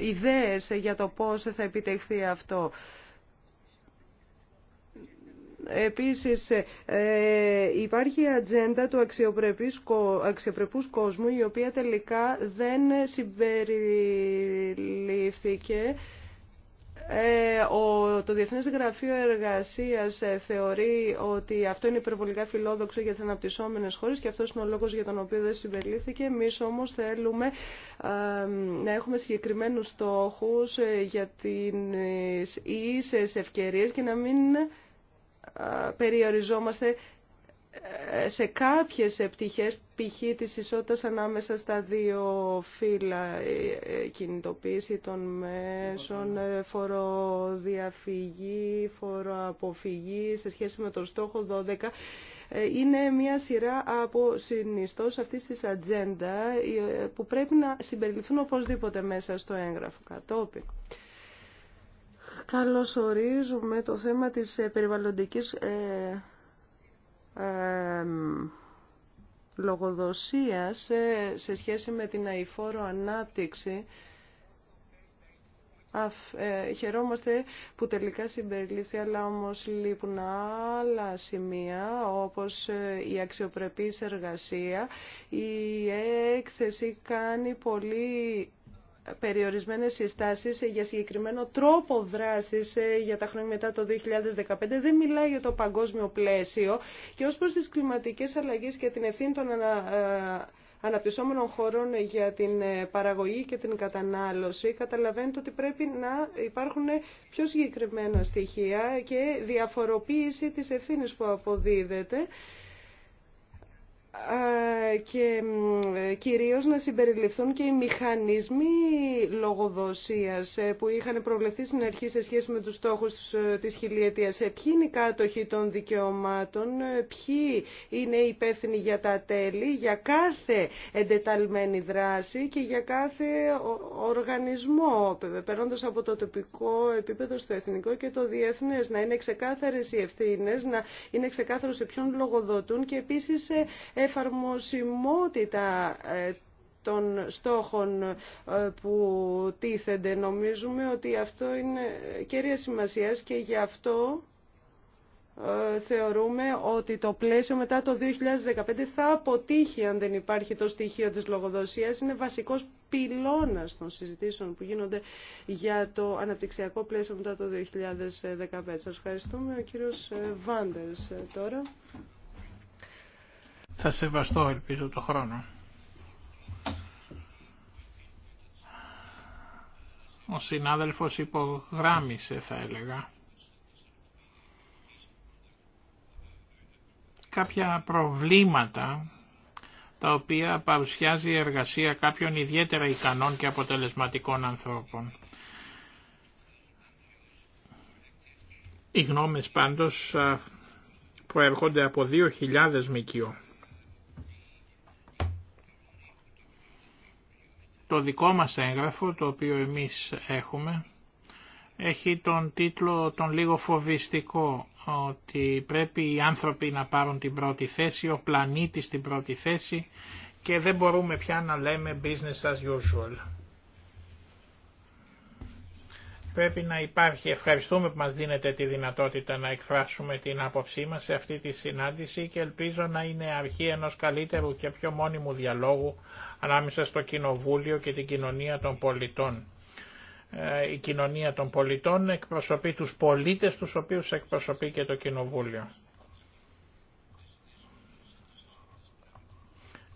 ιδέες για το πώς θα επιτευχθεί αυτό. Επίσης ε, υπάρχει ατζέντα του αξιοπρεπούς κόσμου η οποία τελικά δεν συμπεριληφθήκε ε, ο, το Διεθνές Γραφείο Εργασίας ε, θεωρεί ότι αυτό είναι υπερβολικά φιλόδοξο για τις αναπτυσσόμενες χώρες και αυτός είναι ο λόγος για τον οποίο δεν συμπεριλήφθηκε. Εμείς όμως θέλουμε να έχουμε συγκεκριμένους στόχους για τις ίσες ευκαιρίες και να μην ε, περιοριζόμαστε ε, σε κάποιες επιτυχές π.χ. της ισότητας ανάμεσα στα δύο φύλλα ε, κινητοποίηση των μέσων φοροδιαφυγή, φοροαποφυγή σε σχέση με τον στόχο 12 είναι μια σειρά από συνιστός αυτής της ατζέντα που πρέπει να συμπεριληφθούν οπωσδήποτε μέσα στο έγγραφο κατόπιν. Καλωσορίζουμε το θέμα της ε, περιβαλλοντικής ε, λογοδοσίας ε, σε σχέση με την αηφόρο ανάπτυξη. Αφ, ε, χαιρόμαστε που τελικά συμπεριλήφθη, αλλά όμως λείπουν άλλα σημεία, όπως η αξιοπρεπής εργασία. Η έκθεση κάνει πολύ περιορισμένες συστάσεις για συγκεκριμένο τρόπο δράσης ε, για τα χρόνια μετά το 2015. Δεν μιλάει για το παγκόσμιο πλαίσιο και ως προς τις κλιματικές αλλαγές και την ευθύνη των ε, αναπτυσσόμενων χωρών για την ε, παραγωγή και την κατανάλωση, καταλαβαίνετε ότι πρέπει να υπάρχουν πιο συγκεκριμένα στοιχεία και διαφοροποίηση της ευθύνης που αποδίδεται. Ε, και ε, κυρίως να συμπεριληφθούν και οι μηχανισμοί λογοδοσίας ε, που είχαν προβλεφθεί στην αρχή σε σχέση με τους στόχους της χιλιετίας. Ποιοι είναι οι κάτοχοι των δικαιωμάτων, ποιοι είναι υπεύθυνοι για τα τέλη, για κάθε εντεταλμένη δράση και για κάθε οργανισμό, περνώντας από το τοπικό επίπεδο στο εθνικό και το διεθνές, να είναι ξεκάθαρες οι ευθύνες, να είναι ξεκάθαρο σε ποιον λογοδοτούν και επίσης εφαρμοσιμότητα ε, των στόχων ε, που τίθενται. Νομίζουμε ότι αυτό είναι κέρια σημασίας και γι' αυτό ε, θεωρούμε ότι το πλαίσιο μετά το 2015 θα αποτύχει αν δεν υπάρχει το στοιχείο της λογοδοσίας. Είναι βασικός πυλώνας των συζητήσεων που γίνονται για το αναπτυξιακό πλαίσιο μετά το 2015. Σας ευχαριστούμε. Ο κύριος Βάντερς τώρα. Θα σεβαστώ ελπίζω το χρόνο. Ο συνάδελφος υπογράμισε θα έλεγα. κάποια προβλήματα τα οποία παρουσιάζει η εργασία κάποιων ιδιαίτερα ικανών και αποτελεσματικών ανθρώπων. Οι γνώμες πάντως προέρχονται από 2.000 μικιό. Το δικό μας έγγραφο, το οποίο εμείς έχουμε, έχει τον τίτλο τον λίγο φοβιστικό ότι πρέπει οι άνθρωποι να πάρουν την πρώτη θέση, ο πλανήτης την πρώτη θέση και δεν μπορούμε πια να λέμε business as usual. Πρέπει να υπάρχει, ευχαριστούμε που μας δίνετε τη δυνατότητα να εκφράσουμε την άποψή μας σε αυτή τη συνάντηση και ελπίζω να είναι αρχή ενός καλύτερου και πιο μόνιμου διαλόγου ανάμεσα στο Κοινοβούλιο και την κοινωνία των πολιτών. Ε, η κοινωνία των πολιτών εκπροσωπεί τους πολίτες τους οποίους εκπροσωπεί και το Κοινοβούλιο.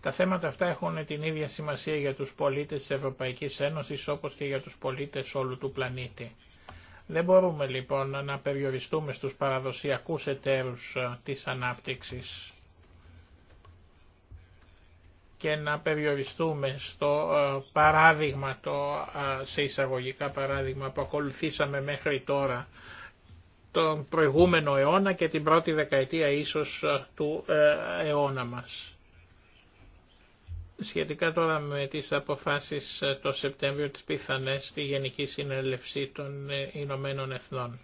Τα θέματα αυτά έχουν την ίδια σημασία για τους πολίτες της Ευρωπαϊκής Ένωσης όπως και για τους πολίτες όλου του πλανήτη. Δεν μπορούμε λοιπόν να περιοριστούμε στους παραδοσιακούς εταίρους ε, της ανάπτυξης και να περιοριστούμε στο ε, παράδειγμα, το, ε, σε εισαγωγικά παράδειγμα που ακολουθήσαμε μέχρι τώρα τον προηγούμενο αιώνα και την πρώτη δεκαετία ίσως ε, του αιώνα μας. Σχετικά τώρα με τις αποφάσεις το Σεπτέμβριο της πιθανές στη Γενική Συνέλευση των Ηνωμένων Εθνών.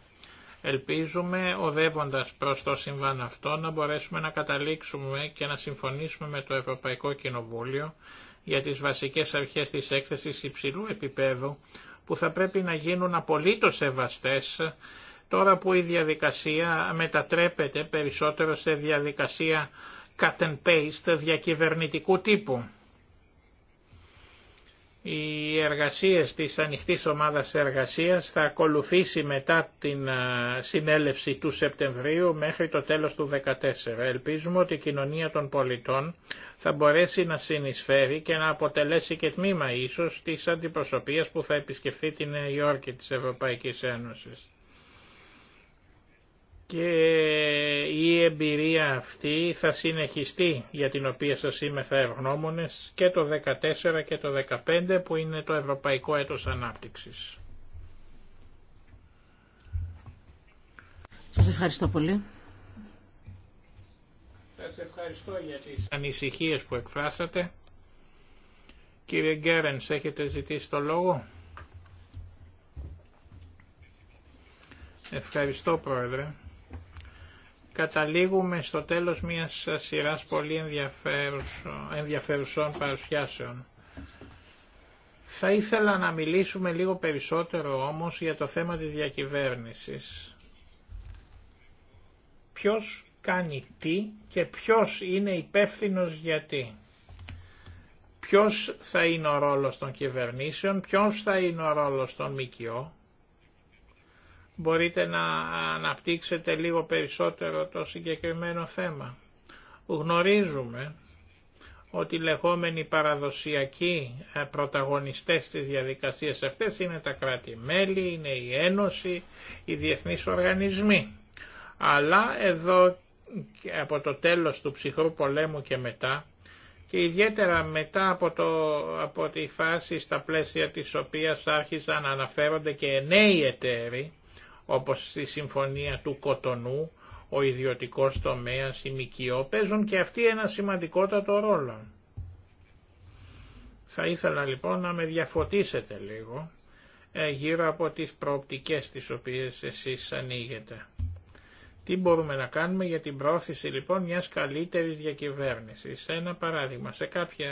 Ελπίζουμε οδεύοντας προς το συμβάν αυτό να μπορέσουμε να καταλήξουμε και να συμφωνήσουμε με το Ευρωπαϊκό Κοινοβούλιο για τις βασικές αρχές της έκθεσης υψηλού επίπεδου που θα πρέπει να γίνουν απολύτως σεβαστές τώρα που η διαδικασία μετατρέπεται περισσότερο σε διαδικασία cut and paste διακυβερνητικού τύπου. Οι εργασίες της ανοιχτής ομάδας εργασίας θα ακολουθήσει μετά την ε, συνέλευση του Σεπτεμβρίου μέχρι το τέλος του 2014. Ελπίζουμε ότι η κοινωνία των πολιτών θα μπορέσει να συνεισφέρει και να αποτελέσει και τμήμα ίσως της αντιπροσωπείας που θα επισκεφθεί την Νέα Υόρκη της Ευρωπαϊκής Ένωσης και η εμπειρία αυτή θα συνεχιστεί για την οποία σας είμαι θα ευγνώμονες και το 14 και το 15 που είναι το Ευρωπαϊκό Έτος Ανάπτυξης. Σας ευχαριστώ πολύ. Σας ευχαριστώ για τις ανησυχίες που εκφράσατε. Κύριε Γκέρενς, έχετε ζητήσει το λόγο. Ευχαριστώ Πρόεδρε καταλήγουμε στο τέλος μιας σειράς πολύ ενδιαφέρουσων παρουσιάσεων. Θα ήθελα να μιλήσουμε λίγο περισσότερο όμως για το θέμα της διακυβέρνησης. Ποιος κάνει τι και ποιος είναι υπεύθυνος γιατί. Ποιος θα είναι ο ρόλος των κυβερνήσεων, ποιος θα είναι ο ρόλος των ΜΚΟ, μπορείτε να αναπτύξετε λίγο περισσότερο το συγκεκριμένο θέμα. Γνωρίζουμε ότι οι λεγόμενοι παραδοσιακοί ε, πρωταγωνιστές της διαδικασίας αυτές είναι τα κράτη-μέλη, είναι η Ένωση, οι διεθνείς οργανισμοί. Αλλά εδώ από το τέλος του ψυχρού πολέμου και μετά και ιδιαίτερα μετά από, το, από τη φάση στα πλαίσια της οποίας άρχισαν να αναφέρονται και νέοι εταίροι όπως στη Συμφωνία του Κοτονού, ο ιδιωτικός τομέας, η ΜΚΙΟ, παίζουν και αυτοί ένα σημαντικότατο ρόλο. Θα ήθελα λοιπόν να με διαφωτίσετε λίγο ε, γύρω από τις προοπτικές τις οποίες εσείς ανοίγετε. Τι μπορούμε να κάνουμε για την πρόθεση λοιπόν μιας καλύτερης διακυβέρνησης. Ένα παράδειγμα, σε κάποιες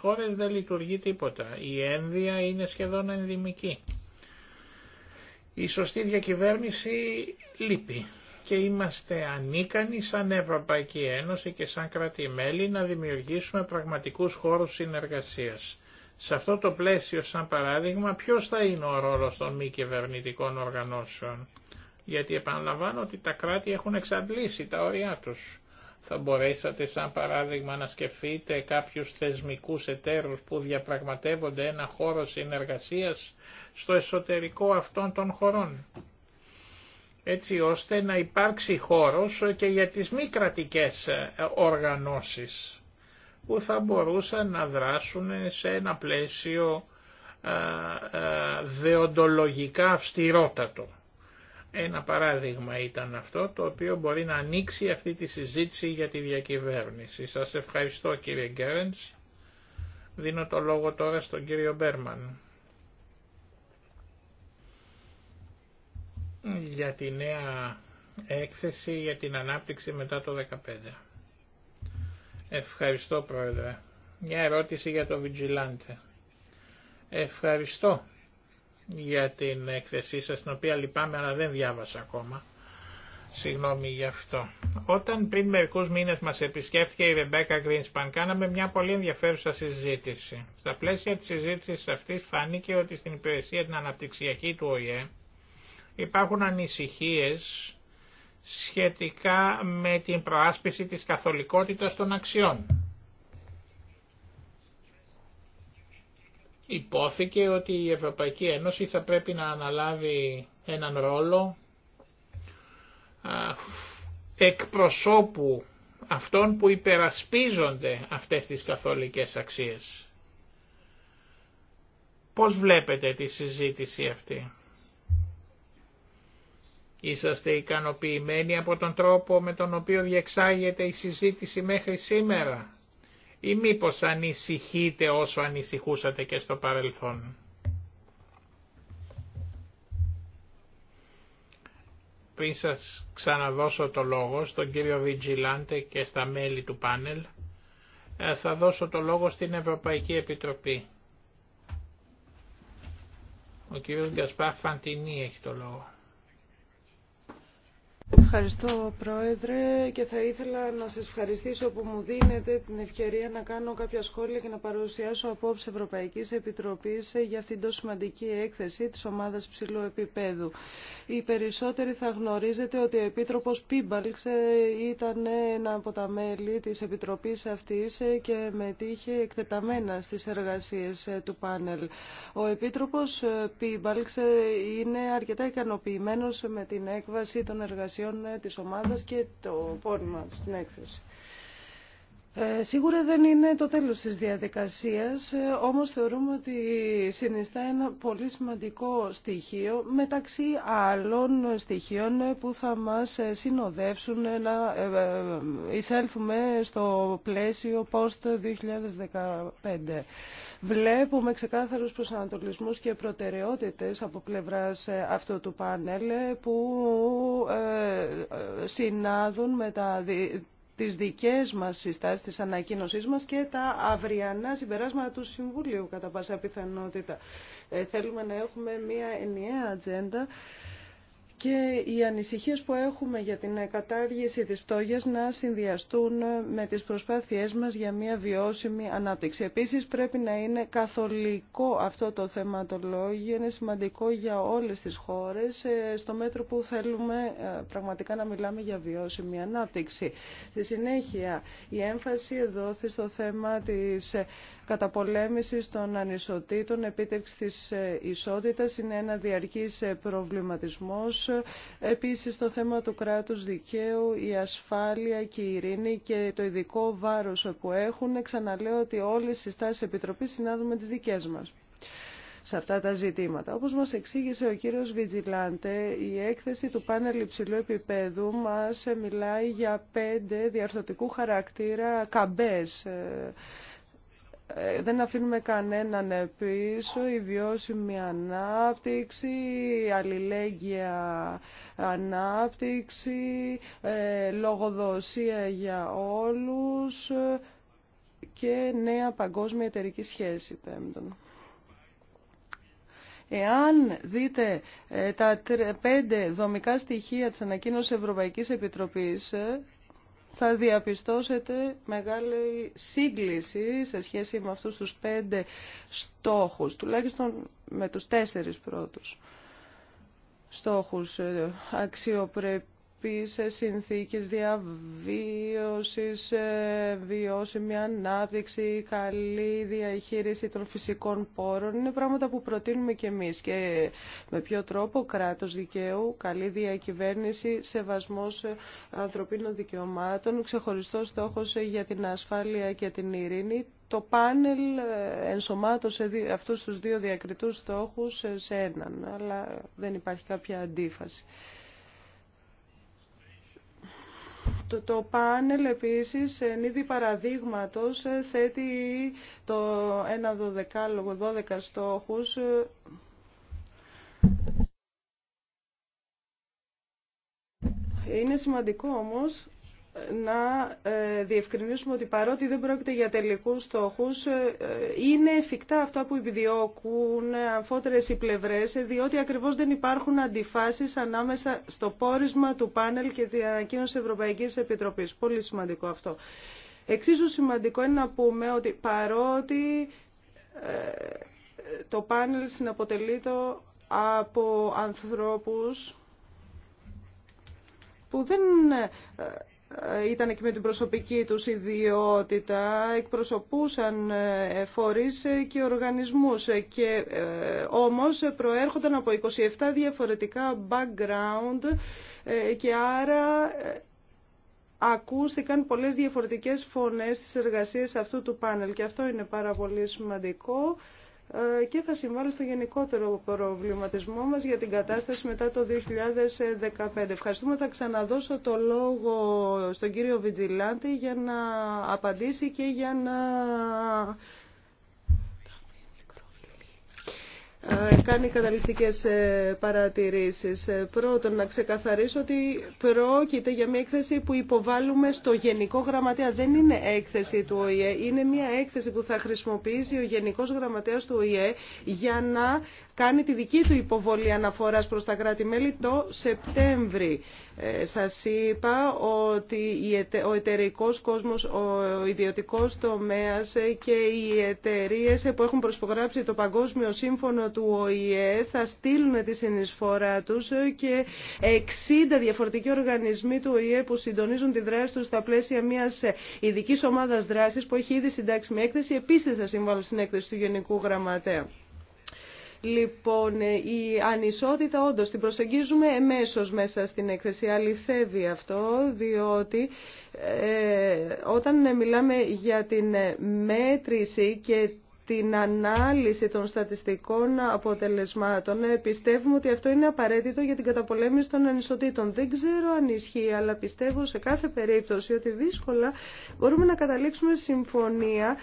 χώρες δεν λειτουργεί τίποτα. Η ένδυα είναι σχεδόν ενδυμική. Η σωστή διακυβέρνηση λείπει και είμαστε ανίκανοι σαν Ευρωπαϊκή Ένωση και σαν κράτη-μέλη να δημιουργήσουμε πραγματικούς χώρους συνεργασίας. Σε αυτό το πλαίσιο, σαν παράδειγμα, ποιος θα είναι ο ρόλος των μη κυβερνητικών οργανώσεων. Γιατί επαναλαμβάνω ότι τα κράτη έχουν εξαντλήσει τα όρια τους θα μπορέσατε σαν παράδειγμα να σκεφτείτε κάποιους θεσμικούς εταίρους που διαπραγματεύονται ένα χώρο συνεργασίας στο εσωτερικό αυτών των χωρών. Έτσι ώστε να υπάρξει χώρος και για τις μη κρατικέ ε, οργανώσεις που θα μπορούσαν να δράσουν σε ένα πλαίσιο ε, ε, δεοντολογικά αυστηρότατο. Ένα παράδειγμα ήταν αυτό το οποίο μπορεί να ανοίξει αυτή τη συζήτηση για τη διακυβέρνηση. Σας ευχαριστώ κύριε Γκέρεντς. Δίνω το λόγο τώρα στον κύριο Μπέρμαν. Για τη νέα έκθεση για την ανάπτυξη μετά το 2015. Ευχαριστώ πρόεδρε. Μια ερώτηση για το Vigilante. Ευχαριστώ για την έκθεσή σας, την οποία λυπάμαι αλλά δεν διάβασα ακόμα. Συγγνώμη γι' αυτό. Όταν πριν μερικούς μήνες μας επισκέφθηκε η Ρεμπέκα Γκρίνσπαν, κάναμε μια πολύ ενδιαφέρουσα συζήτηση. Στα πλαίσια της συζήτησης αυτή φάνηκε ότι στην υπηρεσία την αναπτυξιακή του ΟΗΕ υπάρχουν ανησυχίε σχετικά με την προάσπιση της καθολικότητας των αξιών. υπόθηκε ότι η Ευρωπαϊκή Ένωση θα πρέπει να αναλάβει έναν ρόλο εκπροσώπου αυτών που υπερασπίζονται αυτές τις καθολικές αξίες. Πώς βλέπετε τη συζήτηση αυτή. Είσαστε ικανοποιημένοι από τον τρόπο με τον οποίο διεξάγεται η συζήτηση μέχρι σήμερα ή μήπως ανησυχείτε όσο ανησυχούσατε και στο παρελθόν. Πριν σας ξαναδώσω το λόγο στον κύριο Βιτζιλάντε και στα μέλη του πάνελ, ε, θα δώσω το λόγο στην Ευρωπαϊκή Επιτροπή. Ο κύριος Γκασπάρ Φαντινή έχει το λόγο. Ευχαριστώ Πρόεδρε και θα ήθελα να σας ευχαριστήσω που μου δίνετε την ευκαιρία να κάνω κάποια σχόλια και να παρουσιάσω απόψε Ευρωπαϊκής Επιτροπής για αυτήν τόσο σημαντική έκθεση της ομάδας ψηλού επίπεδου. Οι περισσότεροι θα γνωρίζετε ότι ο Επίτροπος Πίμπαλξ ήταν ένα από τα μέλη της Επιτροπής αυτής και μετήχε εκτεταμένα στις εργασίες του πάνελ. Ο Επίτροπος Πίμπαλξ είναι αρκετά ικανοποιημένος με την έκβαση των εργασιών της ομάδας και το του στην έκθεση. Ε, σίγουρα δεν είναι το τέλος της διαδικασίας, ε, όμως θεωρούμε ότι συνιστά ένα πολύ σημαντικό στοιχείο μεταξύ άλλων στοιχείων που θα μας συνοδεύσουν να ε, εισέλθουμε στο πλαίσιο post 2015. Βλέπουμε ξεκάθαρους προσανατολισμούς και προτεραιότητες από πλευράς ε, αυτού του πάνελ ε, που ε, συνάδουν με τα τις δικές μας συστάσεις της ανακοίνωσεις μας και τα αυριανά συμπεράσματα του Συμβουλίου κατά πάσα πιθανότητα. θέλουμε να έχουμε μια ενιαία ατζέντα και οι ανησυχίες που έχουμε για την κατάργηση της φτώγειας να συνδυαστούν με τις προσπάθειές μας για μια βιώσιμη ανάπτυξη. Επίσης πρέπει να είναι καθολικό αυτό το θεματολόγιο, είναι σημαντικό για όλες τις χώρες, ε, στο μέτρο που θέλουμε ε, πραγματικά να μιλάμε για βιώσιμη ανάπτυξη. Στη συνέχεια, η έμφαση δόθη στο θέμα της ε, καταπολέμησης των ανισοτήτων, επίτευξη της ε, ισότητας είναι ένα διαρκής ε, προβληματισμός. Επίσης το θέμα του κράτους δικαίου, η ασφάλεια και η ειρήνη και το ειδικό βάρος που έχουν. Ξαναλέω ότι όλες οι στάσεις Επιτροπής συνάδουμε με τις δικές μας σε αυτά τα ζητήματα. Όπως μας εξήγησε ο κύριος Βιτζιλάντε, η έκθεση του πάνελ υψηλού επίπεδου μας μιλάει για πέντε διαρθωτικού χαρακτήρα καμπές ε, ε, δεν αφήνουμε κανέναν πίσω, η βιώσιμη ανάπτυξη, η αλληλέγγυα ανάπτυξη, ε, λογοδοσία για όλους και νέα παγκόσμια εταιρική σχέση πέμπτον. Εάν δείτε ε, τα πέντε δομικά στοιχεία της ανακοίνωσης Ευρωπαϊκής Επιτροπής, θα διαπιστώσετε μεγάλη σύγκληση σε σχέση με αυτούς τους πέντε στόχους, τουλάχιστον με τους τέσσερις πρώτους στόχους ε, αξιοπρεπή σε συνθήκες διαβίωσης, ε, βιώσιμη ανάπτυξη, καλή διαχείριση των φυσικών πόρων. Είναι πράγματα που προτείνουμε και εμείς και με ποιο τρόπο κράτος δικαίου, καλή διακυβέρνηση, σεβασμός ε, ανθρωπίνων δικαιωμάτων, ξεχωριστός στόχος ε, για την ασφάλεια και την ειρήνη, το πάνελ ενσωμάτωσε αυτούς τους δύο διακριτούς στόχους σε έναν, αλλά δεν υπάρχει κάποια αντίφαση. Το, το πάνελ επίσης εν είδη παραδείγματος θέτει το ένα δωδεκάλογο, 12 στόχους είναι σημαντικό όμως να ε, διευκρινίσουμε ότι παρότι δεν πρόκειται για τελικούς στόχους, ε, είναι εφικτά αυτά που επιδιώκουν αμφότερες οι πλευρές, διότι ακριβώς δεν υπάρχουν αντιφάσεις ανάμεσα στο πόρισμα του πάνελ και την ανακοίνωση Ευρωπαϊκής Επιτροπής. Πολύ σημαντικό αυτό. Εξίσου σημαντικό είναι να πούμε ότι παρότι ε, το πάνελ συναποτελείται από ανθρώπους που δεν ε, ήταν εκεί με την προσωπική τους ιδιότητα, εκπροσωπούσαν ε, φορείς ε, και οργανισμούς και όμως προέρχονταν από 27 διαφορετικά background και άρα ακούστηκαν πολλές διαφορετικές φωνές στις εργασίες αυτού του πάνελ και αυτό είναι πάρα πολύ σημαντικό. Ε, και θα συμβάλλει στο γενικότερο προβληματισμό μας για την κατάσταση μετά το 2015. Ευχαριστούμε. Θα ξαναδώσω το λόγο στον κύριο Βιτζιλάντη για να απαντήσει και για να κάνει καταληκτικές ε, παρατηρήσεις. Ε, πρώτον, να ξεκαθαρίσω ότι πρόκειται για μια έκθεση που υποβάλλουμε στο Γενικό Γραμματέα. Δεν είναι έκθεση του ΟΗΕ. Είναι μια έκθεση που θα χρησιμοποιήσει ο Γενικός Γραμματέας του ΟΗΕ για να κάνει τη δική του υποβολή αναφοράς προς τα κράτη-μέλη το Σεπτέμβρη. Ε, σας είπα ότι ο εταιρικός κόσμος, ο ιδιωτικός τομέας και οι εταιρείε που έχουν προσπογράψει το Παγκόσμιο Σύμφωνο του ΟΗΕ θα στείλουν τη συνεισφορά τους και 60 διαφορετικοί οργανισμοί του ΟΗΕ που συντονίζουν τη δράση τους στα πλαίσια μιας ειδική ομάδας δράσης που έχει ήδη συντάξει με έκθεση. Επίσης θα συμβάλλουν στην έκθεση του Γενικού Γραμματέα. Λοιπόν, ε, η ανισότητα όντω την προσεγγίζουμε εμέσω μέσα στην έκθεση. Αληθεύει αυτό, διότι ε, όταν μιλάμε για την μέτρηση και την ανάλυση των στατιστικών αποτελεσμάτων. Ε, πιστεύουμε ότι αυτό είναι απαραίτητο για την καταπολέμηση των ανισοτήτων. Δεν ξέρω αν ισχύει, αλλά πιστεύω σε κάθε περίπτωση ότι δύσκολα μπορούμε να καταλήξουμε συμφωνία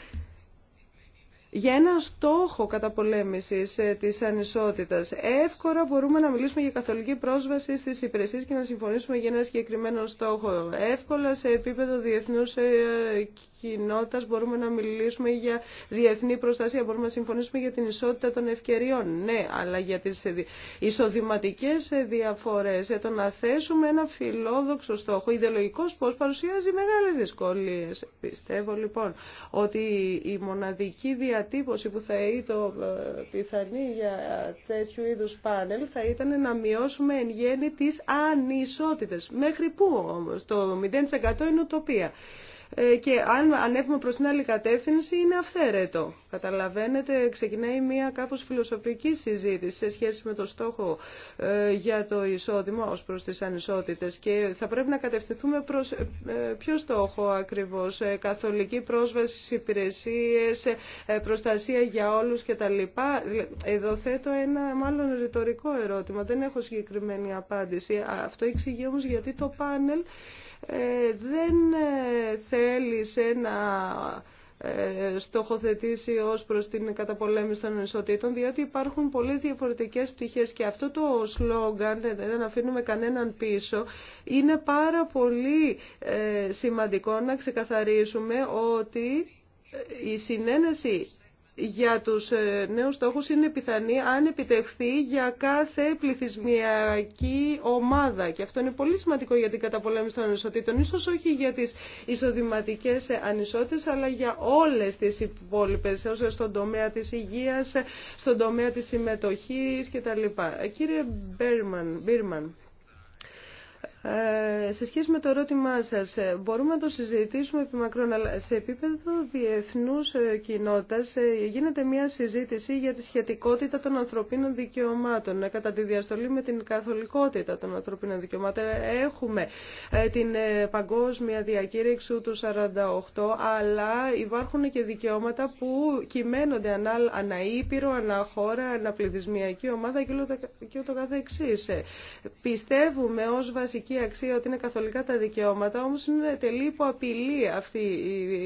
για ένα στόχο καταπολέμησης ε, της ανισότητας. Εύκολα μπορούμε να μιλήσουμε για καθολική πρόσβαση στις υπηρεσίες και να συμφωνήσουμε για ένα συγκεκριμένο στόχο. Εύκολα σε επίπεδο διεθνούς ε, κοινότητα μπορούμε να μιλήσουμε για διεθνή προστασία, μπορούμε να συμφωνήσουμε για την ισότητα των ευκαιριών. Ναι, αλλά για τι εισοδηματικέ διαφορέ, ε, το να θέσουμε ένα φιλόδοξο στόχο, ιδεολογικό πώ παρουσιάζει μεγάλε δυσκολίε. Πιστεύω λοιπόν ότι η μοναδική διατύπωση που θα ήταν ε, πιθανή για τέτοιου είδου πάνελ θα ήταν να μειώσουμε εν γέννη τι ανισότητε. Μέχρι πού όμω, το 0% είναι ουτοπία. Ε, και αν ανέβουμε προς την άλλη κατεύθυνση είναι αυθαίρετο. Καταλαβαίνετε, ξεκινάει μια κάπως φιλοσοφική συζήτηση σε σχέση με το στόχο ε, για το εισόδημα ως προς τις ανισότητες και θα πρέπει να κατευθυνθούμε προς ε, ποιο στόχο ακριβώς, καθολική πρόσβαση στις υπηρεσίες, προστασία για όλους κτλ. Εδώ θέτω ένα μάλλον ρητορικό ερώτημα, δεν έχω συγκεκριμένη απάντηση. Αυτό εξηγεί όμως γιατί το πάνελ ε, δεν ε, θέλησε να ε, στοχοθετήσει ως προς την καταπολέμηση των ισοτήτων διότι υπάρχουν πολλές διαφορετικές πτυχές και αυτό το σλόγγαν, δεν αφήνουμε κανέναν πίσω, είναι πάρα πολύ σημαντικό να ξεκαθαρίσουμε ότι η συνένεση για τους ε, νέους στόχους είναι πιθανή αν επιτευχθεί για κάθε πληθυσμιακή ομάδα. Και αυτό είναι πολύ σημαντικό για την καταπολέμηση των ανισοτήτων, ίσως όχι για τις εισοδηματικές ε, ανισότητες, αλλά για όλες τις υπόλοιπες, ε, όσο στον τομέα της υγείας, στον τομέα της συμμετοχής κτλ. Κύριε Μπίρμαν, ε, σε σχέση με το ερώτημά σας, ε, μπορούμε να το συζητήσουμε επί μακρόν, αλλά σε επίπεδο διεθνούς ε, κοινότητας γίνεται μια συζήτηση για τη σχετικότητα των ανθρωπίνων δικαιωμάτων, κατά τη διαστολή με την καθολικότητα των ανθρωπίνων δικαιωμάτων. Έχουμε την παγκόσμια διακήρυξη του 48, αλλά υπάρχουν και δικαιώματα που κυμαίνονται ανα, ανα ήπειρο, ανα χώρα, ομάδα και ούτω καθεξής. Πιστεύουμε ως βασική αξία ότι είναι καθολικά τα δικαιώματα, όμως είναι τελείω απειλεί αυτή η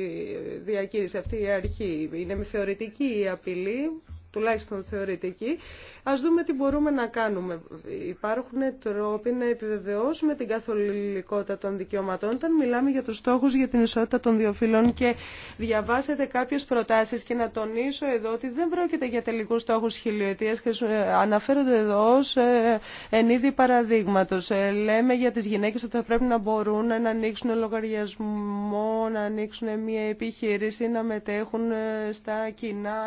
διακήρυξη, αυτή η αρχή. Είναι θεωρητική η απειλή τουλάχιστον θεωρητική. Α δούμε τι μπορούμε να κάνουμε. Υπάρχουν τρόποι να επιβεβαιώσουμε την καθολικότητα των δικαιωματών όταν μιλάμε για του στόχου για την ισότητα των δύο και διαβάσετε κάποιε προτάσει και να τονίσω εδώ ότι δεν πρόκειται για τελικούς στόχους χιλιοετίας ε, αναφέρονται εδώ ω ε, εν είδη παραδείγματος. Ε, λέμε για τι γυναίκε ότι θα πρέπει να μπορούν να ανοίξουν λογαριασμό, να ανοίξουν μια επιχείρηση, να μετέχουν στα κοινά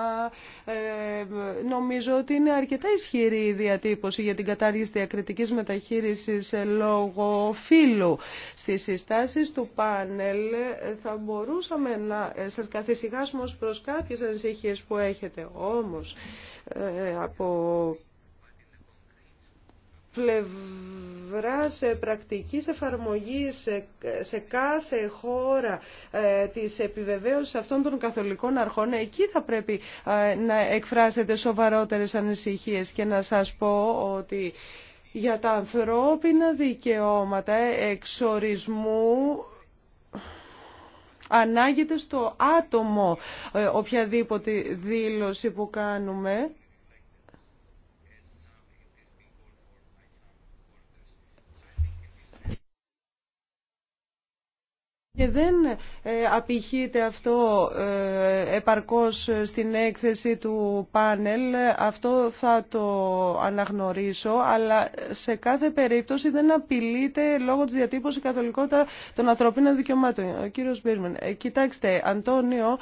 νομίζω ότι είναι αρκετά ισχυρή η διατύπωση για την κατάργηση διακριτικής μεταχείρισης λόγω φύλου. Στις συστάσεις του πάνελ θα μπορούσαμε να σας καθησυχάσουμε ως προς κάποιες ανησυχίες που έχετε. Όμως, ε, από πλευράς ε, πρακτικής εφαρμογής σε κάθε χώρα ε, της επιβεβαίωσης αυτών των καθολικών αρχών, εκεί θα πρέπει ε, να εκφράσετε σοβαρότερες ανησυχίες και να σας πω ότι για τα ανθρώπινα δικαιώματα εξορισμού ανάγεται στο άτομο οποιαδήποτε δήλωση που κάνουμε Και δεν ε, απηχείται αυτό ε, επαρκώς στην έκθεση του πάνελ, αυτό θα το αναγνωρίσω, αλλά σε κάθε περίπτωση δεν απειλείται λόγω της διατύπωσης η καθολικότητα των ανθρωπίνων δικαιωμάτων. Ο κύριος Μπίρμεν, ε, κοιτάξτε, Αντώνιο,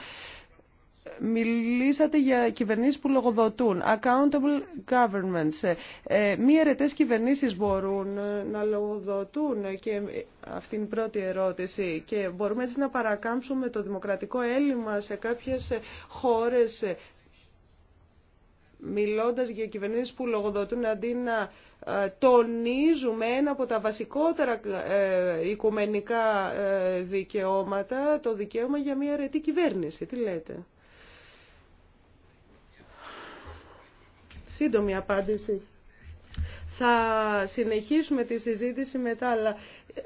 μιλήσατε για κυβερνήσεις που λογοδοτούν. Accountable governments. Ε, ε, μη αιρετές κυβερνήσεις μπορούν ε, να λογοδοτούν και αυτή είναι η πρώτη ερώτηση και μπορούμε έτσι να παρακάμψουμε το δημοκρατικό έλλειμμα σε κάποιες χώρες μιλώντας για κυβερνήσεις που λογοδοτούν αντί να τονίζουμε ένα από τα βασικότερα οικουμενικά δικαιώματα, το δικαίωμα για μια αιρετή κυβέρνηση. Τι λέτε. σύντομη απάντηση. Θα συνεχίσουμε τη συζήτηση μετά, αλλά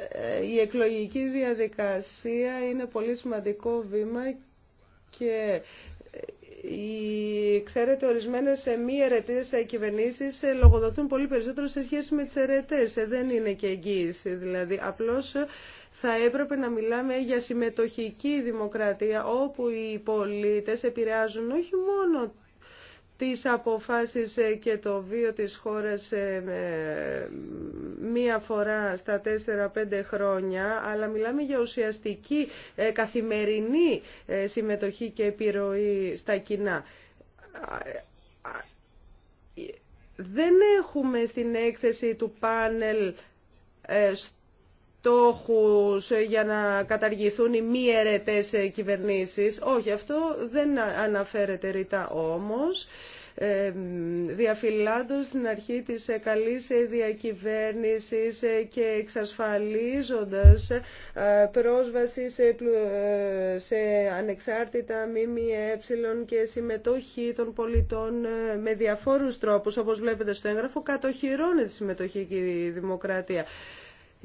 ε, η εκλογική διαδικασία είναι πολύ σημαντικό βήμα και ε, οι, ξέρετε, ορισμένες ε, μη αιρετές κυβερνήσεις λογοδοτούν πολύ περισσότερο σε σχέση με τις αιρετές. Δεν είναι και εγγύηση, δηλαδή. Απλώς θα έπρεπε να μιλάμε για συμμετοχική δημοκρατία, όπου οι πολίτες επηρεάζουν όχι μόνο τις αποφάσεις ε, και το βίο της χώρας ε, μία φορά στα 4-5 χρόνια, αλλά μιλάμε για ουσιαστική ε, καθημερινή συμμετοχή και επιρροή στα κοινά. Δεν έχουμε στην έκθεση του πάνελ στόχους ε, για να καταργηθούν οι μη αιρετές ε, κυβερνήσεις. Όχι, αυτό δεν αναφέρεται ρητά όμως ε, διαφυλάντως στην αρχή της καλής διακυβέρνησης και εξασφαλίζοντας πρόσβαση σε, σε ανεξάρτητα ΜΜΕ και συμμετοχή των πολιτών με διαφόρους τρόπους, όπως βλέπετε στο έγγραφο, κατοχυρώνει τη η δημοκρατία.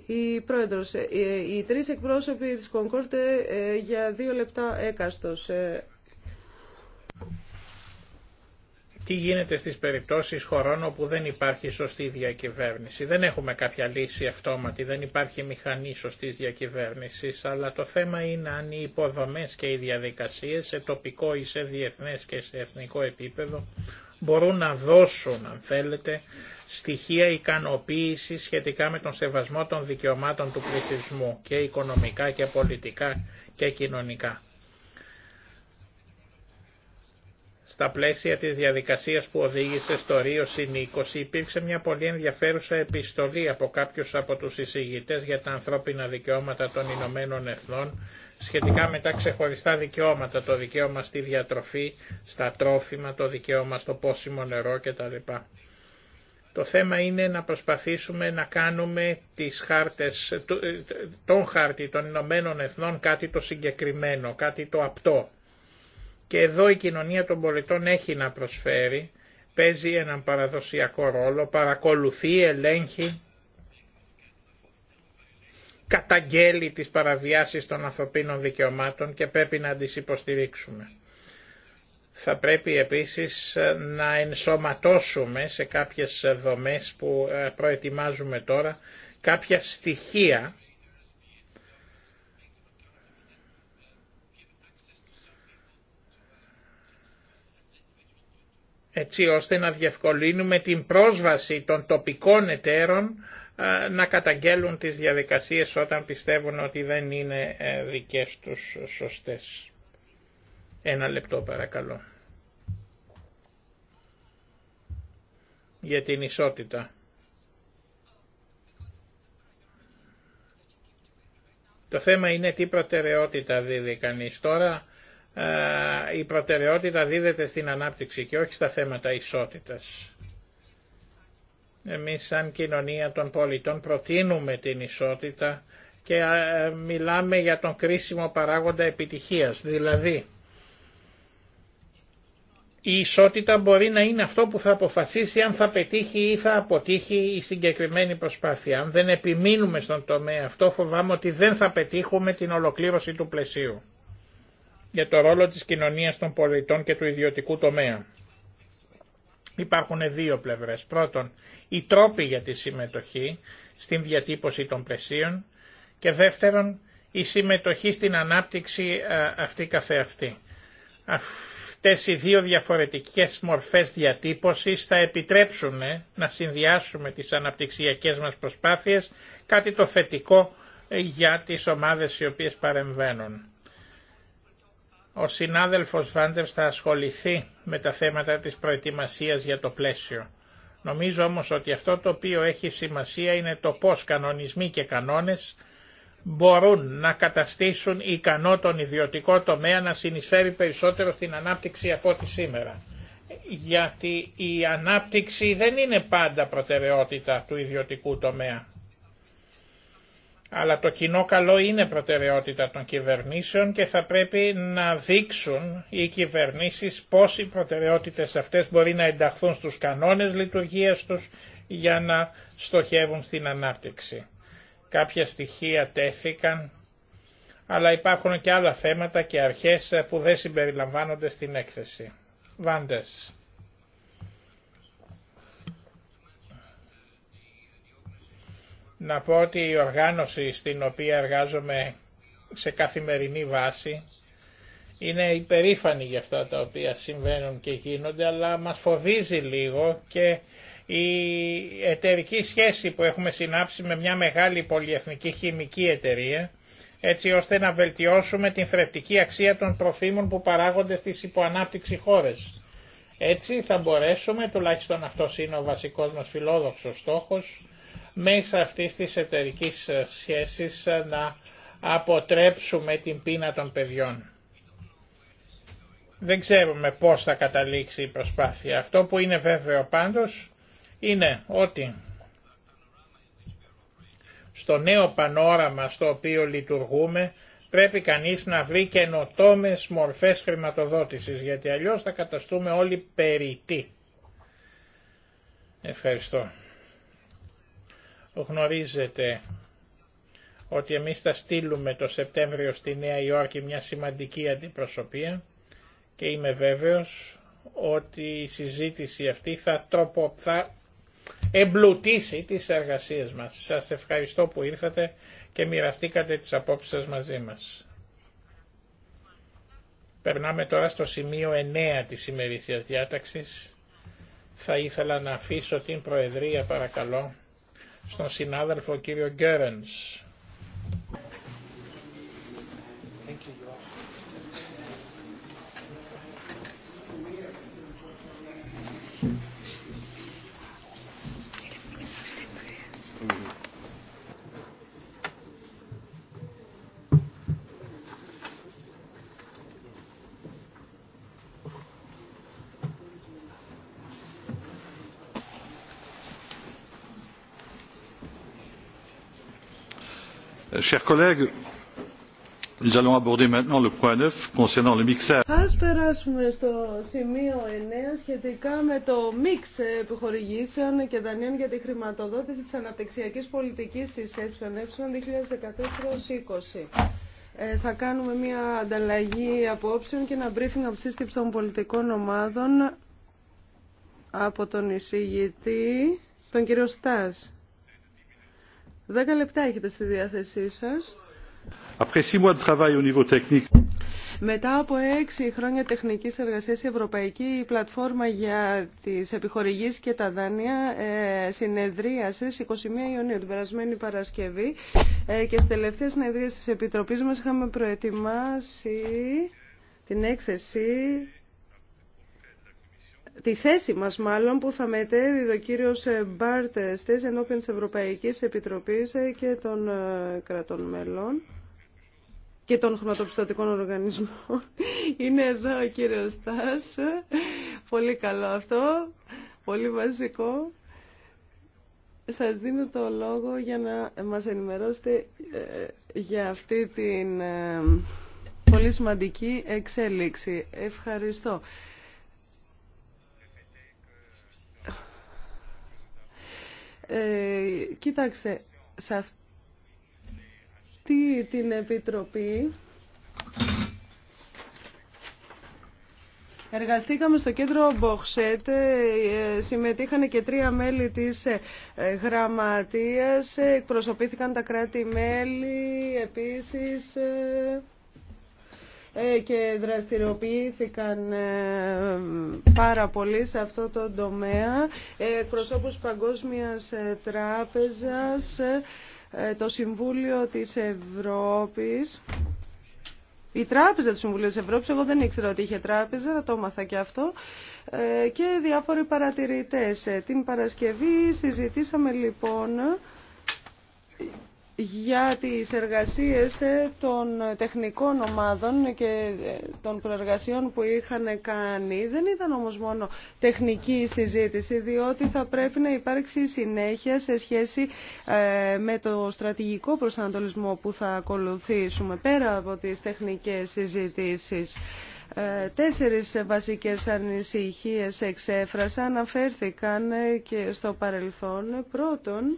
Η πρόεδρος, ε, ε, οι τρεις εκπρόσωποι της Κονκόρτε για δύο λεπτά έκαστος. Ε. Τι γίνεται στις περιπτώσεις χωρών όπου δεν υπάρχει σωστή διακυβέρνηση. Δεν έχουμε κάποια λύση αυτόματη, δεν υπάρχει μηχανή σωστής διακυβέρνησης, αλλά το θέμα είναι αν οι υποδομές και οι διαδικασίες σε τοπικό ή σε διεθνές και σε εθνικό επίπεδο μπορούν να δώσουν, αν θέλετε, στοιχεία ικανοποίηση σχετικά με τον σεβασμό των δικαιωμάτων του πληθυσμού και οικονομικά και πολιτικά και κοινωνικά. Στα πλαίσια της διαδικασίας που οδήγησε στο Ρίο συνήκωση υπήρξε μια πολύ ενδιαφέρουσα επιστολή από κάποιους από τους εισηγητές για τα ανθρώπινα δικαιώματα των Ηνωμένων Εθνών σχετικά με τα ξεχωριστά δικαιώματα, το δικαίωμα στη διατροφή, στα τρόφιμα, το δικαίωμα στο πόσιμο νερό κτλ. Το θέμα είναι να προσπαθήσουμε να κάνουμε τις χάρτες, τον χάρτη των Ηνωμένων Εθνών κάτι το συγκεκριμένο, κάτι το απτό. Και εδώ η κοινωνία των πολιτών έχει να προσφέρει, παίζει έναν παραδοσιακό ρόλο, παρακολουθεί, ελέγχει, καταγγέλει τις παραβιάσεις των ανθρωπίνων δικαιωμάτων και πρέπει να τις υποστηρίξουμε. Θα πρέπει επίσης ε, να ενσωματώσουμε σε κάποιες ε, δομές που ε, προετοιμάζουμε τώρα κάποια στοιχεία έτσι ώστε να διευκολύνουμε την πρόσβαση των τοπικών εταίρων να καταγγέλουν τις διαδικασίες όταν πιστεύουν ότι δεν είναι δικές τους σωστές. Ένα λεπτό παρακαλώ. για την ισότητα. Το θέμα είναι τι προτεραιότητα δίδει κανείς. Τώρα η προτεραιότητα δίδεται στην ανάπτυξη και όχι στα θέματα ισότητας. Εμείς σαν κοινωνία των πολιτών προτείνουμε την ισότητα και μιλάμε για τον κρίσιμο παράγοντα επιτυχίας, δηλαδή η ισότητα μπορεί να είναι αυτό που θα αποφασίσει αν θα πετύχει ή θα αποτύχει η συγκεκριμένη προσπάθεια. Αν δεν επιμείνουμε στον τομέα αυτό φοβάμαι ότι δεν θα πετύχουμε την ολοκλήρωση του πλαισίου για το ρόλο της κοινωνίας των πολιτών και του ιδιωτικού τομέα. Υπάρχουν δύο πλευρές. Πρώτον, οι τρόποι για τη συμμετοχή στην διατύπωση των πλαισίων και δεύτερον, η συμμετοχή στην ανάπτυξη ε, αυτή καθεαυτή Αυτές δύο διαφορετικές μορφές διατύπωσης θα επιτρέψουν να συνδυάσουμε τις αναπτυξιακές μας προσπάθειες, κάτι το θετικό ε, για τις ομάδες οι οποίες παρεμβαίνουν. Ο συνάδελφος Βάντερς θα ασχοληθεί με τα θέματα της προετοιμασίας για το πλαίσιο. Νομίζω όμως ότι αυτό το οποίο έχει σημασία είναι το πώς κανονισμοί και κανόνες μπορούν να καταστήσουν ικανό τον ιδιωτικό τομέα να συνεισφέρει περισσότερο στην ανάπτυξη από ό,τι σήμερα. Γιατί η ανάπτυξη δεν είναι πάντα προτεραιότητα του ιδιωτικού τομέα. Αλλά το κοινό καλό είναι προτεραιότητα των κυβερνήσεων και θα πρέπει να δείξουν οι κυβερνήσεις πώς οι προτεραιότητες αυτές μπορεί να ενταχθούν στους κανόνες λειτουργίας τους για να στοχεύουν στην ανάπτυξη κάποια στοιχεία τέθηκαν, αλλά υπάρχουν και άλλα θέματα και αρχές που δεν συμπεριλαμβάνονται στην έκθεση. Βάντες. Να πω ότι η οργάνωση στην οποία εργάζομαι σε καθημερινή βάση είναι υπερήφανη για αυτά τα οποία συμβαίνουν και γίνονται, αλλά μας φοβίζει λίγο και η εταιρική σχέση που έχουμε συνάψει με μια μεγάλη πολυεθνική χημική εταιρεία έτσι ώστε να βελτιώσουμε την θρεπτική αξία των τροφίμων που παράγονται στις υποανάπτυξη χώρες. Έτσι θα μπορέσουμε, τουλάχιστον αυτό είναι ο βασικός μας φιλόδοξος στόχος, μέσα αυτής της εταιρική σχέσης να αποτρέψουμε την πείνα των παιδιών. Δεν ξέρουμε πώς θα καταλήξει η προσπάθεια. Αυτό που είναι βέβαιο πάντως είναι ότι στο νέο πανόραμα στο οποίο λειτουργούμε πρέπει κανείς να βρει καινοτόμε μορφές χρηματοδότησης γιατί αλλιώς θα καταστούμε όλοι περιττοί. Ευχαριστώ. Γνωρίζετε ότι εμείς θα στείλουμε το Σεπτέμβριο στη Νέα Υόρκη μια σημαντική αντιπροσωπεία και είμαι βέβαιος ότι η συζήτηση αυτή θα, τροπο, εμπλουτίσει τις εργασίες μας. Σας ευχαριστώ που ήρθατε και μοιραστήκατε τις απόψεις σας μαζί μας. Περνάμε τώρα στο σημείο 9 της ημερήσιας διάταξης. Θα ήθελα να αφήσω την Προεδρία παρακαλώ στον συνάδελφο κύριο Γκέρενς. chers Ας περάσουμε στο σημείο 9 σχετικά με το μίξ επιχορηγήσεων και δανείων για τη χρηματοδότηση της αναπτυξιακής πολιτικής της ΕΕ 2014-2020. Ε, θα κάνουμε μια ανταλλαγή απόψεων και ένα briefing από σύσκεψη των πολιτικών ομάδων από τον εισηγητή, τον κύριο Στάζ. Δέκα λεπτά έχετε στη διάθεσή σας. Μετά από έξι χρόνια τεχνικής εργασίας, η Ευρωπαϊκή Πλατφόρμα για τις επιχορηγήσεις και τα δάνεια ε, συνεδρίασε στις 21 Ιουνίου την περασμένη Παρασκευή ε, και στις τελευταίες συνεδρίες της Επιτροπής μας είχαμε προετοιμάσει την έκθεση τη θέση μας μάλλον που θα μετέδιδε ο κύριος Μπάρτ Στές ενώπιον της Ευρωπαϊκής Επιτροπής ε, και των ε, κρατών μελών και των χρηματοπιστωτικών οργανισμών. Είναι εδώ ο κύριος Στάς. Πολύ καλό αυτό. Πολύ βασικό. Σας δίνω το λόγο για να μας ενημερώσετε ε, για αυτή την πολύ σημαντική εξέλιξη. Ευχαριστώ. Ε, Κοίταξε, σε αυτή την Επιτροπή Εργαστήκαμε στο κέντρο Μποχσέτ, ε, συμμετείχαν και τρία μέλη της ε, γραμματείας, εκπροσωπήθηκαν τα κράτη-μέλη, επίσης ε, και δραστηριοποιήθηκαν ε, πάρα πολύ σε αυτό το τομέα. Ε, Προσώπους Παγκόσμιας Τράπεζας, το Συμβούλιο της Ευρώπης. Η τράπεζα του Συμβουλίου της Ευρώπης, εγώ δεν ήξερα ότι είχε τράπεζα, το έμαθα και αυτό, και διάφοροι παρατηρητές. Την Παρασκευή συζητήσαμε λοιπόν για τις εργασίες ε, των τεχνικών ομάδων και ε, των προεργασιών που είχαν κάνει. Δεν ήταν όμως μόνο τεχνική συζήτηση, διότι θα πρέπει να υπάρξει συνέχεια σε σχέση ε, με το στρατηγικό προσανατολισμό που θα ακολουθήσουμε, πέρα από τις τεχνικές συζητήσεις. Τέσσερις βασικές ανησυχίες εξέφρασαν αναφέρθηκαν και στο παρελθόν. Πρώτον,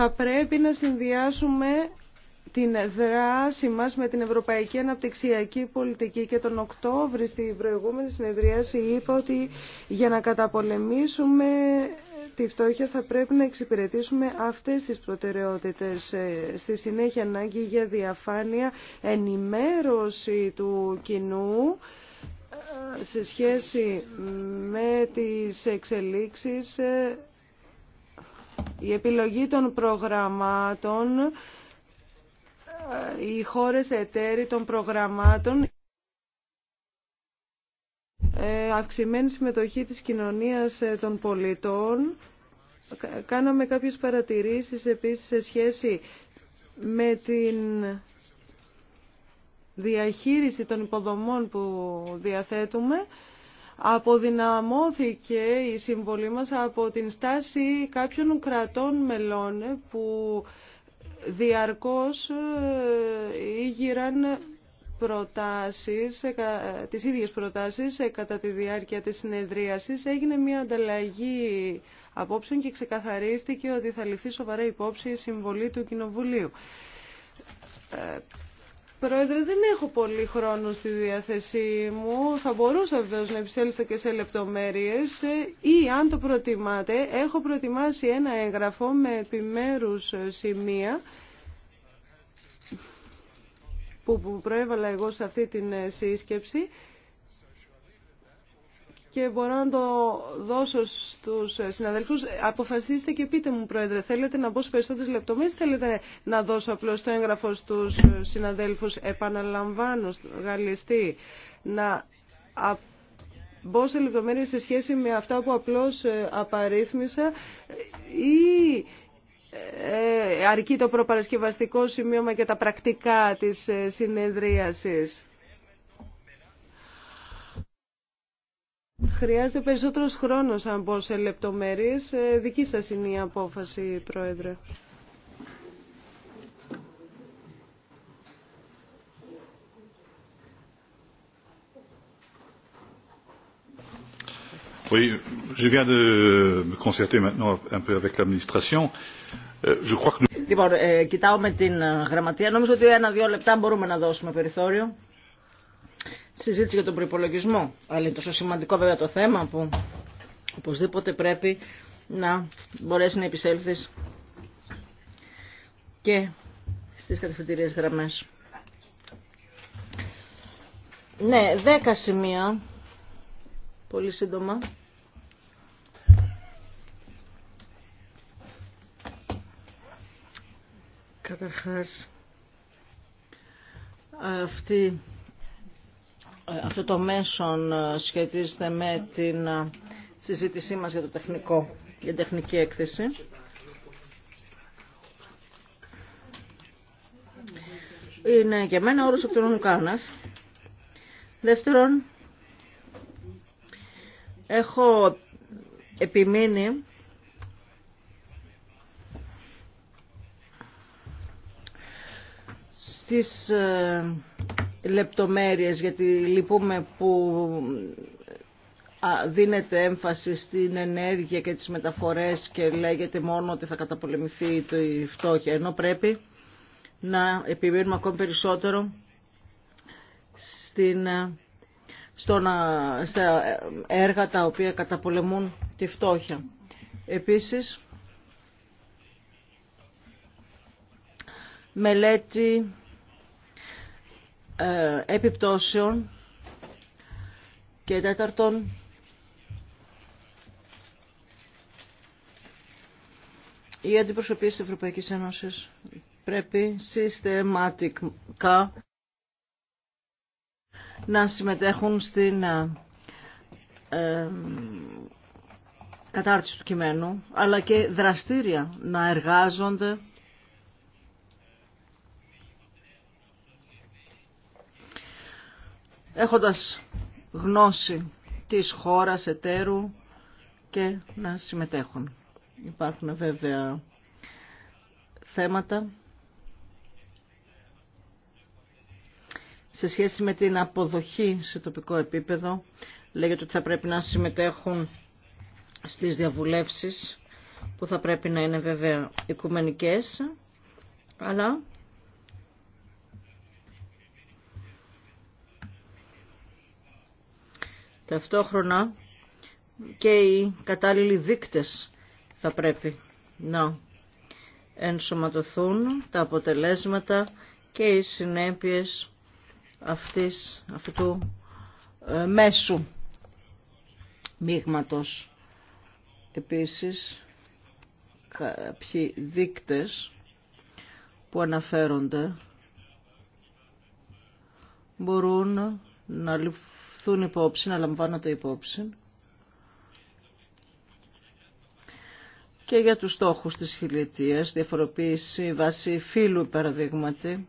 Θα πρέπει να συνδυάσουμε την δράση μας με την Ευρωπαϊκή Αναπτυξιακή Πολιτική και τον Οκτώβρη στη προηγούμενη συνεδρίαση είπα ότι για να καταπολεμήσουμε τη φτώχεια θα πρέπει να εξυπηρετήσουμε αυτές τις προτεραιότητες. Ε, στη συνέχεια ανάγκη για διαφάνεια, ενημέρωση του κοινού ε, σε σχέση με τις εξελίξεις ε, η επιλογή των προγραμμάτων, ε, οι χώρες εταίροι των προγραμμάτων, ε, αυξημένη συμμετοχή της κοινωνίας ε, των πολιτών. Κάναμε κάποιες παρατηρήσεις επίσης σε σχέση με την διαχείριση των υποδομών που διαθέτουμε. Αποδυναμώθηκε η συμβολή μας από την στάση κάποιων κρατών μελών που διαρκώς ε, ήγηραν προτάσεις, ε, τις ίδιες προτάσεις ε, κατά τη διάρκεια της συνεδρίασης. Έγινε μια ανταλλαγή απόψεων και ξεκαθαρίστηκε ότι θα ληφθεί σοβαρά υπόψη η συμβολή του Κοινοβουλίου. Πρόεδρε, δεν έχω πολύ χρόνο στη διάθεσή μου. Θα μπορούσα βεβαίω να επισέλθω και σε λεπτομέρειε ή αν το προτιμάτε, έχω προετοιμάσει ένα έγγραφο με επιμέρου σημεία που προέβαλα εγώ σε αυτή την σύσκεψη και μπορώ να το δώσω στους συναδελφούς. Αποφασίστε και πείτε μου, Πρόεδρε, θέλετε να μπω σε περισσότερες λεπτομέρειες, θέλετε να δώσω απλώς το έγγραφο στους συναδέλφους. Επαναλαμβάνω, γαλλιστή, να μπω σε λεπτομέρειες σε σχέση με αυτά που απλώς ε, απαρίθμησα ή ε, ε, αρκεί το προπαρασκευαστικό σημείωμα και τα πρακτικά της συνεδρίασης. Χρειάζεται περισσότερος χρόνος αν πω σε λεπτομέρειες. Ε, δική σας είναι η απόφαση, Πρόεδρε. Oui, je viens de me concerter maintenant un peu avec l'administration. Euh, je crois que... Λοιπόν, ε, κοιτάω με την ε, γραμματεία. Νομίζω ότι ένα-δύο λεπτά μπορούμε να δώσουμε περιθώριο συζήτηση για τον προπολογισμό. Αλλά είναι τόσο σημαντικό βέβαια το θέμα που οπωσδήποτε πρέπει να μπορέσει να επισέλθεις και στις κατευθυντηρίες γραμμές. Ναι, δέκα σημεία, πολύ σύντομα. Καταρχάς, αυτή αυτό το μέσον ε, σχετίζεται με την ε, συζήτησή μας για το τεχνικό, για τεχνική έκθεση. Είναι για μένα όρος ο μου κάνευ. Δεύτερον, έχω επιμείνει στις ε, λεπτομέρειες γιατί λυπούμε που δίνεται έμφαση στην ενέργεια και τις μεταφορές και λέγεται μόνο ότι θα καταπολεμηθεί η φτώχεια ενώ πρέπει να επιμείνουμε ακόμη περισσότερο στην, στα έργα τα οποία καταπολεμούν τη φτώχεια. Επίσης, μελέτη ε, επιπτώσεων και τέταρτον οι αντιπροσωπείες της Ευρωπαϊκής Ένωσης πρέπει συστηματικά να συμμετέχουν στην ε, ε, κατάρτιση του κειμένου, αλλά και δραστήρια να εργάζονται έχοντας γνώση της χώρας εταίρου και να συμμετέχουν. Υπάρχουν βέβαια θέματα σε σχέση με την αποδοχή σε τοπικό επίπεδο. Λέγεται ότι θα πρέπει να συμμετέχουν στις διαβουλεύσεις που θα πρέπει να είναι βέβαια οικουμενικές, αλλά Ταυτόχρονα και οι κατάλληλοι δείκτες θα πρέπει να ενσωματωθούν τα αποτελέσματα και οι συνέπειες αυτής, αυτού ε, μέσου μείγματος. Επίσης, κάποιοι δείκτες που αναφέρονται μπορούν να ληφθούν ληφθούν υπόψη, να λαμβάνονται υπόψη. Και για τους στόχους της χιλιετίας, διαφοροποίηση βάση φύλου παραδείγματι,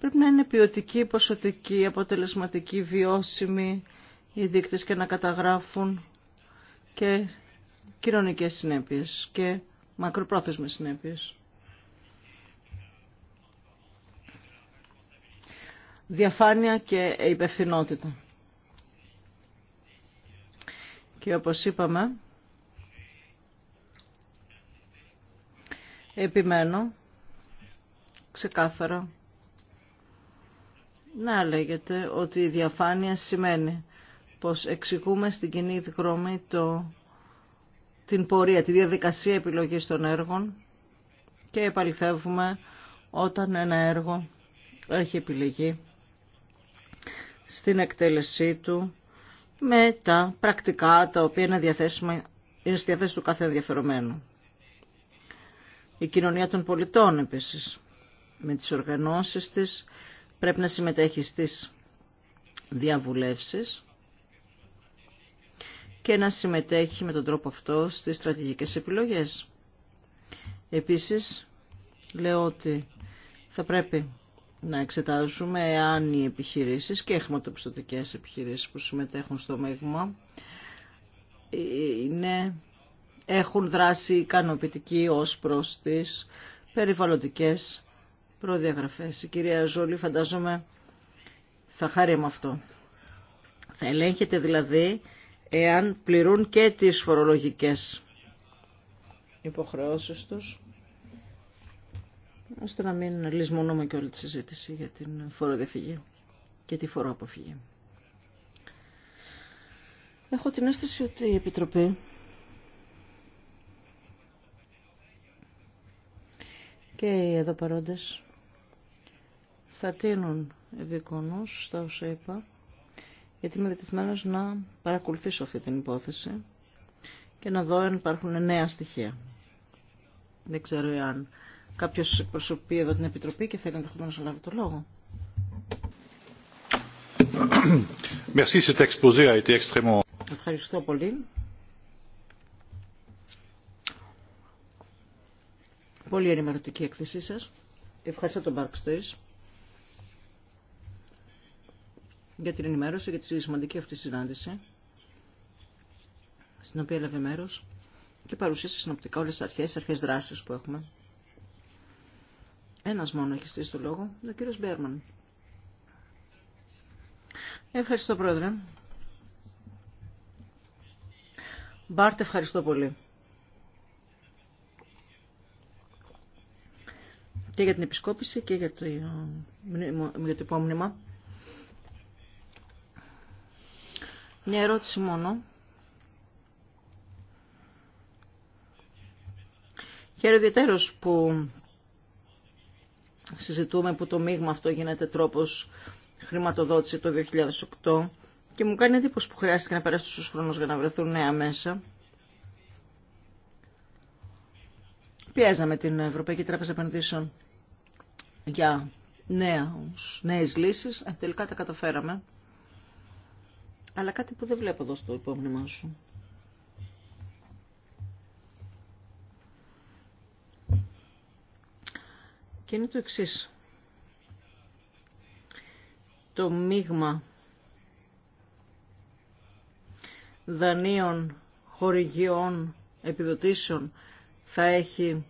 πρέπει να είναι ποιοτική, ποσοτική, αποτελεσματική, βιώσιμη οι δείκτες και να καταγράφουν και κοινωνικές συνέπειες και μακροπρόθεσμες συνέπειες. Διαφάνεια και υπευθυνότητα. Και όπως είπαμε, επιμένω ξεκάθαρα να λέγεται ότι η διαφάνεια σημαίνει πως εξηγούμε στην κοινή δικρομή το, την πορεία, τη διαδικασία επιλογής των έργων και επαληθεύουμε όταν ένα έργο έχει επιλεγεί στην εκτέλεσή του με τα πρακτικά τα οποία είναι, διαθέσιμα, είναι στη διαθέση του κάθε ενδιαφερομένου. Η κοινωνία των πολιτών επίσης με τις οργανώσεις της πρέπει να συμμετέχει στις διαβουλεύσεις και να συμμετέχει με τον τρόπο αυτό στις στρατηγικές επιλογές. Επίσης, λέω ότι θα πρέπει να εξετάζουμε εάν οι επιχειρήσεις και χρηματοπιστωτικές επιχειρήσεις που συμμετέχουν στο μείγμα είναι, έχουν δράση ικανοποιητική ως προς τις περιβαλλοντικές προδιαγραφές. Η κυρία Ζόλη φαντάζομαι θα χάρει με αυτό. Θα ελέγχεται δηλαδή εάν πληρούν και τις φορολογικές υποχρεώσεις τους ώστε να μην λησμονούμε και όλη τη συζήτηση για την φοροδιαφυγή και τη φοροαποφυγή. Έχω την αίσθηση ότι η Επιτροπή και οι εδώ παρόντες θα τίνουν ευηκονούς στα όσα είπα γιατί είμαι διτεθμένος να παρακολουθήσω αυτή την υπόθεση και να δω αν υπάρχουν νέα στοιχεία. Δεν ξέρω εάν Κάποιο εκπροσωπεί εδώ την Επιτροπή και θέλει ενδεχομένω να λάβει το λόγο. Ευχαριστώ πολύ. Πολύ ενημερωτική έκθεσή σας. Ευχαριστώ τον Στέις για την ενημέρωση και τη σημαντική αυτή συνάντηση στην οποία έλαβε μέρος και παρουσίασε συνοπτικά όλες τις αρχές, αρχές δράσης που έχουμε ένας μόνο έχει στήσει το λόγο, ο κύριος Μπέρμαν. Ευχαριστώ, Πρόεδρε. Μπάρτ, ευχαριστώ πολύ. Και για την επισκόπηση και για το, για το υπόμνημα. Μια ερώτηση μόνο. Χαίρομαι ιδιαίτερος που συζητούμε που το μείγμα αυτό γίνεται τρόπος χρηματοδότηση το 2008 και μου κάνει εντύπωση που χρειάστηκε να περάσει τους χρόνους για να βρεθούν νέα μέσα. Πιέζαμε την Ευρωπαϊκή Τράπεζα Επενδύσεων για νέους, νέες λύσεις. Ε, τελικά τα καταφέραμε. Αλλά κάτι που δεν βλέπω εδώ στο υπόμνημά σου. και είναι το εξής. Το μείγμα δανείων, χορηγιών, επιδοτήσεων θα έχει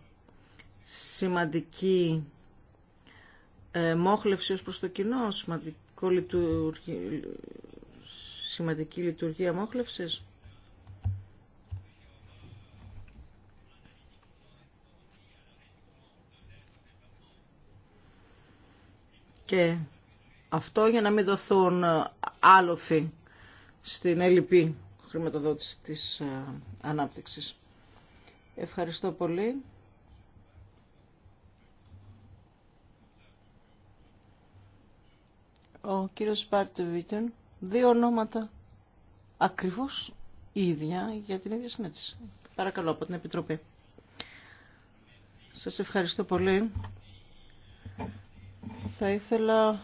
σημαντική ε, μόχλευση ως προς το κοινό, σημαντική λειτουργία μόχλευσης. Και αυτό για να μην δοθούν ε, άλοφοι στην έλλειπη χρηματοδότηση της ε, ανάπτυξης. Ευχαριστώ πολύ. Ο κύριος Πάρτεβιτεν, δύο ονόματα ακριβώς ίδια για την ίδια συνέντευξη. Παρακαλώ από την Επιτροπή. Σας ευχαριστώ πολύ. Θα ήθελα...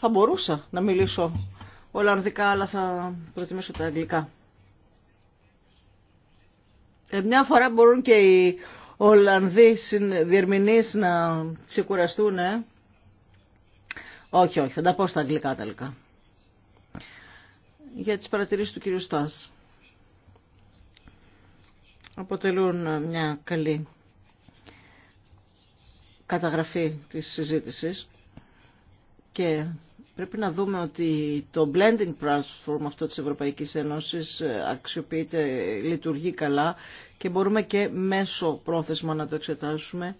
Θα μπορούσα να μιλήσω Ολλανδικά, αλλά θα προτιμήσω τα Αγγλικά. Ε, μια φορά μπορούν και οι Ολλανδοί διερμηνείς να ξεκουραστούν, ε. Όχι, όχι, θα τα πω στα Αγγλικά τελικά. Για τις παρατηρήσεις του κύριου Στάς. Αποτελούν μια καλή καταγραφή της συζήτησης και πρέπει να δούμε ότι το blending platform αυτό της Ευρωπαϊκής Ένωσης ε, αξιοποιείται, λειτουργεί καλά και μπορούμε και μέσω πρόθεσμα να το εξετάσουμε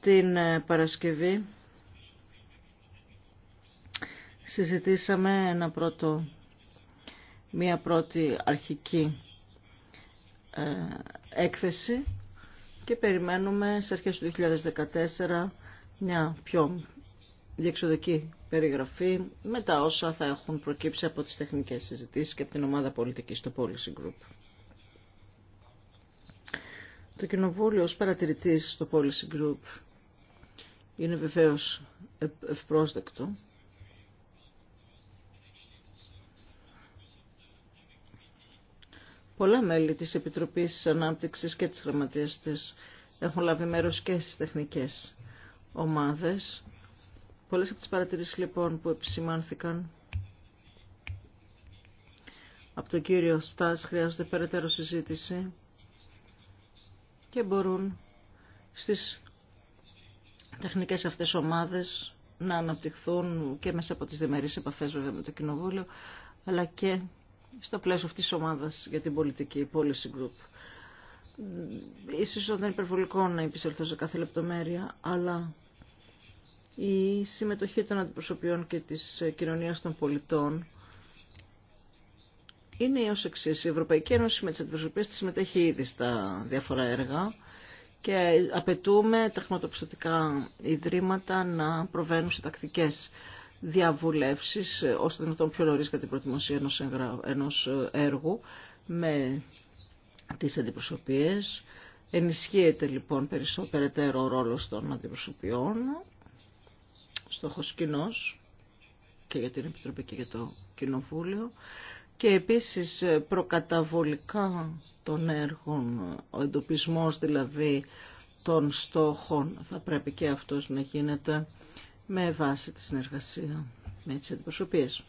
την ε, Παρασκευή. Συζητήσαμε ένα πρώτο, μία πρώτη αρχική ε, έκθεση και περιμένουμε σε αρχές του 2014 μια πιο διεξοδική περιγραφή με τα όσα θα έχουν προκύψει από τις τεχνικές συζητήσεις και από την ομάδα πολιτικής στο Policy Group. Το Κοινοβούλιο ως παρατηρητής στο Policy Group είναι βεβαίως ευπρόσδεκτο πολλά μέλη της Επιτροπής Ανάπτυξης και της Γραμματείας της έχουν λάβει μέρος και στις τεχνικές ομάδες. Πολλές από τις παρατηρήσεις λοιπόν που επισημάνθηκαν από τον κύριο Στάς χρειάζονται περαιτέρω συζήτηση και μπορούν στις τεχνικές αυτές ομάδες να αναπτυχθούν και μέσα από τις διμερείς επαφές με το Κοινοβούλιο αλλά και στο πλαίσιο αυτής της ομάδας για την πολιτική policy group. Ίσως ήταν υπερβολικό να επισελθώ σε κάθε λεπτομέρεια, αλλά η συμμετοχή των αντιπροσωπιών και της κοινωνίας των πολιτών είναι ως εξή. Η Ευρωπαϊκή Ένωση με τις αντιπροσωπίες τη συμμετέχει ήδη στα διάφορα έργα και απαιτούμε τα ιδρύματα να προβαίνουν σε τακτικές διαβουλεύσεις, ε, ώστε να τον πιο νωρίς κατά την προτιμωσία ενός ε, έργου με τις αντιπροσωπείες. Ενισχύεται λοιπόν περισσότερο ο ρόλος των αντιπροσωπιών, στόχος κοινό και για την Επιτροπή και για το Κοινοβούλιο και επίσης ε, προκαταβολικά των έργων, ο εντοπισμός δηλαδή των στόχων θα πρέπει και αυτός να γίνεται με βάση τη συνεργασία με τις αντιπροσωπείες.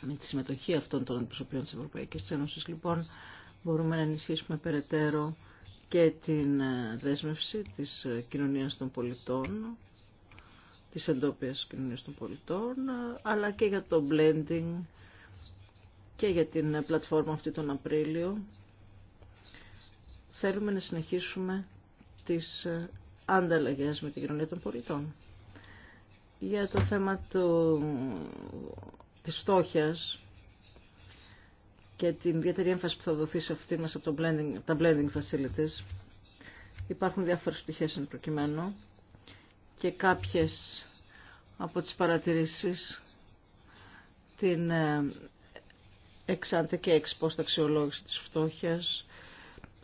Με τη συμμετοχή αυτών των αντιπροσωπείων της Ευρωπαϊκής Ένωσης, λοιπόν, μπορούμε να ενισχύσουμε περαιτέρω και την ε, δέσμευση της ε, κοινωνίας των πολιτών, της εντόπιας κοινωνίας των πολιτών, ε, αλλά και για το blending και για την πλατφόρμα αυτή τον Απρίλιο. Θέλουμε να συνεχίσουμε τις ανταλλαγές με την κοινωνία των πολιτών για το θέμα του, της στόχιας και την ιδιαίτερη έμφαση που θα δοθεί σε αυτή μας από, το τα blending facilities. Υπάρχουν διάφορες πτυχές εν προκειμένου και κάποιες από τις παρατηρήσεις την ε, εξάντια και εξπόστα αξιολόγηση της φτώχειας,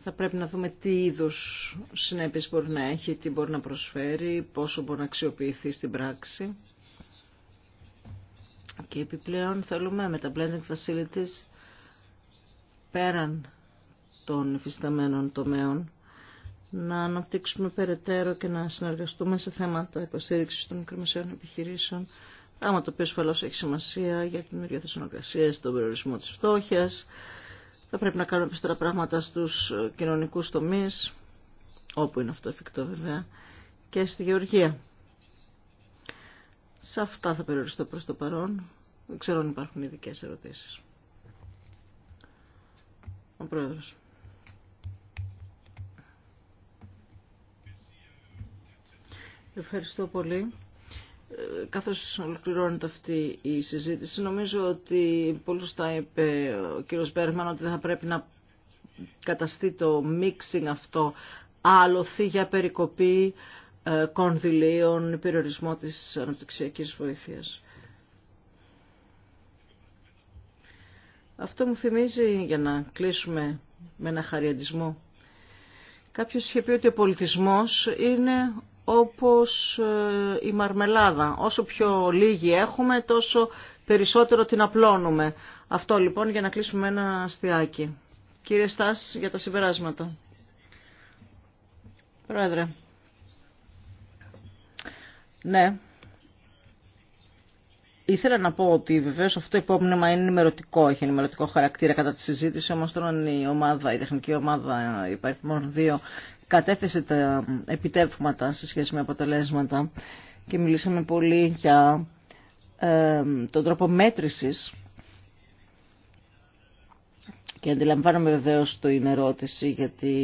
θα πρέπει να δούμε τι είδους συνέπειες μπορεί να έχει, τι μπορεί να προσφέρει, πόσο μπορεί να αξιοποιηθεί στην πράξη. Και επιπλέον θέλουμε με τα blending facilities πέραν των υφισταμένων τομέων να αναπτύξουμε περαιτέρω και να συνεργαστούμε σε θέματα υποστήριξης των μικρομεσαίων επιχειρήσεων, πράγμα το οποίο σφαλώς έχει σημασία για την δημιουργία θεσμοκρασία, τον περιορισμό της φτώχειας, θα πρέπει να κάνουμε περισσότερα πράγματα στους ε, κοινωνικούς τομείς, όπου είναι αυτό εφικτό βέβαια, και στη γεωργία. Σε αυτά θα περιοριστώ προς το παρόν. Δεν ξέρω αν υπάρχουν ειδικέ ερωτήσεις. Ο Πρόεδρος. Ευχαριστώ πολύ καθώς ολοκληρώνεται αυτή η συζήτηση, νομίζω ότι πολύ σωστά είπε ο κύριος Μπέρμαν ότι δεν θα πρέπει να καταστεί το mixing αυτό άλοθη για περικοπή ε, κονδυλίων, περιορισμό της αναπτυξιακής βοήθειας. Αυτό μου θυμίζει, για να κλείσουμε με ένα χαριαντισμό, κάποιος είχε πει ότι ο πολιτισμός είναι όπως ε, η μαρμελάδα. Όσο πιο λίγη έχουμε, τόσο περισσότερο την απλώνουμε. Αυτό λοιπόν για να κλείσουμε ένα αστιάκι. Κύριε Στάς, για τα συμπεράσματα. Πρόεδρε. Ναι. Ήθελα να πω ότι βεβαίως αυτό το υπόμνημα είναι ενημερωτικό, έχει ενημερωτικό χαρακτήρα κατά τη συζήτηση, όμως τώρα η ομάδα, η τεχνική ομάδα υπαριθμών 2 κατέθεσε τα επιτεύγματα σε σχέση με αποτελέσματα και μιλήσαμε πολύ για ε, τον τρόπο μέτρησης και αντιλαμβάνομαι βεβαίω το ερώτηση γιατί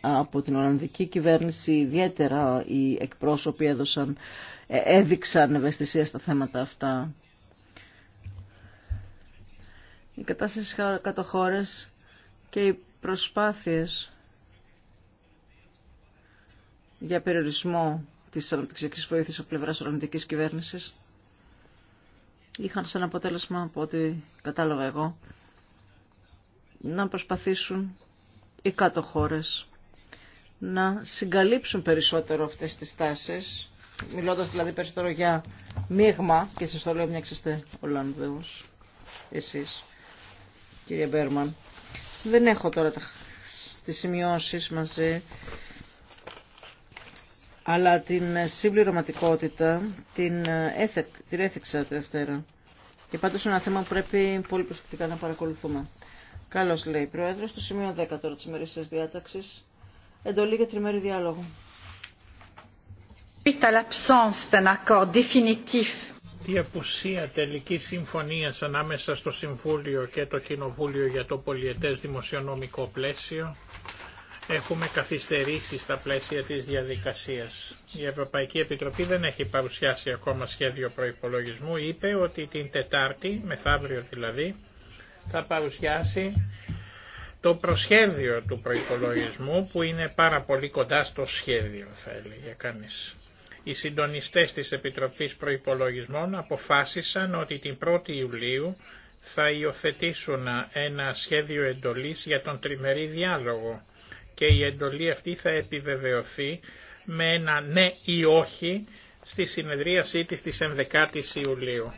από την Ολλανδική κυβέρνηση ιδιαίτερα οι εκπρόσωποι έδωσαν, ε, έδειξαν ευαισθησία στα θέματα αυτά. Η κατάσταση κατά χώρες και οι προσπάθειες για περιορισμό της αναπτυξιακής βοήθειας από πλευράς Ολλανδικής κυβέρνησης είχαν σαν αποτέλεσμα από ό,τι κατάλαβα εγώ να προσπαθήσουν οι κάτω χώρες να συγκαλύψουν περισσότερο αυτές τις τάσεις μιλώντας δηλαδή περισσότερο για μείγμα και σας το λέω μια ο Ολλανδούς εσείς κυρία Μπέρμαν δεν έχω τώρα τα, τις σημειώσεις μαζί αλλά την συμπληρωματικότητα την, ε, έθεκ, την έθεξα τη Και πάντως είναι ένα θέμα που πρέπει πολύ προσεκτικά να παρακολουθούμε. Καλώς λέει η Πρόεδρο, στο σημείο 10 τώρα της ημερήσιας διάταξης, εντολή για τριμέρη διάλογο. Η απουσία τελική συμφωνία ανάμεσα στο Συμβούλιο και το Κοινοβούλιο για το Πολιετέ δημοσιονομικό πλαίσιο έχουμε καθυστερήσει στα πλαίσια της διαδικασίας. Η Ευρωπαϊκή Επιτροπή δεν έχει παρουσιάσει ακόμα σχέδιο προϋπολογισμού. Είπε ότι την Τετάρτη, μεθαύριο δηλαδή, θα παρουσιάσει το προσχέδιο του προϋπολογισμού που είναι πάρα πολύ κοντά στο σχέδιο θα έλεγε κανείς. Οι συντονιστές της Επιτροπής Προϋπολογισμών αποφάσισαν ότι την 1η Ιουλίου θα υιοθετήσουν ένα σχέδιο εντολής για τον τριμερή διάλογο και η εντολή αυτή θα επιβεβαιωθεί με ένα ναι ή όχι στη συνεδρίασή της της 11ης Ιουλίου.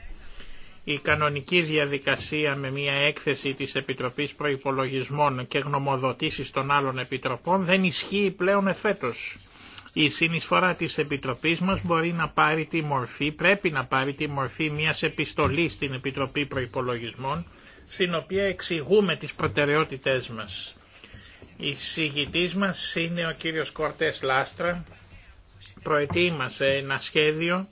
Η κανονική διαδικασία με μια έκθεση της Επιτροπής Προϋπολογισμών και γνωμοδοτήσεις των άλλων επιτροπών δεν ισχύει πλέον εφέτος. Η συνεισφορά της Επιτροπής μας μπορεί να πάρει τη μορφή, πρέπει να πάρει τη μορφή μιας επιστολής στην Επιτροπή Προϋπολογισμών, στην οποία εξηγούμε τις προτεραιότητές μας. Η συγητής μας είναι ο κύριος Κορτές Λάστρα. Προετοίμασε ένα σχέδιο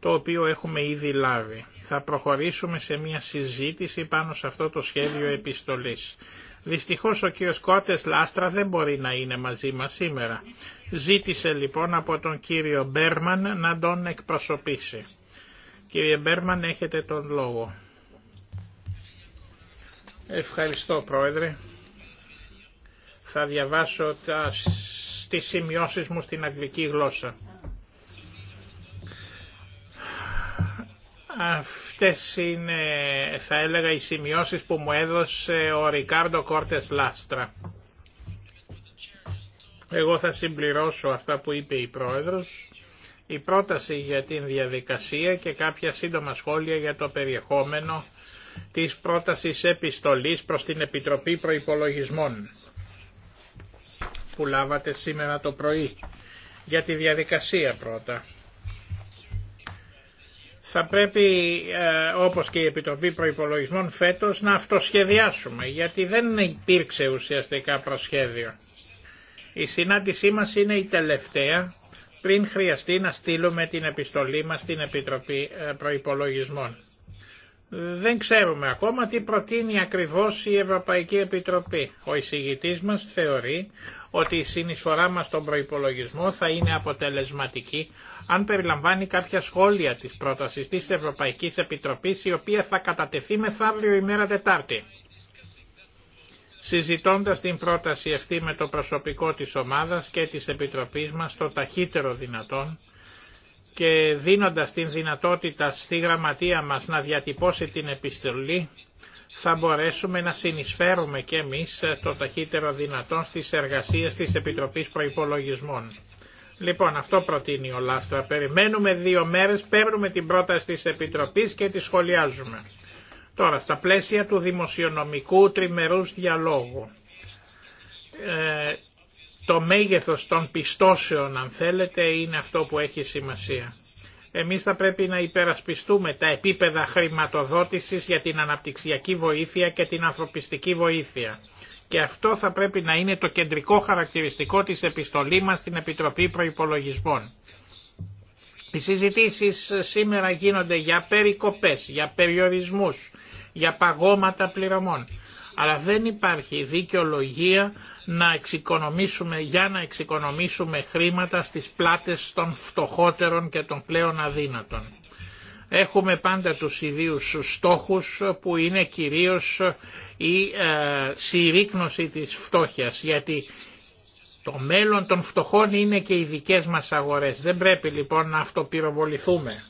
το οποίο έχουμε ήδη λάβει. Θα προχωρήσουμε σε μια συζήτηση πάνω σε αυτό το σχέδιο επιστολής. Δυστυχώς ο κύριος Κόρτε Λάστρα δεν μπορεί να είναι μαζί μας σήμερα. Ζήτησε λοιπόν από τον κύριο Μπέρμαν να τον εκπροσωπήσει. Κύριε Μπέρμαν έχετε τον λόγο. Ευχαριστώ πρόεδρε. Θα διαβάσω τα, τις σημειώσεις μου στην αγγλική γλώσσα. Αυτές είναι, θα έλεγα, οι σημειώσεις που μου έδωσε ο Ρικάρντο Κόρτες Λάστρα. Εγώ θα συμπληρώσω αυτά που είπε η Πρόεδρος, η πρόταση για την διαδικασία και κάποια σύντομα σχόλια για το περιεχόμενο της πρότασης επιστολής προς την Επιτροπή Προϋπολογισμών που λάβατε σήμερα το πρωί. Για τη διαδικασία πρώτα. Θα πρέπει, ε, όπως και η Επιτροπή Προϋπολογισμών φέτος, να αυτοσχεδιάσουμε, γιατί δεν υπήρξε ουσιαστικά προσχέδιο. Η συνάντησή μας είναι η τελευταία, πριν χρειαστεί να στείλουμε την επιστολή μας στην Επιτροπή ε, Προϋπολογισμών. Δεν ξέρουμε ακόμα τι προτείνει ακριβώς η Ευρωπαϊκή Επιτροπή. Ο εισηγητής μας θεωρεί ότι η συνεισφορά μας στον προϋπολογισμό θα είναι αποτελεσματική αν περιλαμβάνει κάποια σχόλια της πρότασης της Ευρωπαϊκής Επιτροπής η οποία θα κατατεθεί μεθαύριο ημέρα Δετάρτη. Συζητώντας την πρόταση αυτή με το προσωπικό της ομάδας και της Επιτροπής μας το ταχύτερο δυνατόν, και δίνοντας την δυνατότητα στη γραμματεία μας να διατυπώσει την επιστολή, θα μπορέσουμε να συνεισφέρουμε και εμείς το ταχύτερο δυνατόν στις εργασίες της Επιτροπής Προϋπολογισμών. Λοιπόν, αυτό προτείνει ο Λάστρα. Περιμένουμε δύο μέρες, παίρνουμε την πρόταση της Επιτροπής και τη σχολιάζουμε. Τώρα, στα πλαίσια του δημοσιονομικού τριμερούς διαλόγου. Ε, το μέγεθος των πιστώσεων αν θέλετε είναι αυτό που έχει σημασία. Εμείς θα πρέπει να υπερασπιστούμε τα επίπεδα χρηματοδότησης για την αναπτυξιακή βοήθεια και την ανθρωπιστική βοήθεια. Και αυτό θα πρέπει να είναι το κεντρικό χαρακτηριστικό της επιστολή μας στην Επιτροπή Προϋπολογισμών. Οι συζητήσεις σήμερα γίνονται για περικοπές, για περιορισμούς, για παγώματα πληρωμών αλλά δεν υπάρχει δικαιολογία να εξοικονομήσουμε, για να εξοικονομήσουμε χρήματα στις πλάτες των φτωχότερων και των πλέον αδύνατων. Έχουμε πάντα τους ιδίους στόχους που είναι κυρίως η ε, συρρήκνωση της φτώχειας, γιατί το μέλλον των φτωχών είναι και οι δικές μας αγορές. Δεν πρέπει λοιπόν να αυτοπυροβοληθούμε.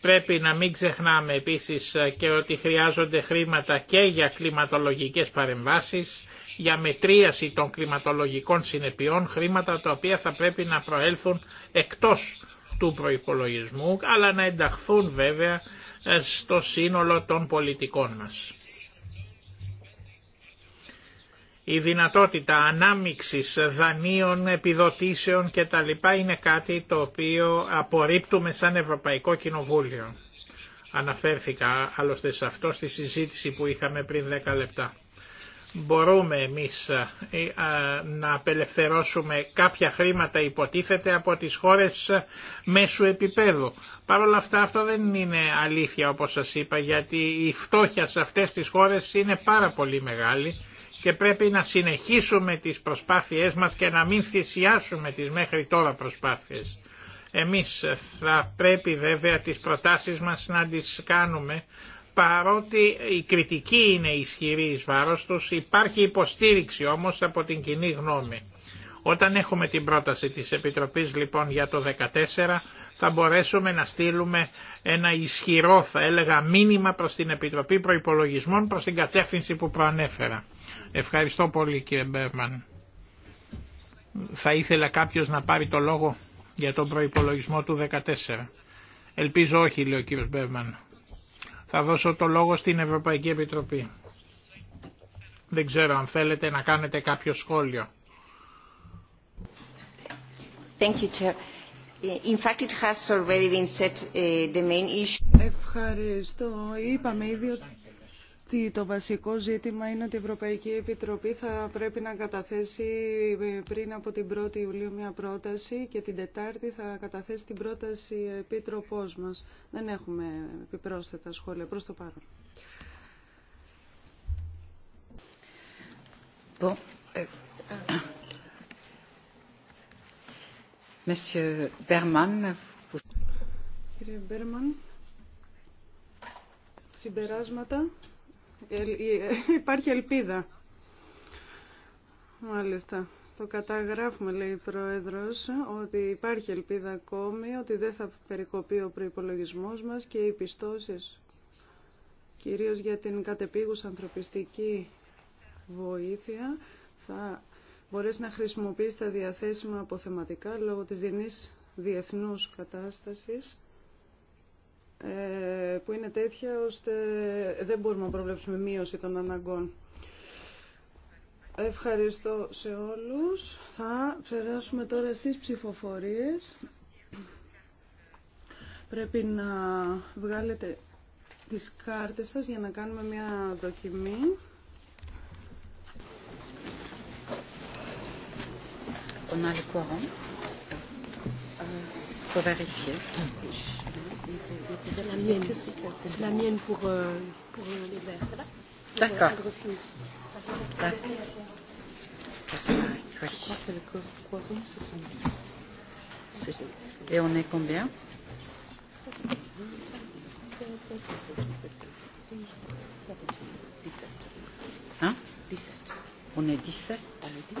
Πρέπει να μην ξεχνάμε επίσης ε, και ότι χρειάζονται χρήματα και για κλιματολογικές παρεμβάσεις, για μετρίαση των κλιματολογικών συνεπειών, χρήματα τα οποία θα πρέπει να προέλθουν εκτός του προϋπολογισμού, αλλά να ενταχθούν βέβαια ε, στο σύνολο των πολιτικών μας. η δυνατότητα ανάμιξης δανείων, επιδοτήσεων κτλ. είναι κάτι το οποίο απορρίπτουμε σαν Ευρωπαϊκό Κοινοβούλιο. Αναφέρθηκα άλλωστε σε αυτό στη συζήτηση που είχαμε πριν 10 λεπτά. Μπορούμε εμείς ε, ε, να απελευθερώσουμε κάποια χρήματα υποτίθεται από τις χώρες μέσου επίπεδου. Παρ' όλα αυτά αυτό δεν είναι αλήθεια όπως σας είπα γιατί η φτώχεια σε αυτές τις χώρες είναι πάρα πολύ μεγάλη και πρέπει να συνεχίσουμε τις προσπάθειές μας και να μην θυσιάσουμε τις μέχρι τώρα προσπάθειες. Εμείς θα πρέπει βέβαια τις προτάσεις μας να τις κάνουμε παρότι η κριτική είναι ισχυρή εις βάρος τους, υπάρχει υποστήριξη όμως από την κοινή γνώμη. Όταν έχουμε την πρόταση της Επιτροπής λοιπόν για το 2014 θα μπορέσουμε να στείλουμε ένα ισχυρό θα έλεγα μήνυμα προς την Επιτροπή Προϋπολογισμών προς την κατεύθυνση που προανέφερα. Ευχαριστώ πολύ κύριε Μπέρμαν. Θα ήθελα κάποιος να πάρει το λόγο για τον προϋπολογισμό του 14. Ελπίζω όχι, λέει ο κύριος Μπέρμαν. Θα δώσω το λόγο στην Ευρωπαϊκή Επιτροπή. Δεν ξέρω αν θέλετε να κάνετε κάποιο σχόλιο. Ευχαριστώ. Είπαμε ήδη ότι το βασικό ζήτημα είναι ότι η Ευρωπαϊκή Επιτροπή θα πρέπει να καταθέσει ε, πριν από την 1η Ιουλίου μια πρόταση και την Τετάρτη θα καταθέσει την πρόταση Επίτροπός μας. Δεν έχουμε επιπρόσθετα σχόλια προς το παρόν. Euh, Κύριε Μπέρμαν, συμπεράσματα. Ε, υπάρχει ελπίδα. Μάλιστα. Το καταγράφουμε, λέει η Πρόεδρος, ότι υπάρχει ελπίδα ακόμη, ότι δεν θα περικοπεί ο προϋπολογισμός μας και οι πιστώσεις, κυρίως για την κατεπίγουσα ανθρωπιστική βοήθεια, θα μπορέσει να χρησιμοποιήσει τα διαθέσιμα αποθεματικά λόγω της διεθνούς κατάστασης ε, που είναι τέτοια ώστε δεν μπορούμε να προβλέψουμε μείωση των αναγκών. Ευχαριστώ σε όλους. Θα περάσουμε τώρα στις ψηφοφορίες. Πρέπει να βγάλετε τις κάρτες σας για να κάνουμε μια δοκιμή. On a le euh, C'est la mienne. C'est la mienne pour, euh, pour les verts. Ça D'accord. Je crois que le quorum, ce sont 10. Et on est combien Hein 17. On est 17 On est 17.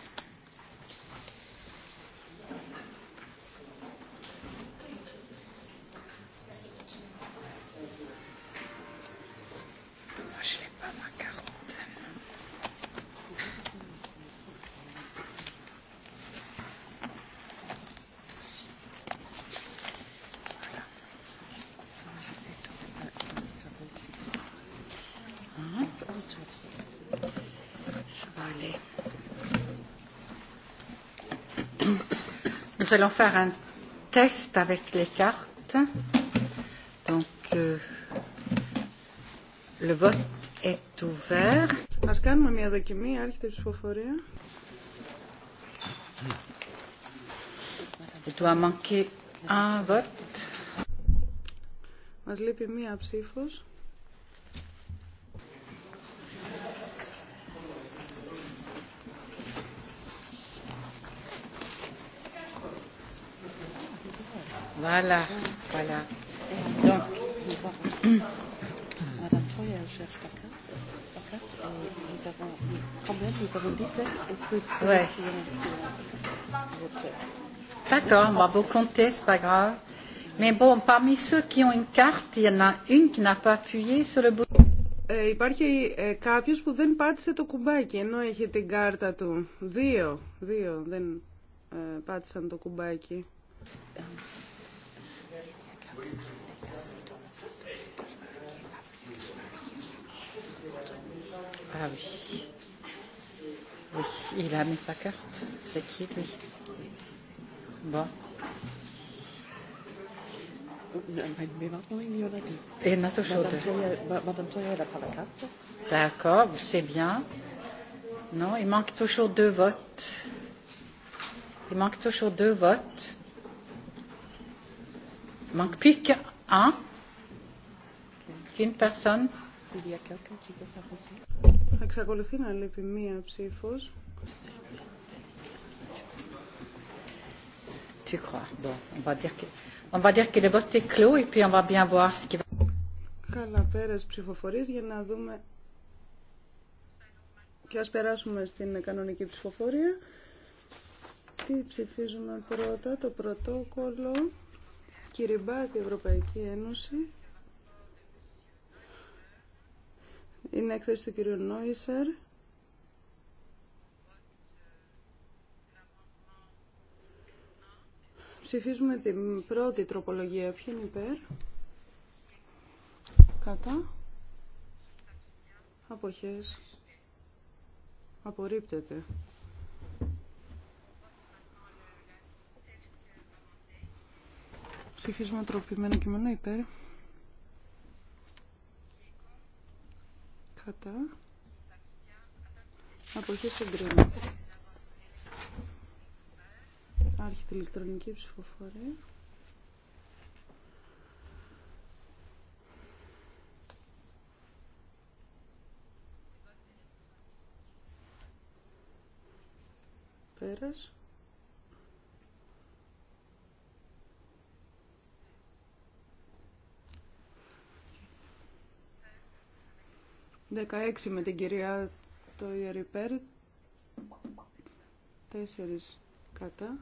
Nous allons faire un test avec les cartes. Donc, le vote est ouvert. Ας κάνουμε μια δοκιμή, άρχεται η ψηφοφορία. Il doit manquer un vote. Μας λείπει μία Voilà, voilà. Donc. Madame cherche carte. carte, Nous avons 17 et D'accord, on va vous c'est pas grave. Mais bon, parmi ceux qui ont une carte, il y en a une qui n'a pas appuyé sur le bouton. Ε, υπάρχει ε, κάποιος που δεν πάτησε το κουμπάκι ενώ έχει την κάρτα του. Δύο, δύο δεν ε, πάτησαν το κουμπάκι. Ah oui. Oui, il a mis sa carte. C'est qui lui Bon. Mais maintenant, il y en a deux. Et il y en a toujours deux. Madame Toya, elle n'a pas la carte. D'accord, c'est bien. Non, il manque toujours deux votes. Il manque toujours deux votes. Il manque plus qu'un. Qu'une personne. S'il y a quelqu'un qui peut faire aussi. Εξακολουθεί να λείπει μία ψήφος. Tu crois. Καλά πέρας ψηφοφορίες για να δούμε και ας περάσουμε στην κανονική ψηφοφορία. Τι ψηφίζουμε πρώτα, το πρωτόκολλο Κυριμπάτη Ευρωπαϊκή Ένωση Είναι έκθεση του κυρίου Νόισερ. Ψηφίζουμε την πρώτη τροπολογία. Ποιοι είναι υπέρ. Κατά. Αποχές. Απορρίπτεται. Ψηφίζουμε τροπημένο κειμένο υπέρ. Κατά. σε εγκρίνεται. Άρχεται ηλεκτρονική ψηφοφορία. Πέρας. 16 με την κυρία το Ιεριπέρ. 4 κατά.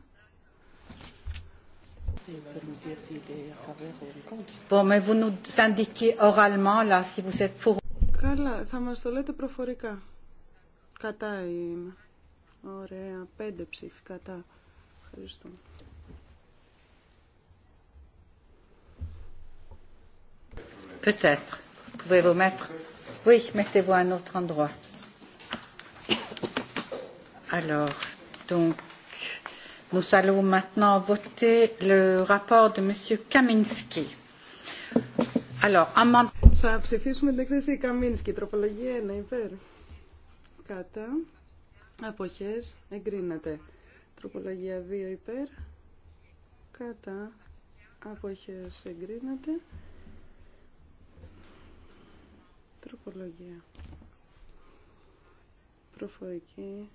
Καλά, θα μας το λέτε προφορικά. Κατά είμαι. Ωραία, πέντε ψήφι κατά. Ευχαριστώ. Peut-être. Pouvez-vous mettre Oui, mettez-vous à un autre endroit. Alors, donc, nous allons maintenant voter le rapport de M. Kaminski. Alors, amendement... Θα ψηφίσουμε de εκθέση Kaminski. τροπολογία 1, υπέρ. Κατά. Αποχές. Εγκρίνεται. Τροπολογία 2, υπέρ. Κατά. Αποχές. Εγκρίνεται. Τροπολογία. Προφορική.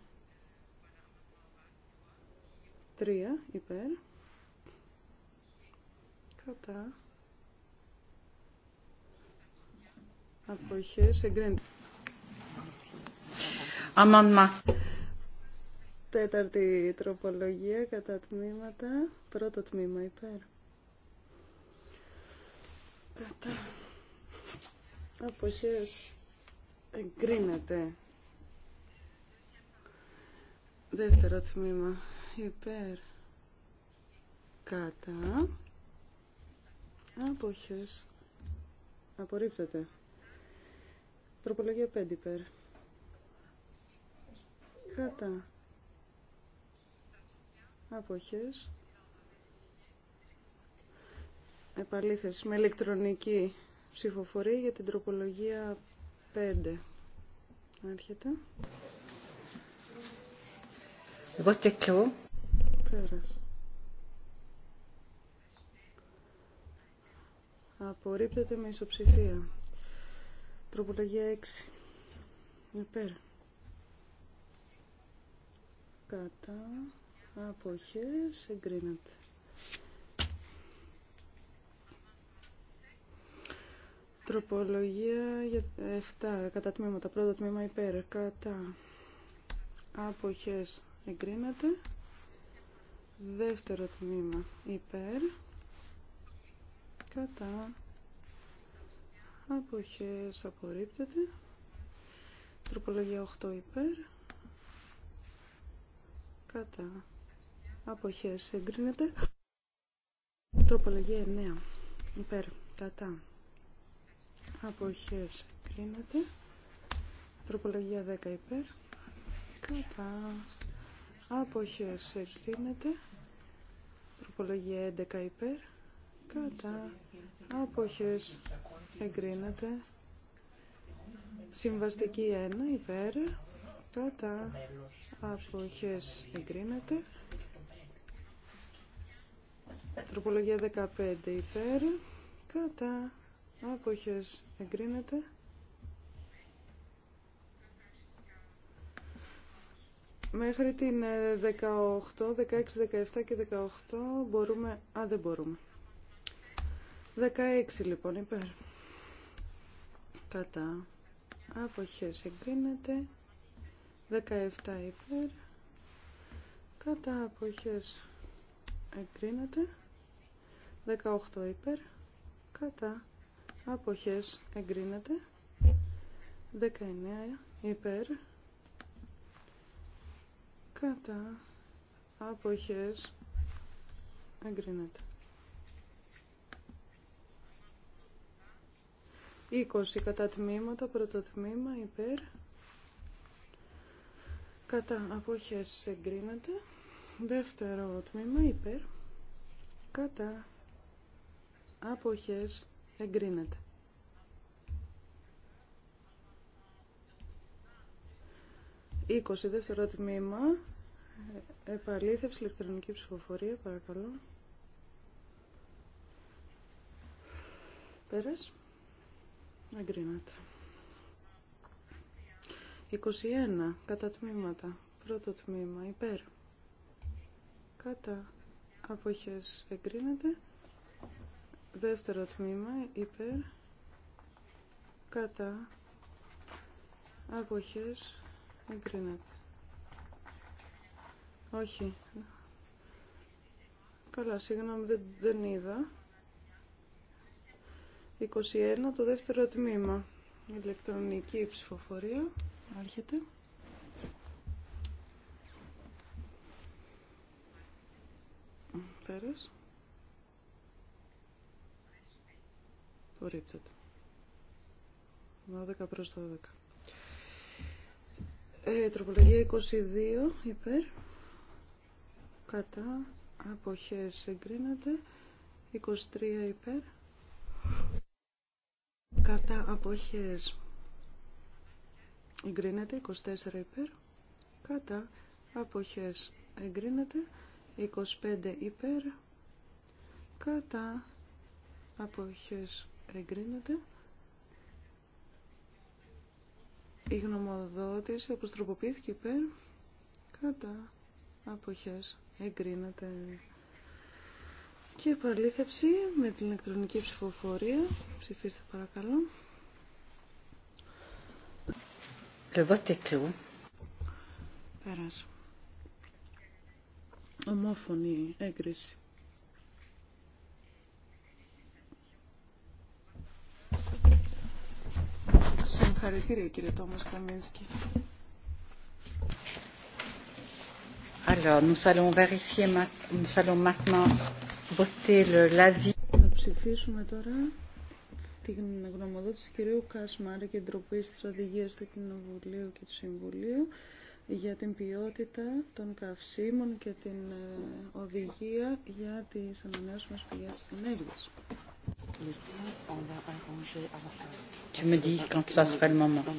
Τρία. υπέρ. Κατά. Αποχές εγκρίνεται. Αμάνμα. Τέταρτη τροπολογία κατά τμήματα. Πρώτο τμήμα υπέρ. Κατά αποχές εγκρίνεται δεύτερο τμήμα υπέρ κατά αποχές απορρίπτεται τροπολογία 5 υπέρ κατά αποχές επαλήθευση με ηλεκτρονική ψηφοφορία για την τροπολογία 5. Άρχεται. και κλώ. Πέρας. Απορρίπτεται με ισοψηφία. Τροπολογία 6. Υπέρ. Κατά. Αποχές. Εγκρίνεται. Τροπολογία για 7. Ε, κατά τμήματα. Πρώτο τμήμα υπέρ. Κατά. Αποχές εγκρίνεται. Δεύτερο τμήμα υπέρ. Κατά. Αποχές απορρίπτεται. Τροπολογία 8 υπέρ. Κατά. Αποχές εγκρίνεται. Τροπολογία 9 υπέρ. Κατά αποχές κρίνεται. Τροπολογία 10 υπέρ. Κατά αποχές κρίνεται. Τροπολογία 11 υπέρ. Κατά αποχές εγκρίνεται. Συμβαστική 1 υπέρ. Κατά αποχές εγκρίνεται. Τροπολογία 15 υπέρ. Κατά Άποχες εγκρίνεται. Μέχρι την 18, 16, 17 και 18 μπορούμε... Α, δεν μπορούμε. 16 λοιπόν υπέρ. Κατά. Άποχες εγκρίνεται. 17 υπέρ. Κατά αποχές εγκρίνεται. 18 υπέρ. Κατά Αποχές εγκρίνεται. 19 υπέρ. Κατά. Αποχές εγκρίνεται. 20 κατά τμήματα, πρώτο τμήμα υπέρ. Κατά αποχές εγκρίνεται. Δεύτερο τμήμα υπέρ. Κατά αποχές Εγκρίνεται. 20. δεύτερο τμήμα. Επαλήθευση ηλεκτρονική ψηφοφορία, παρακαλώ. Πέρας. Εγκρίνεται. 21. Κατά τμήματα. Πρώτο τμήμα. Υπέρ. Κατά. Αποχές εγκρίνεται. Δεύτερο τμήμα υπέρ κατά αποχές εγκρίνεται. Όχι. Καλά, συγγνώμη, δεν, δεν είδα. 21, το δεύτερο τμήμα. Ηλεκτρονική ψηφοφορία. Άρχεται. Πέρας. Απορρίπτεται. 12 προς 12. Ε, τροπολογία 22 υπέρ. Κατά. Αποχές εγκρίνεται. 23 υπέρ. Κατά αποχές εγκρίνεται. 24 υπέρ. Κατά αποχές εγκρίνεται. 25 υπέρ. Κατά αποχές Εγκρίνεται. Η γνωμοδότηση όπως τροποποιήθηκε υπέρ κατά αποχές εγκρίνεται και επαλήθευση με την ηλεκτρονική ψηφοφορία ψηφίστε παρακαλώ Πέρασε. Ομόφωνη έγκριση. Συγχαρητήρια κύριε Τόμας Καμίνσκι. Alors, nous allons vérifier, nous allons maintenant voter l'avis. Θα ψηφίσουμε τώρα την γνωμοδότηση του κυρίου Κασμάρα και ντροπή τη οδηγία του Κοινοβουλίου και του Συμβουλίου για την ποιότητα των καυσίμων και την ε, οδηγία για τις ανανεώσιμες πηγές ενέργειας. Tu me dis quand ça sera le moment. Je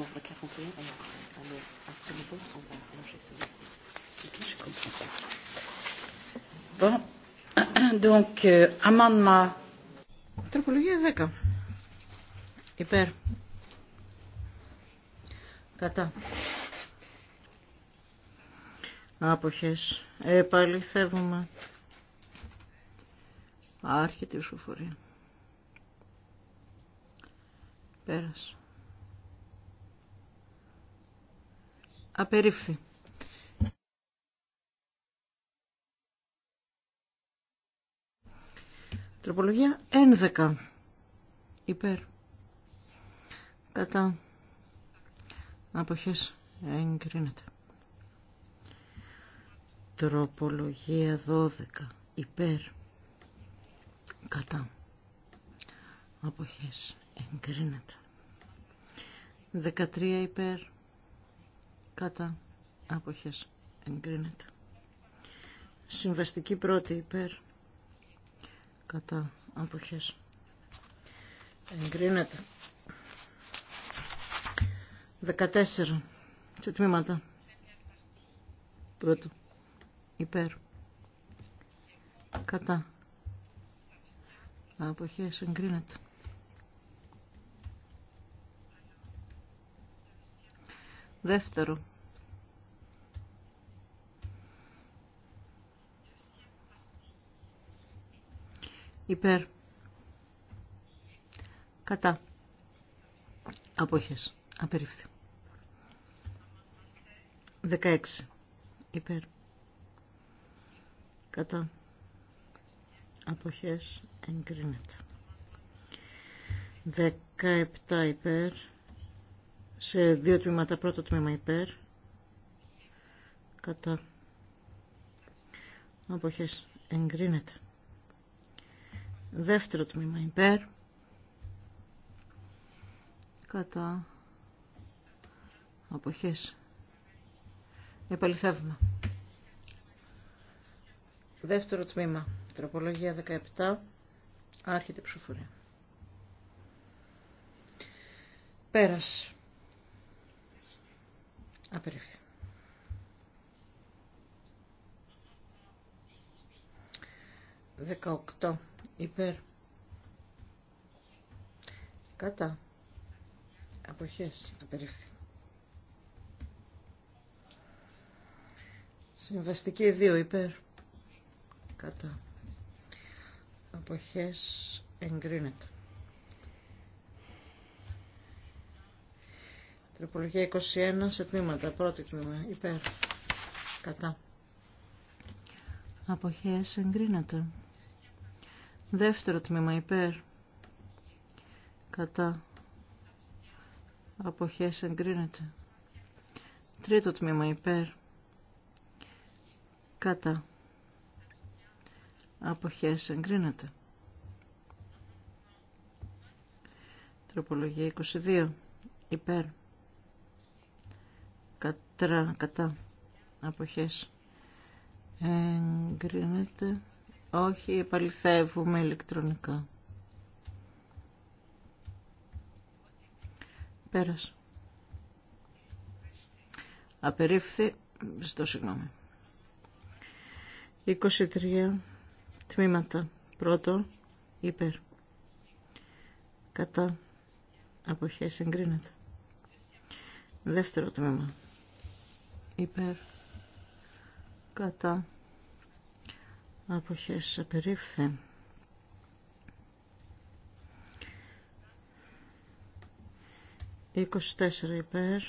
comprends pas. Bon. Donc, euh, amendement. Τροπολογία 10. Υπέρ. Κατά. Άποχες. Επαληθεύουμε. Άρχεται η σωφορία πέρασε. Απερίφθη. 11. Υπέρ. Κατά. Αποχές. Εγκρίνεται. Τροπολογία 12. Υπέρ. Κατά. Αποχές εγκρίνεται 13 υπέρ κατά άποχες εγκρίνεται συμβαστική πρώτη υπέρ κατά άποχες εγκρίνεται 14 σε τμήματα πρώτο υπέρ κατά άποχες εγκρίνεται δεύτερο. Υπέρ. Κατά. Απόχες. Απερίφθη. 16. Υπέρ. Κατά. Αποχές εγκρίνεται. 17 υπέρ σε δύο τμήματα. Πρώτο τμήμα υπέρ. Κατά. Αποχές. Εγκρίνεται. Δεύτερο τμήμα υπέρ. Κατά. Αποχές. Επαληθεύουμε. Δεύτερο τμήμα. Τροπολογία 17. Άρχεται η ψηφοφορία. Πέρας. Απερίφθη. 18 υπέρ κατά αποχές απερίφθη. Συμβαστική 2 υπέρ κατά αποχές εγκρίνεται. Τροπολογία 21 σε τμήματα. Πρώτο τμήμα. Υπέρ. Κατά. Αποχές εγκρίνεται. Δεύτερο τμήμα. Υπέρ. Κατά. Αποχές εγκρίνεται. Τρίτο τμήμα. Υπέρ. Κατά. Αποχές εγκρίνεται. Τροπολογία 22. Υπέρ τρα κατά αποχές εγκρίνεται όχι επαληθεύουμε ηλεκτρονικά πέρας απερίφθη Στο συγγνώμη 23 τμήματα πρώτο υπέρ κατά αποχές εγκρίνεται δεύτερο τμήμα υπέρ κατά αποχές απερίφθη. Είκοσι τέσσερα υπέρ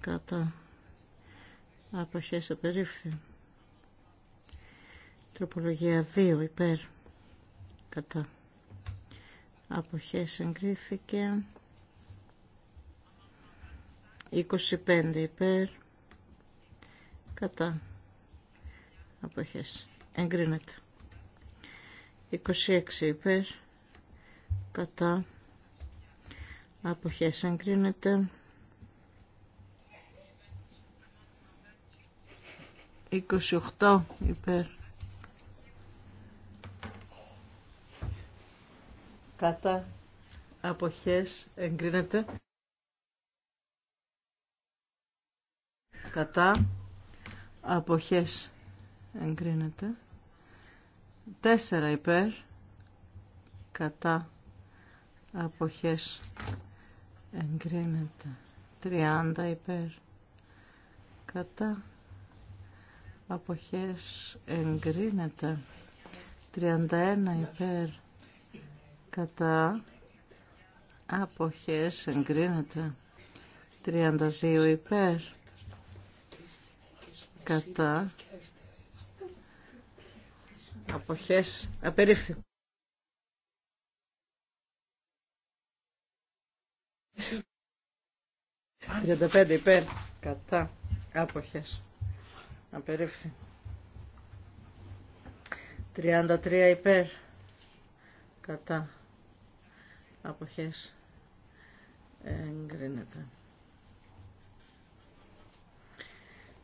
κατά αποχές απερίφθη. Τροπολογία 2 υπέρ κατά αποχές εγκρίθηκε. 25 υπέρ κατά αποχές εγκρίνεται 26 υπέρ κατά αποχές εγκρίνεται 28 υπέρ κατά αποχές εγκρίνεται κατά αποχές εγκρίνεται τέσσερα υπέρ κατά αποχές εγκρίνεται τριάντα υπέρ κατά αποχές εγκρίνεται ένα υπέρ κατά αποχές εγκρίνεται δύο υπέρ κατά αποχές απερίφθη. πέντε υπέρ κατά άποχες απερίφθη. 33 υπέρ κατά αποχές εγκρίνεται.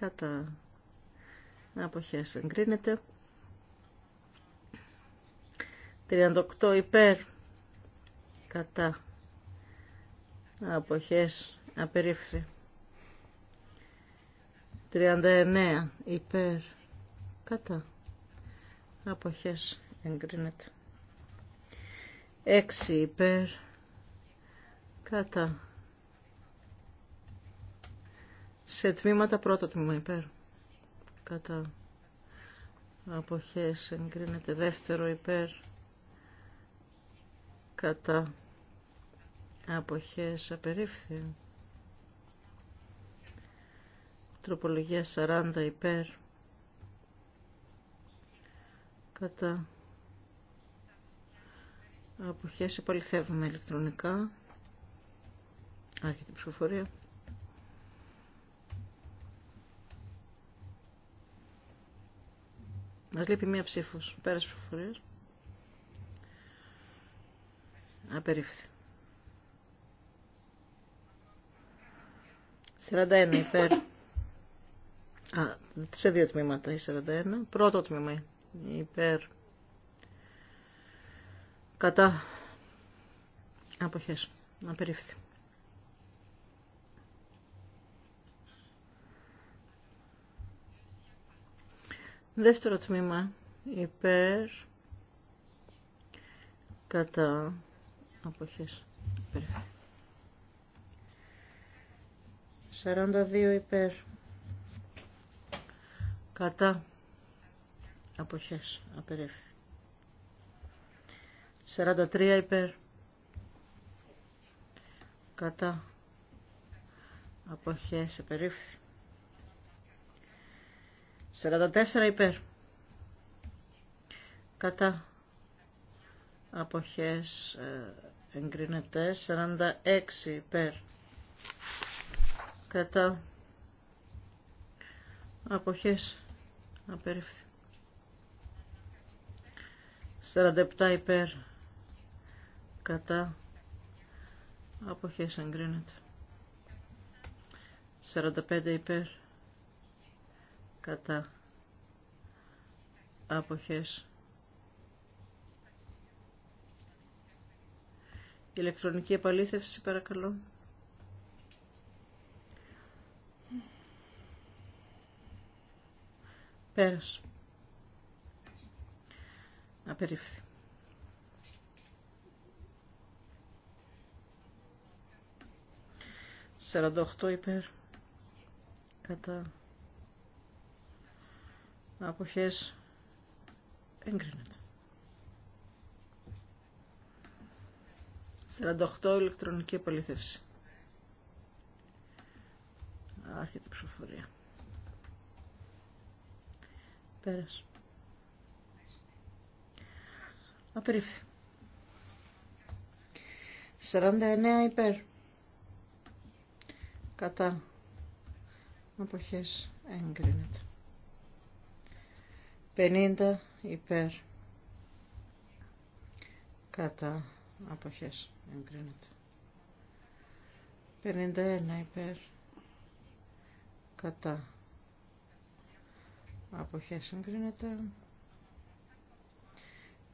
κατά αποχές εγκρίνεται 38 υπέρ κατά αποχές απερίφθη 39 υπέρ κατά αποχές εγκρίνεται 6 υπέρ κατά σε τμήματα πρώτο τμήμα υπέρ. Κατά αποχές εγκρίνεται δεύτερο υπέρ. Κατά αποχές απερίφθεια Τροπολογία 40 υπέρ. Κατά αποχές επαληθεύουμε ηλεκτρονικά. Άρχεται η ψηφοφορία. Μα λείπει μία ψήφος. Πέρας ψηφοφορίας. Απερίφθη. 41 υπέρ. Α, σε δύο τμήματα η 41. Πρώτο τμήμα υπέρ. Κατά. Αποχές. Απερίφθη. Δεύτερο τμήμα υπέρ κατά αποχές. 42 υπέρ κατά αποχές απερίφθη. 43 υπέρ κατά αποχές απερίφθη. 44 ε, υπέρ. Κατά αποχές εγκρίνεται 46 υπέρ. Κατά αποχές απερίφθη. 47 υπέρ. Κατά αποχές εγκρίνεται. 45 υπέρ κατά αποχές. Ηλεκτρονική επαλήθευση παρακαλώ. Πέρας. Απερίφθη. Σαραντοχτώ υπέρ. Κατά αποχές εγκρίνεται. 48 ηλεκτρονική επαλήθευση. Άρχεται η ψηφοφορία. Πέρασε. Απερίφθη. 49 υπέρ. Κατά. Αποχές εγκρίνεται. 50 υπέρ κατά αποχές εγκρίνεται 51 υπέρ κατά αποχές εγκρίνεται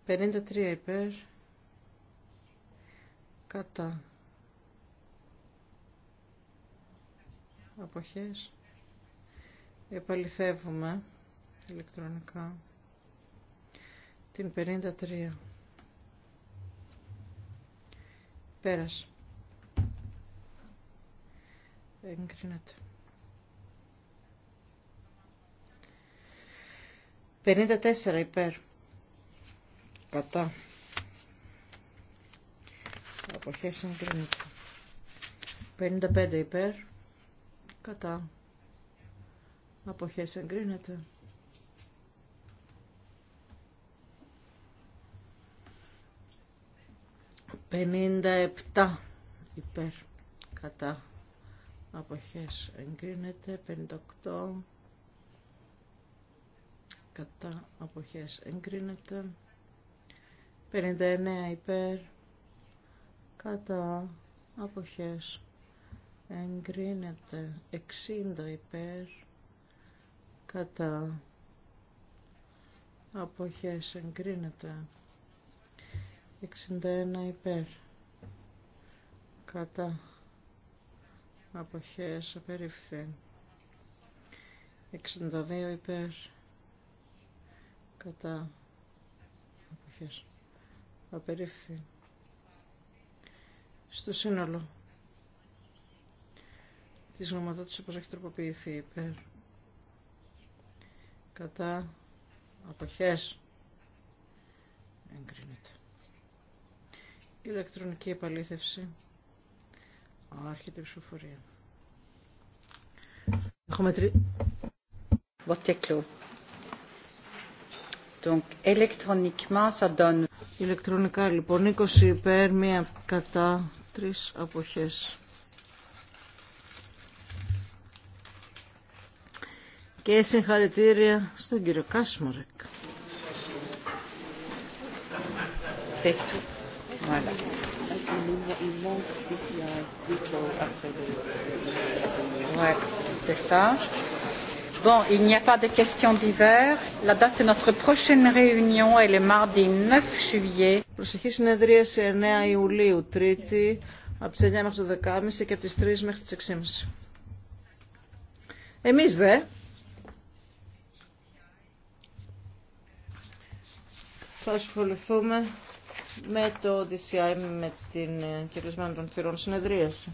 53 υπέρ κατά αποχές επαληθεύουμε ηλεκτρονικά την 53. Πέρας. Εγκρίνεται. 54 υπέρ. Κατά. Αποχές εγκρίνεται. 55 υπέρ. Κατά. Αποχές εγκρίνεται. 57 υπέρ κατά αποχές εγκρίνεται 58 κατά αποχές εγκρίνεται 59 υπέρ κατά αποχές εγκρίνεται 60 υπέρ κατά αποχές εγκρίνεται 61 υπέρ. Κατά. Αποχές απερίφθη. 62 υπέρ. Κατά. Αποχές. Απερίφθη. Στο σύνολο. Της γνωματότητας όπως έχει τροποποιηθεί υπέρ. Κατά. Αποχές. Εγκρίνεται. Ηλεκτρονική επαλήθευση. Άρχεται η ψηφοφορία. Έχουμε τρει... Donc, ça donne... Ηλεκτρονικά λοιπόν 20 υπέρ, 1 κατά, 3 αποχές. Και συγχαρητήρια στον κύριο Κάσμαρεκ. Voilà. Ouais, c'est ça. Bon, il n'y a pas de questions d'hiver. La date de notre prochaine réunion est le mardi 9 juillet. Προσεχή σε 9 Ιουλίου, Τρίτη, από τις 9 μέχρι το 10.30 και από τις 3 μέχρι τις 6.30. Εμείς δε, θα ασχοληθούμε με το DCI με την ε, κυρισμένη των θηρών συνεδρίαση.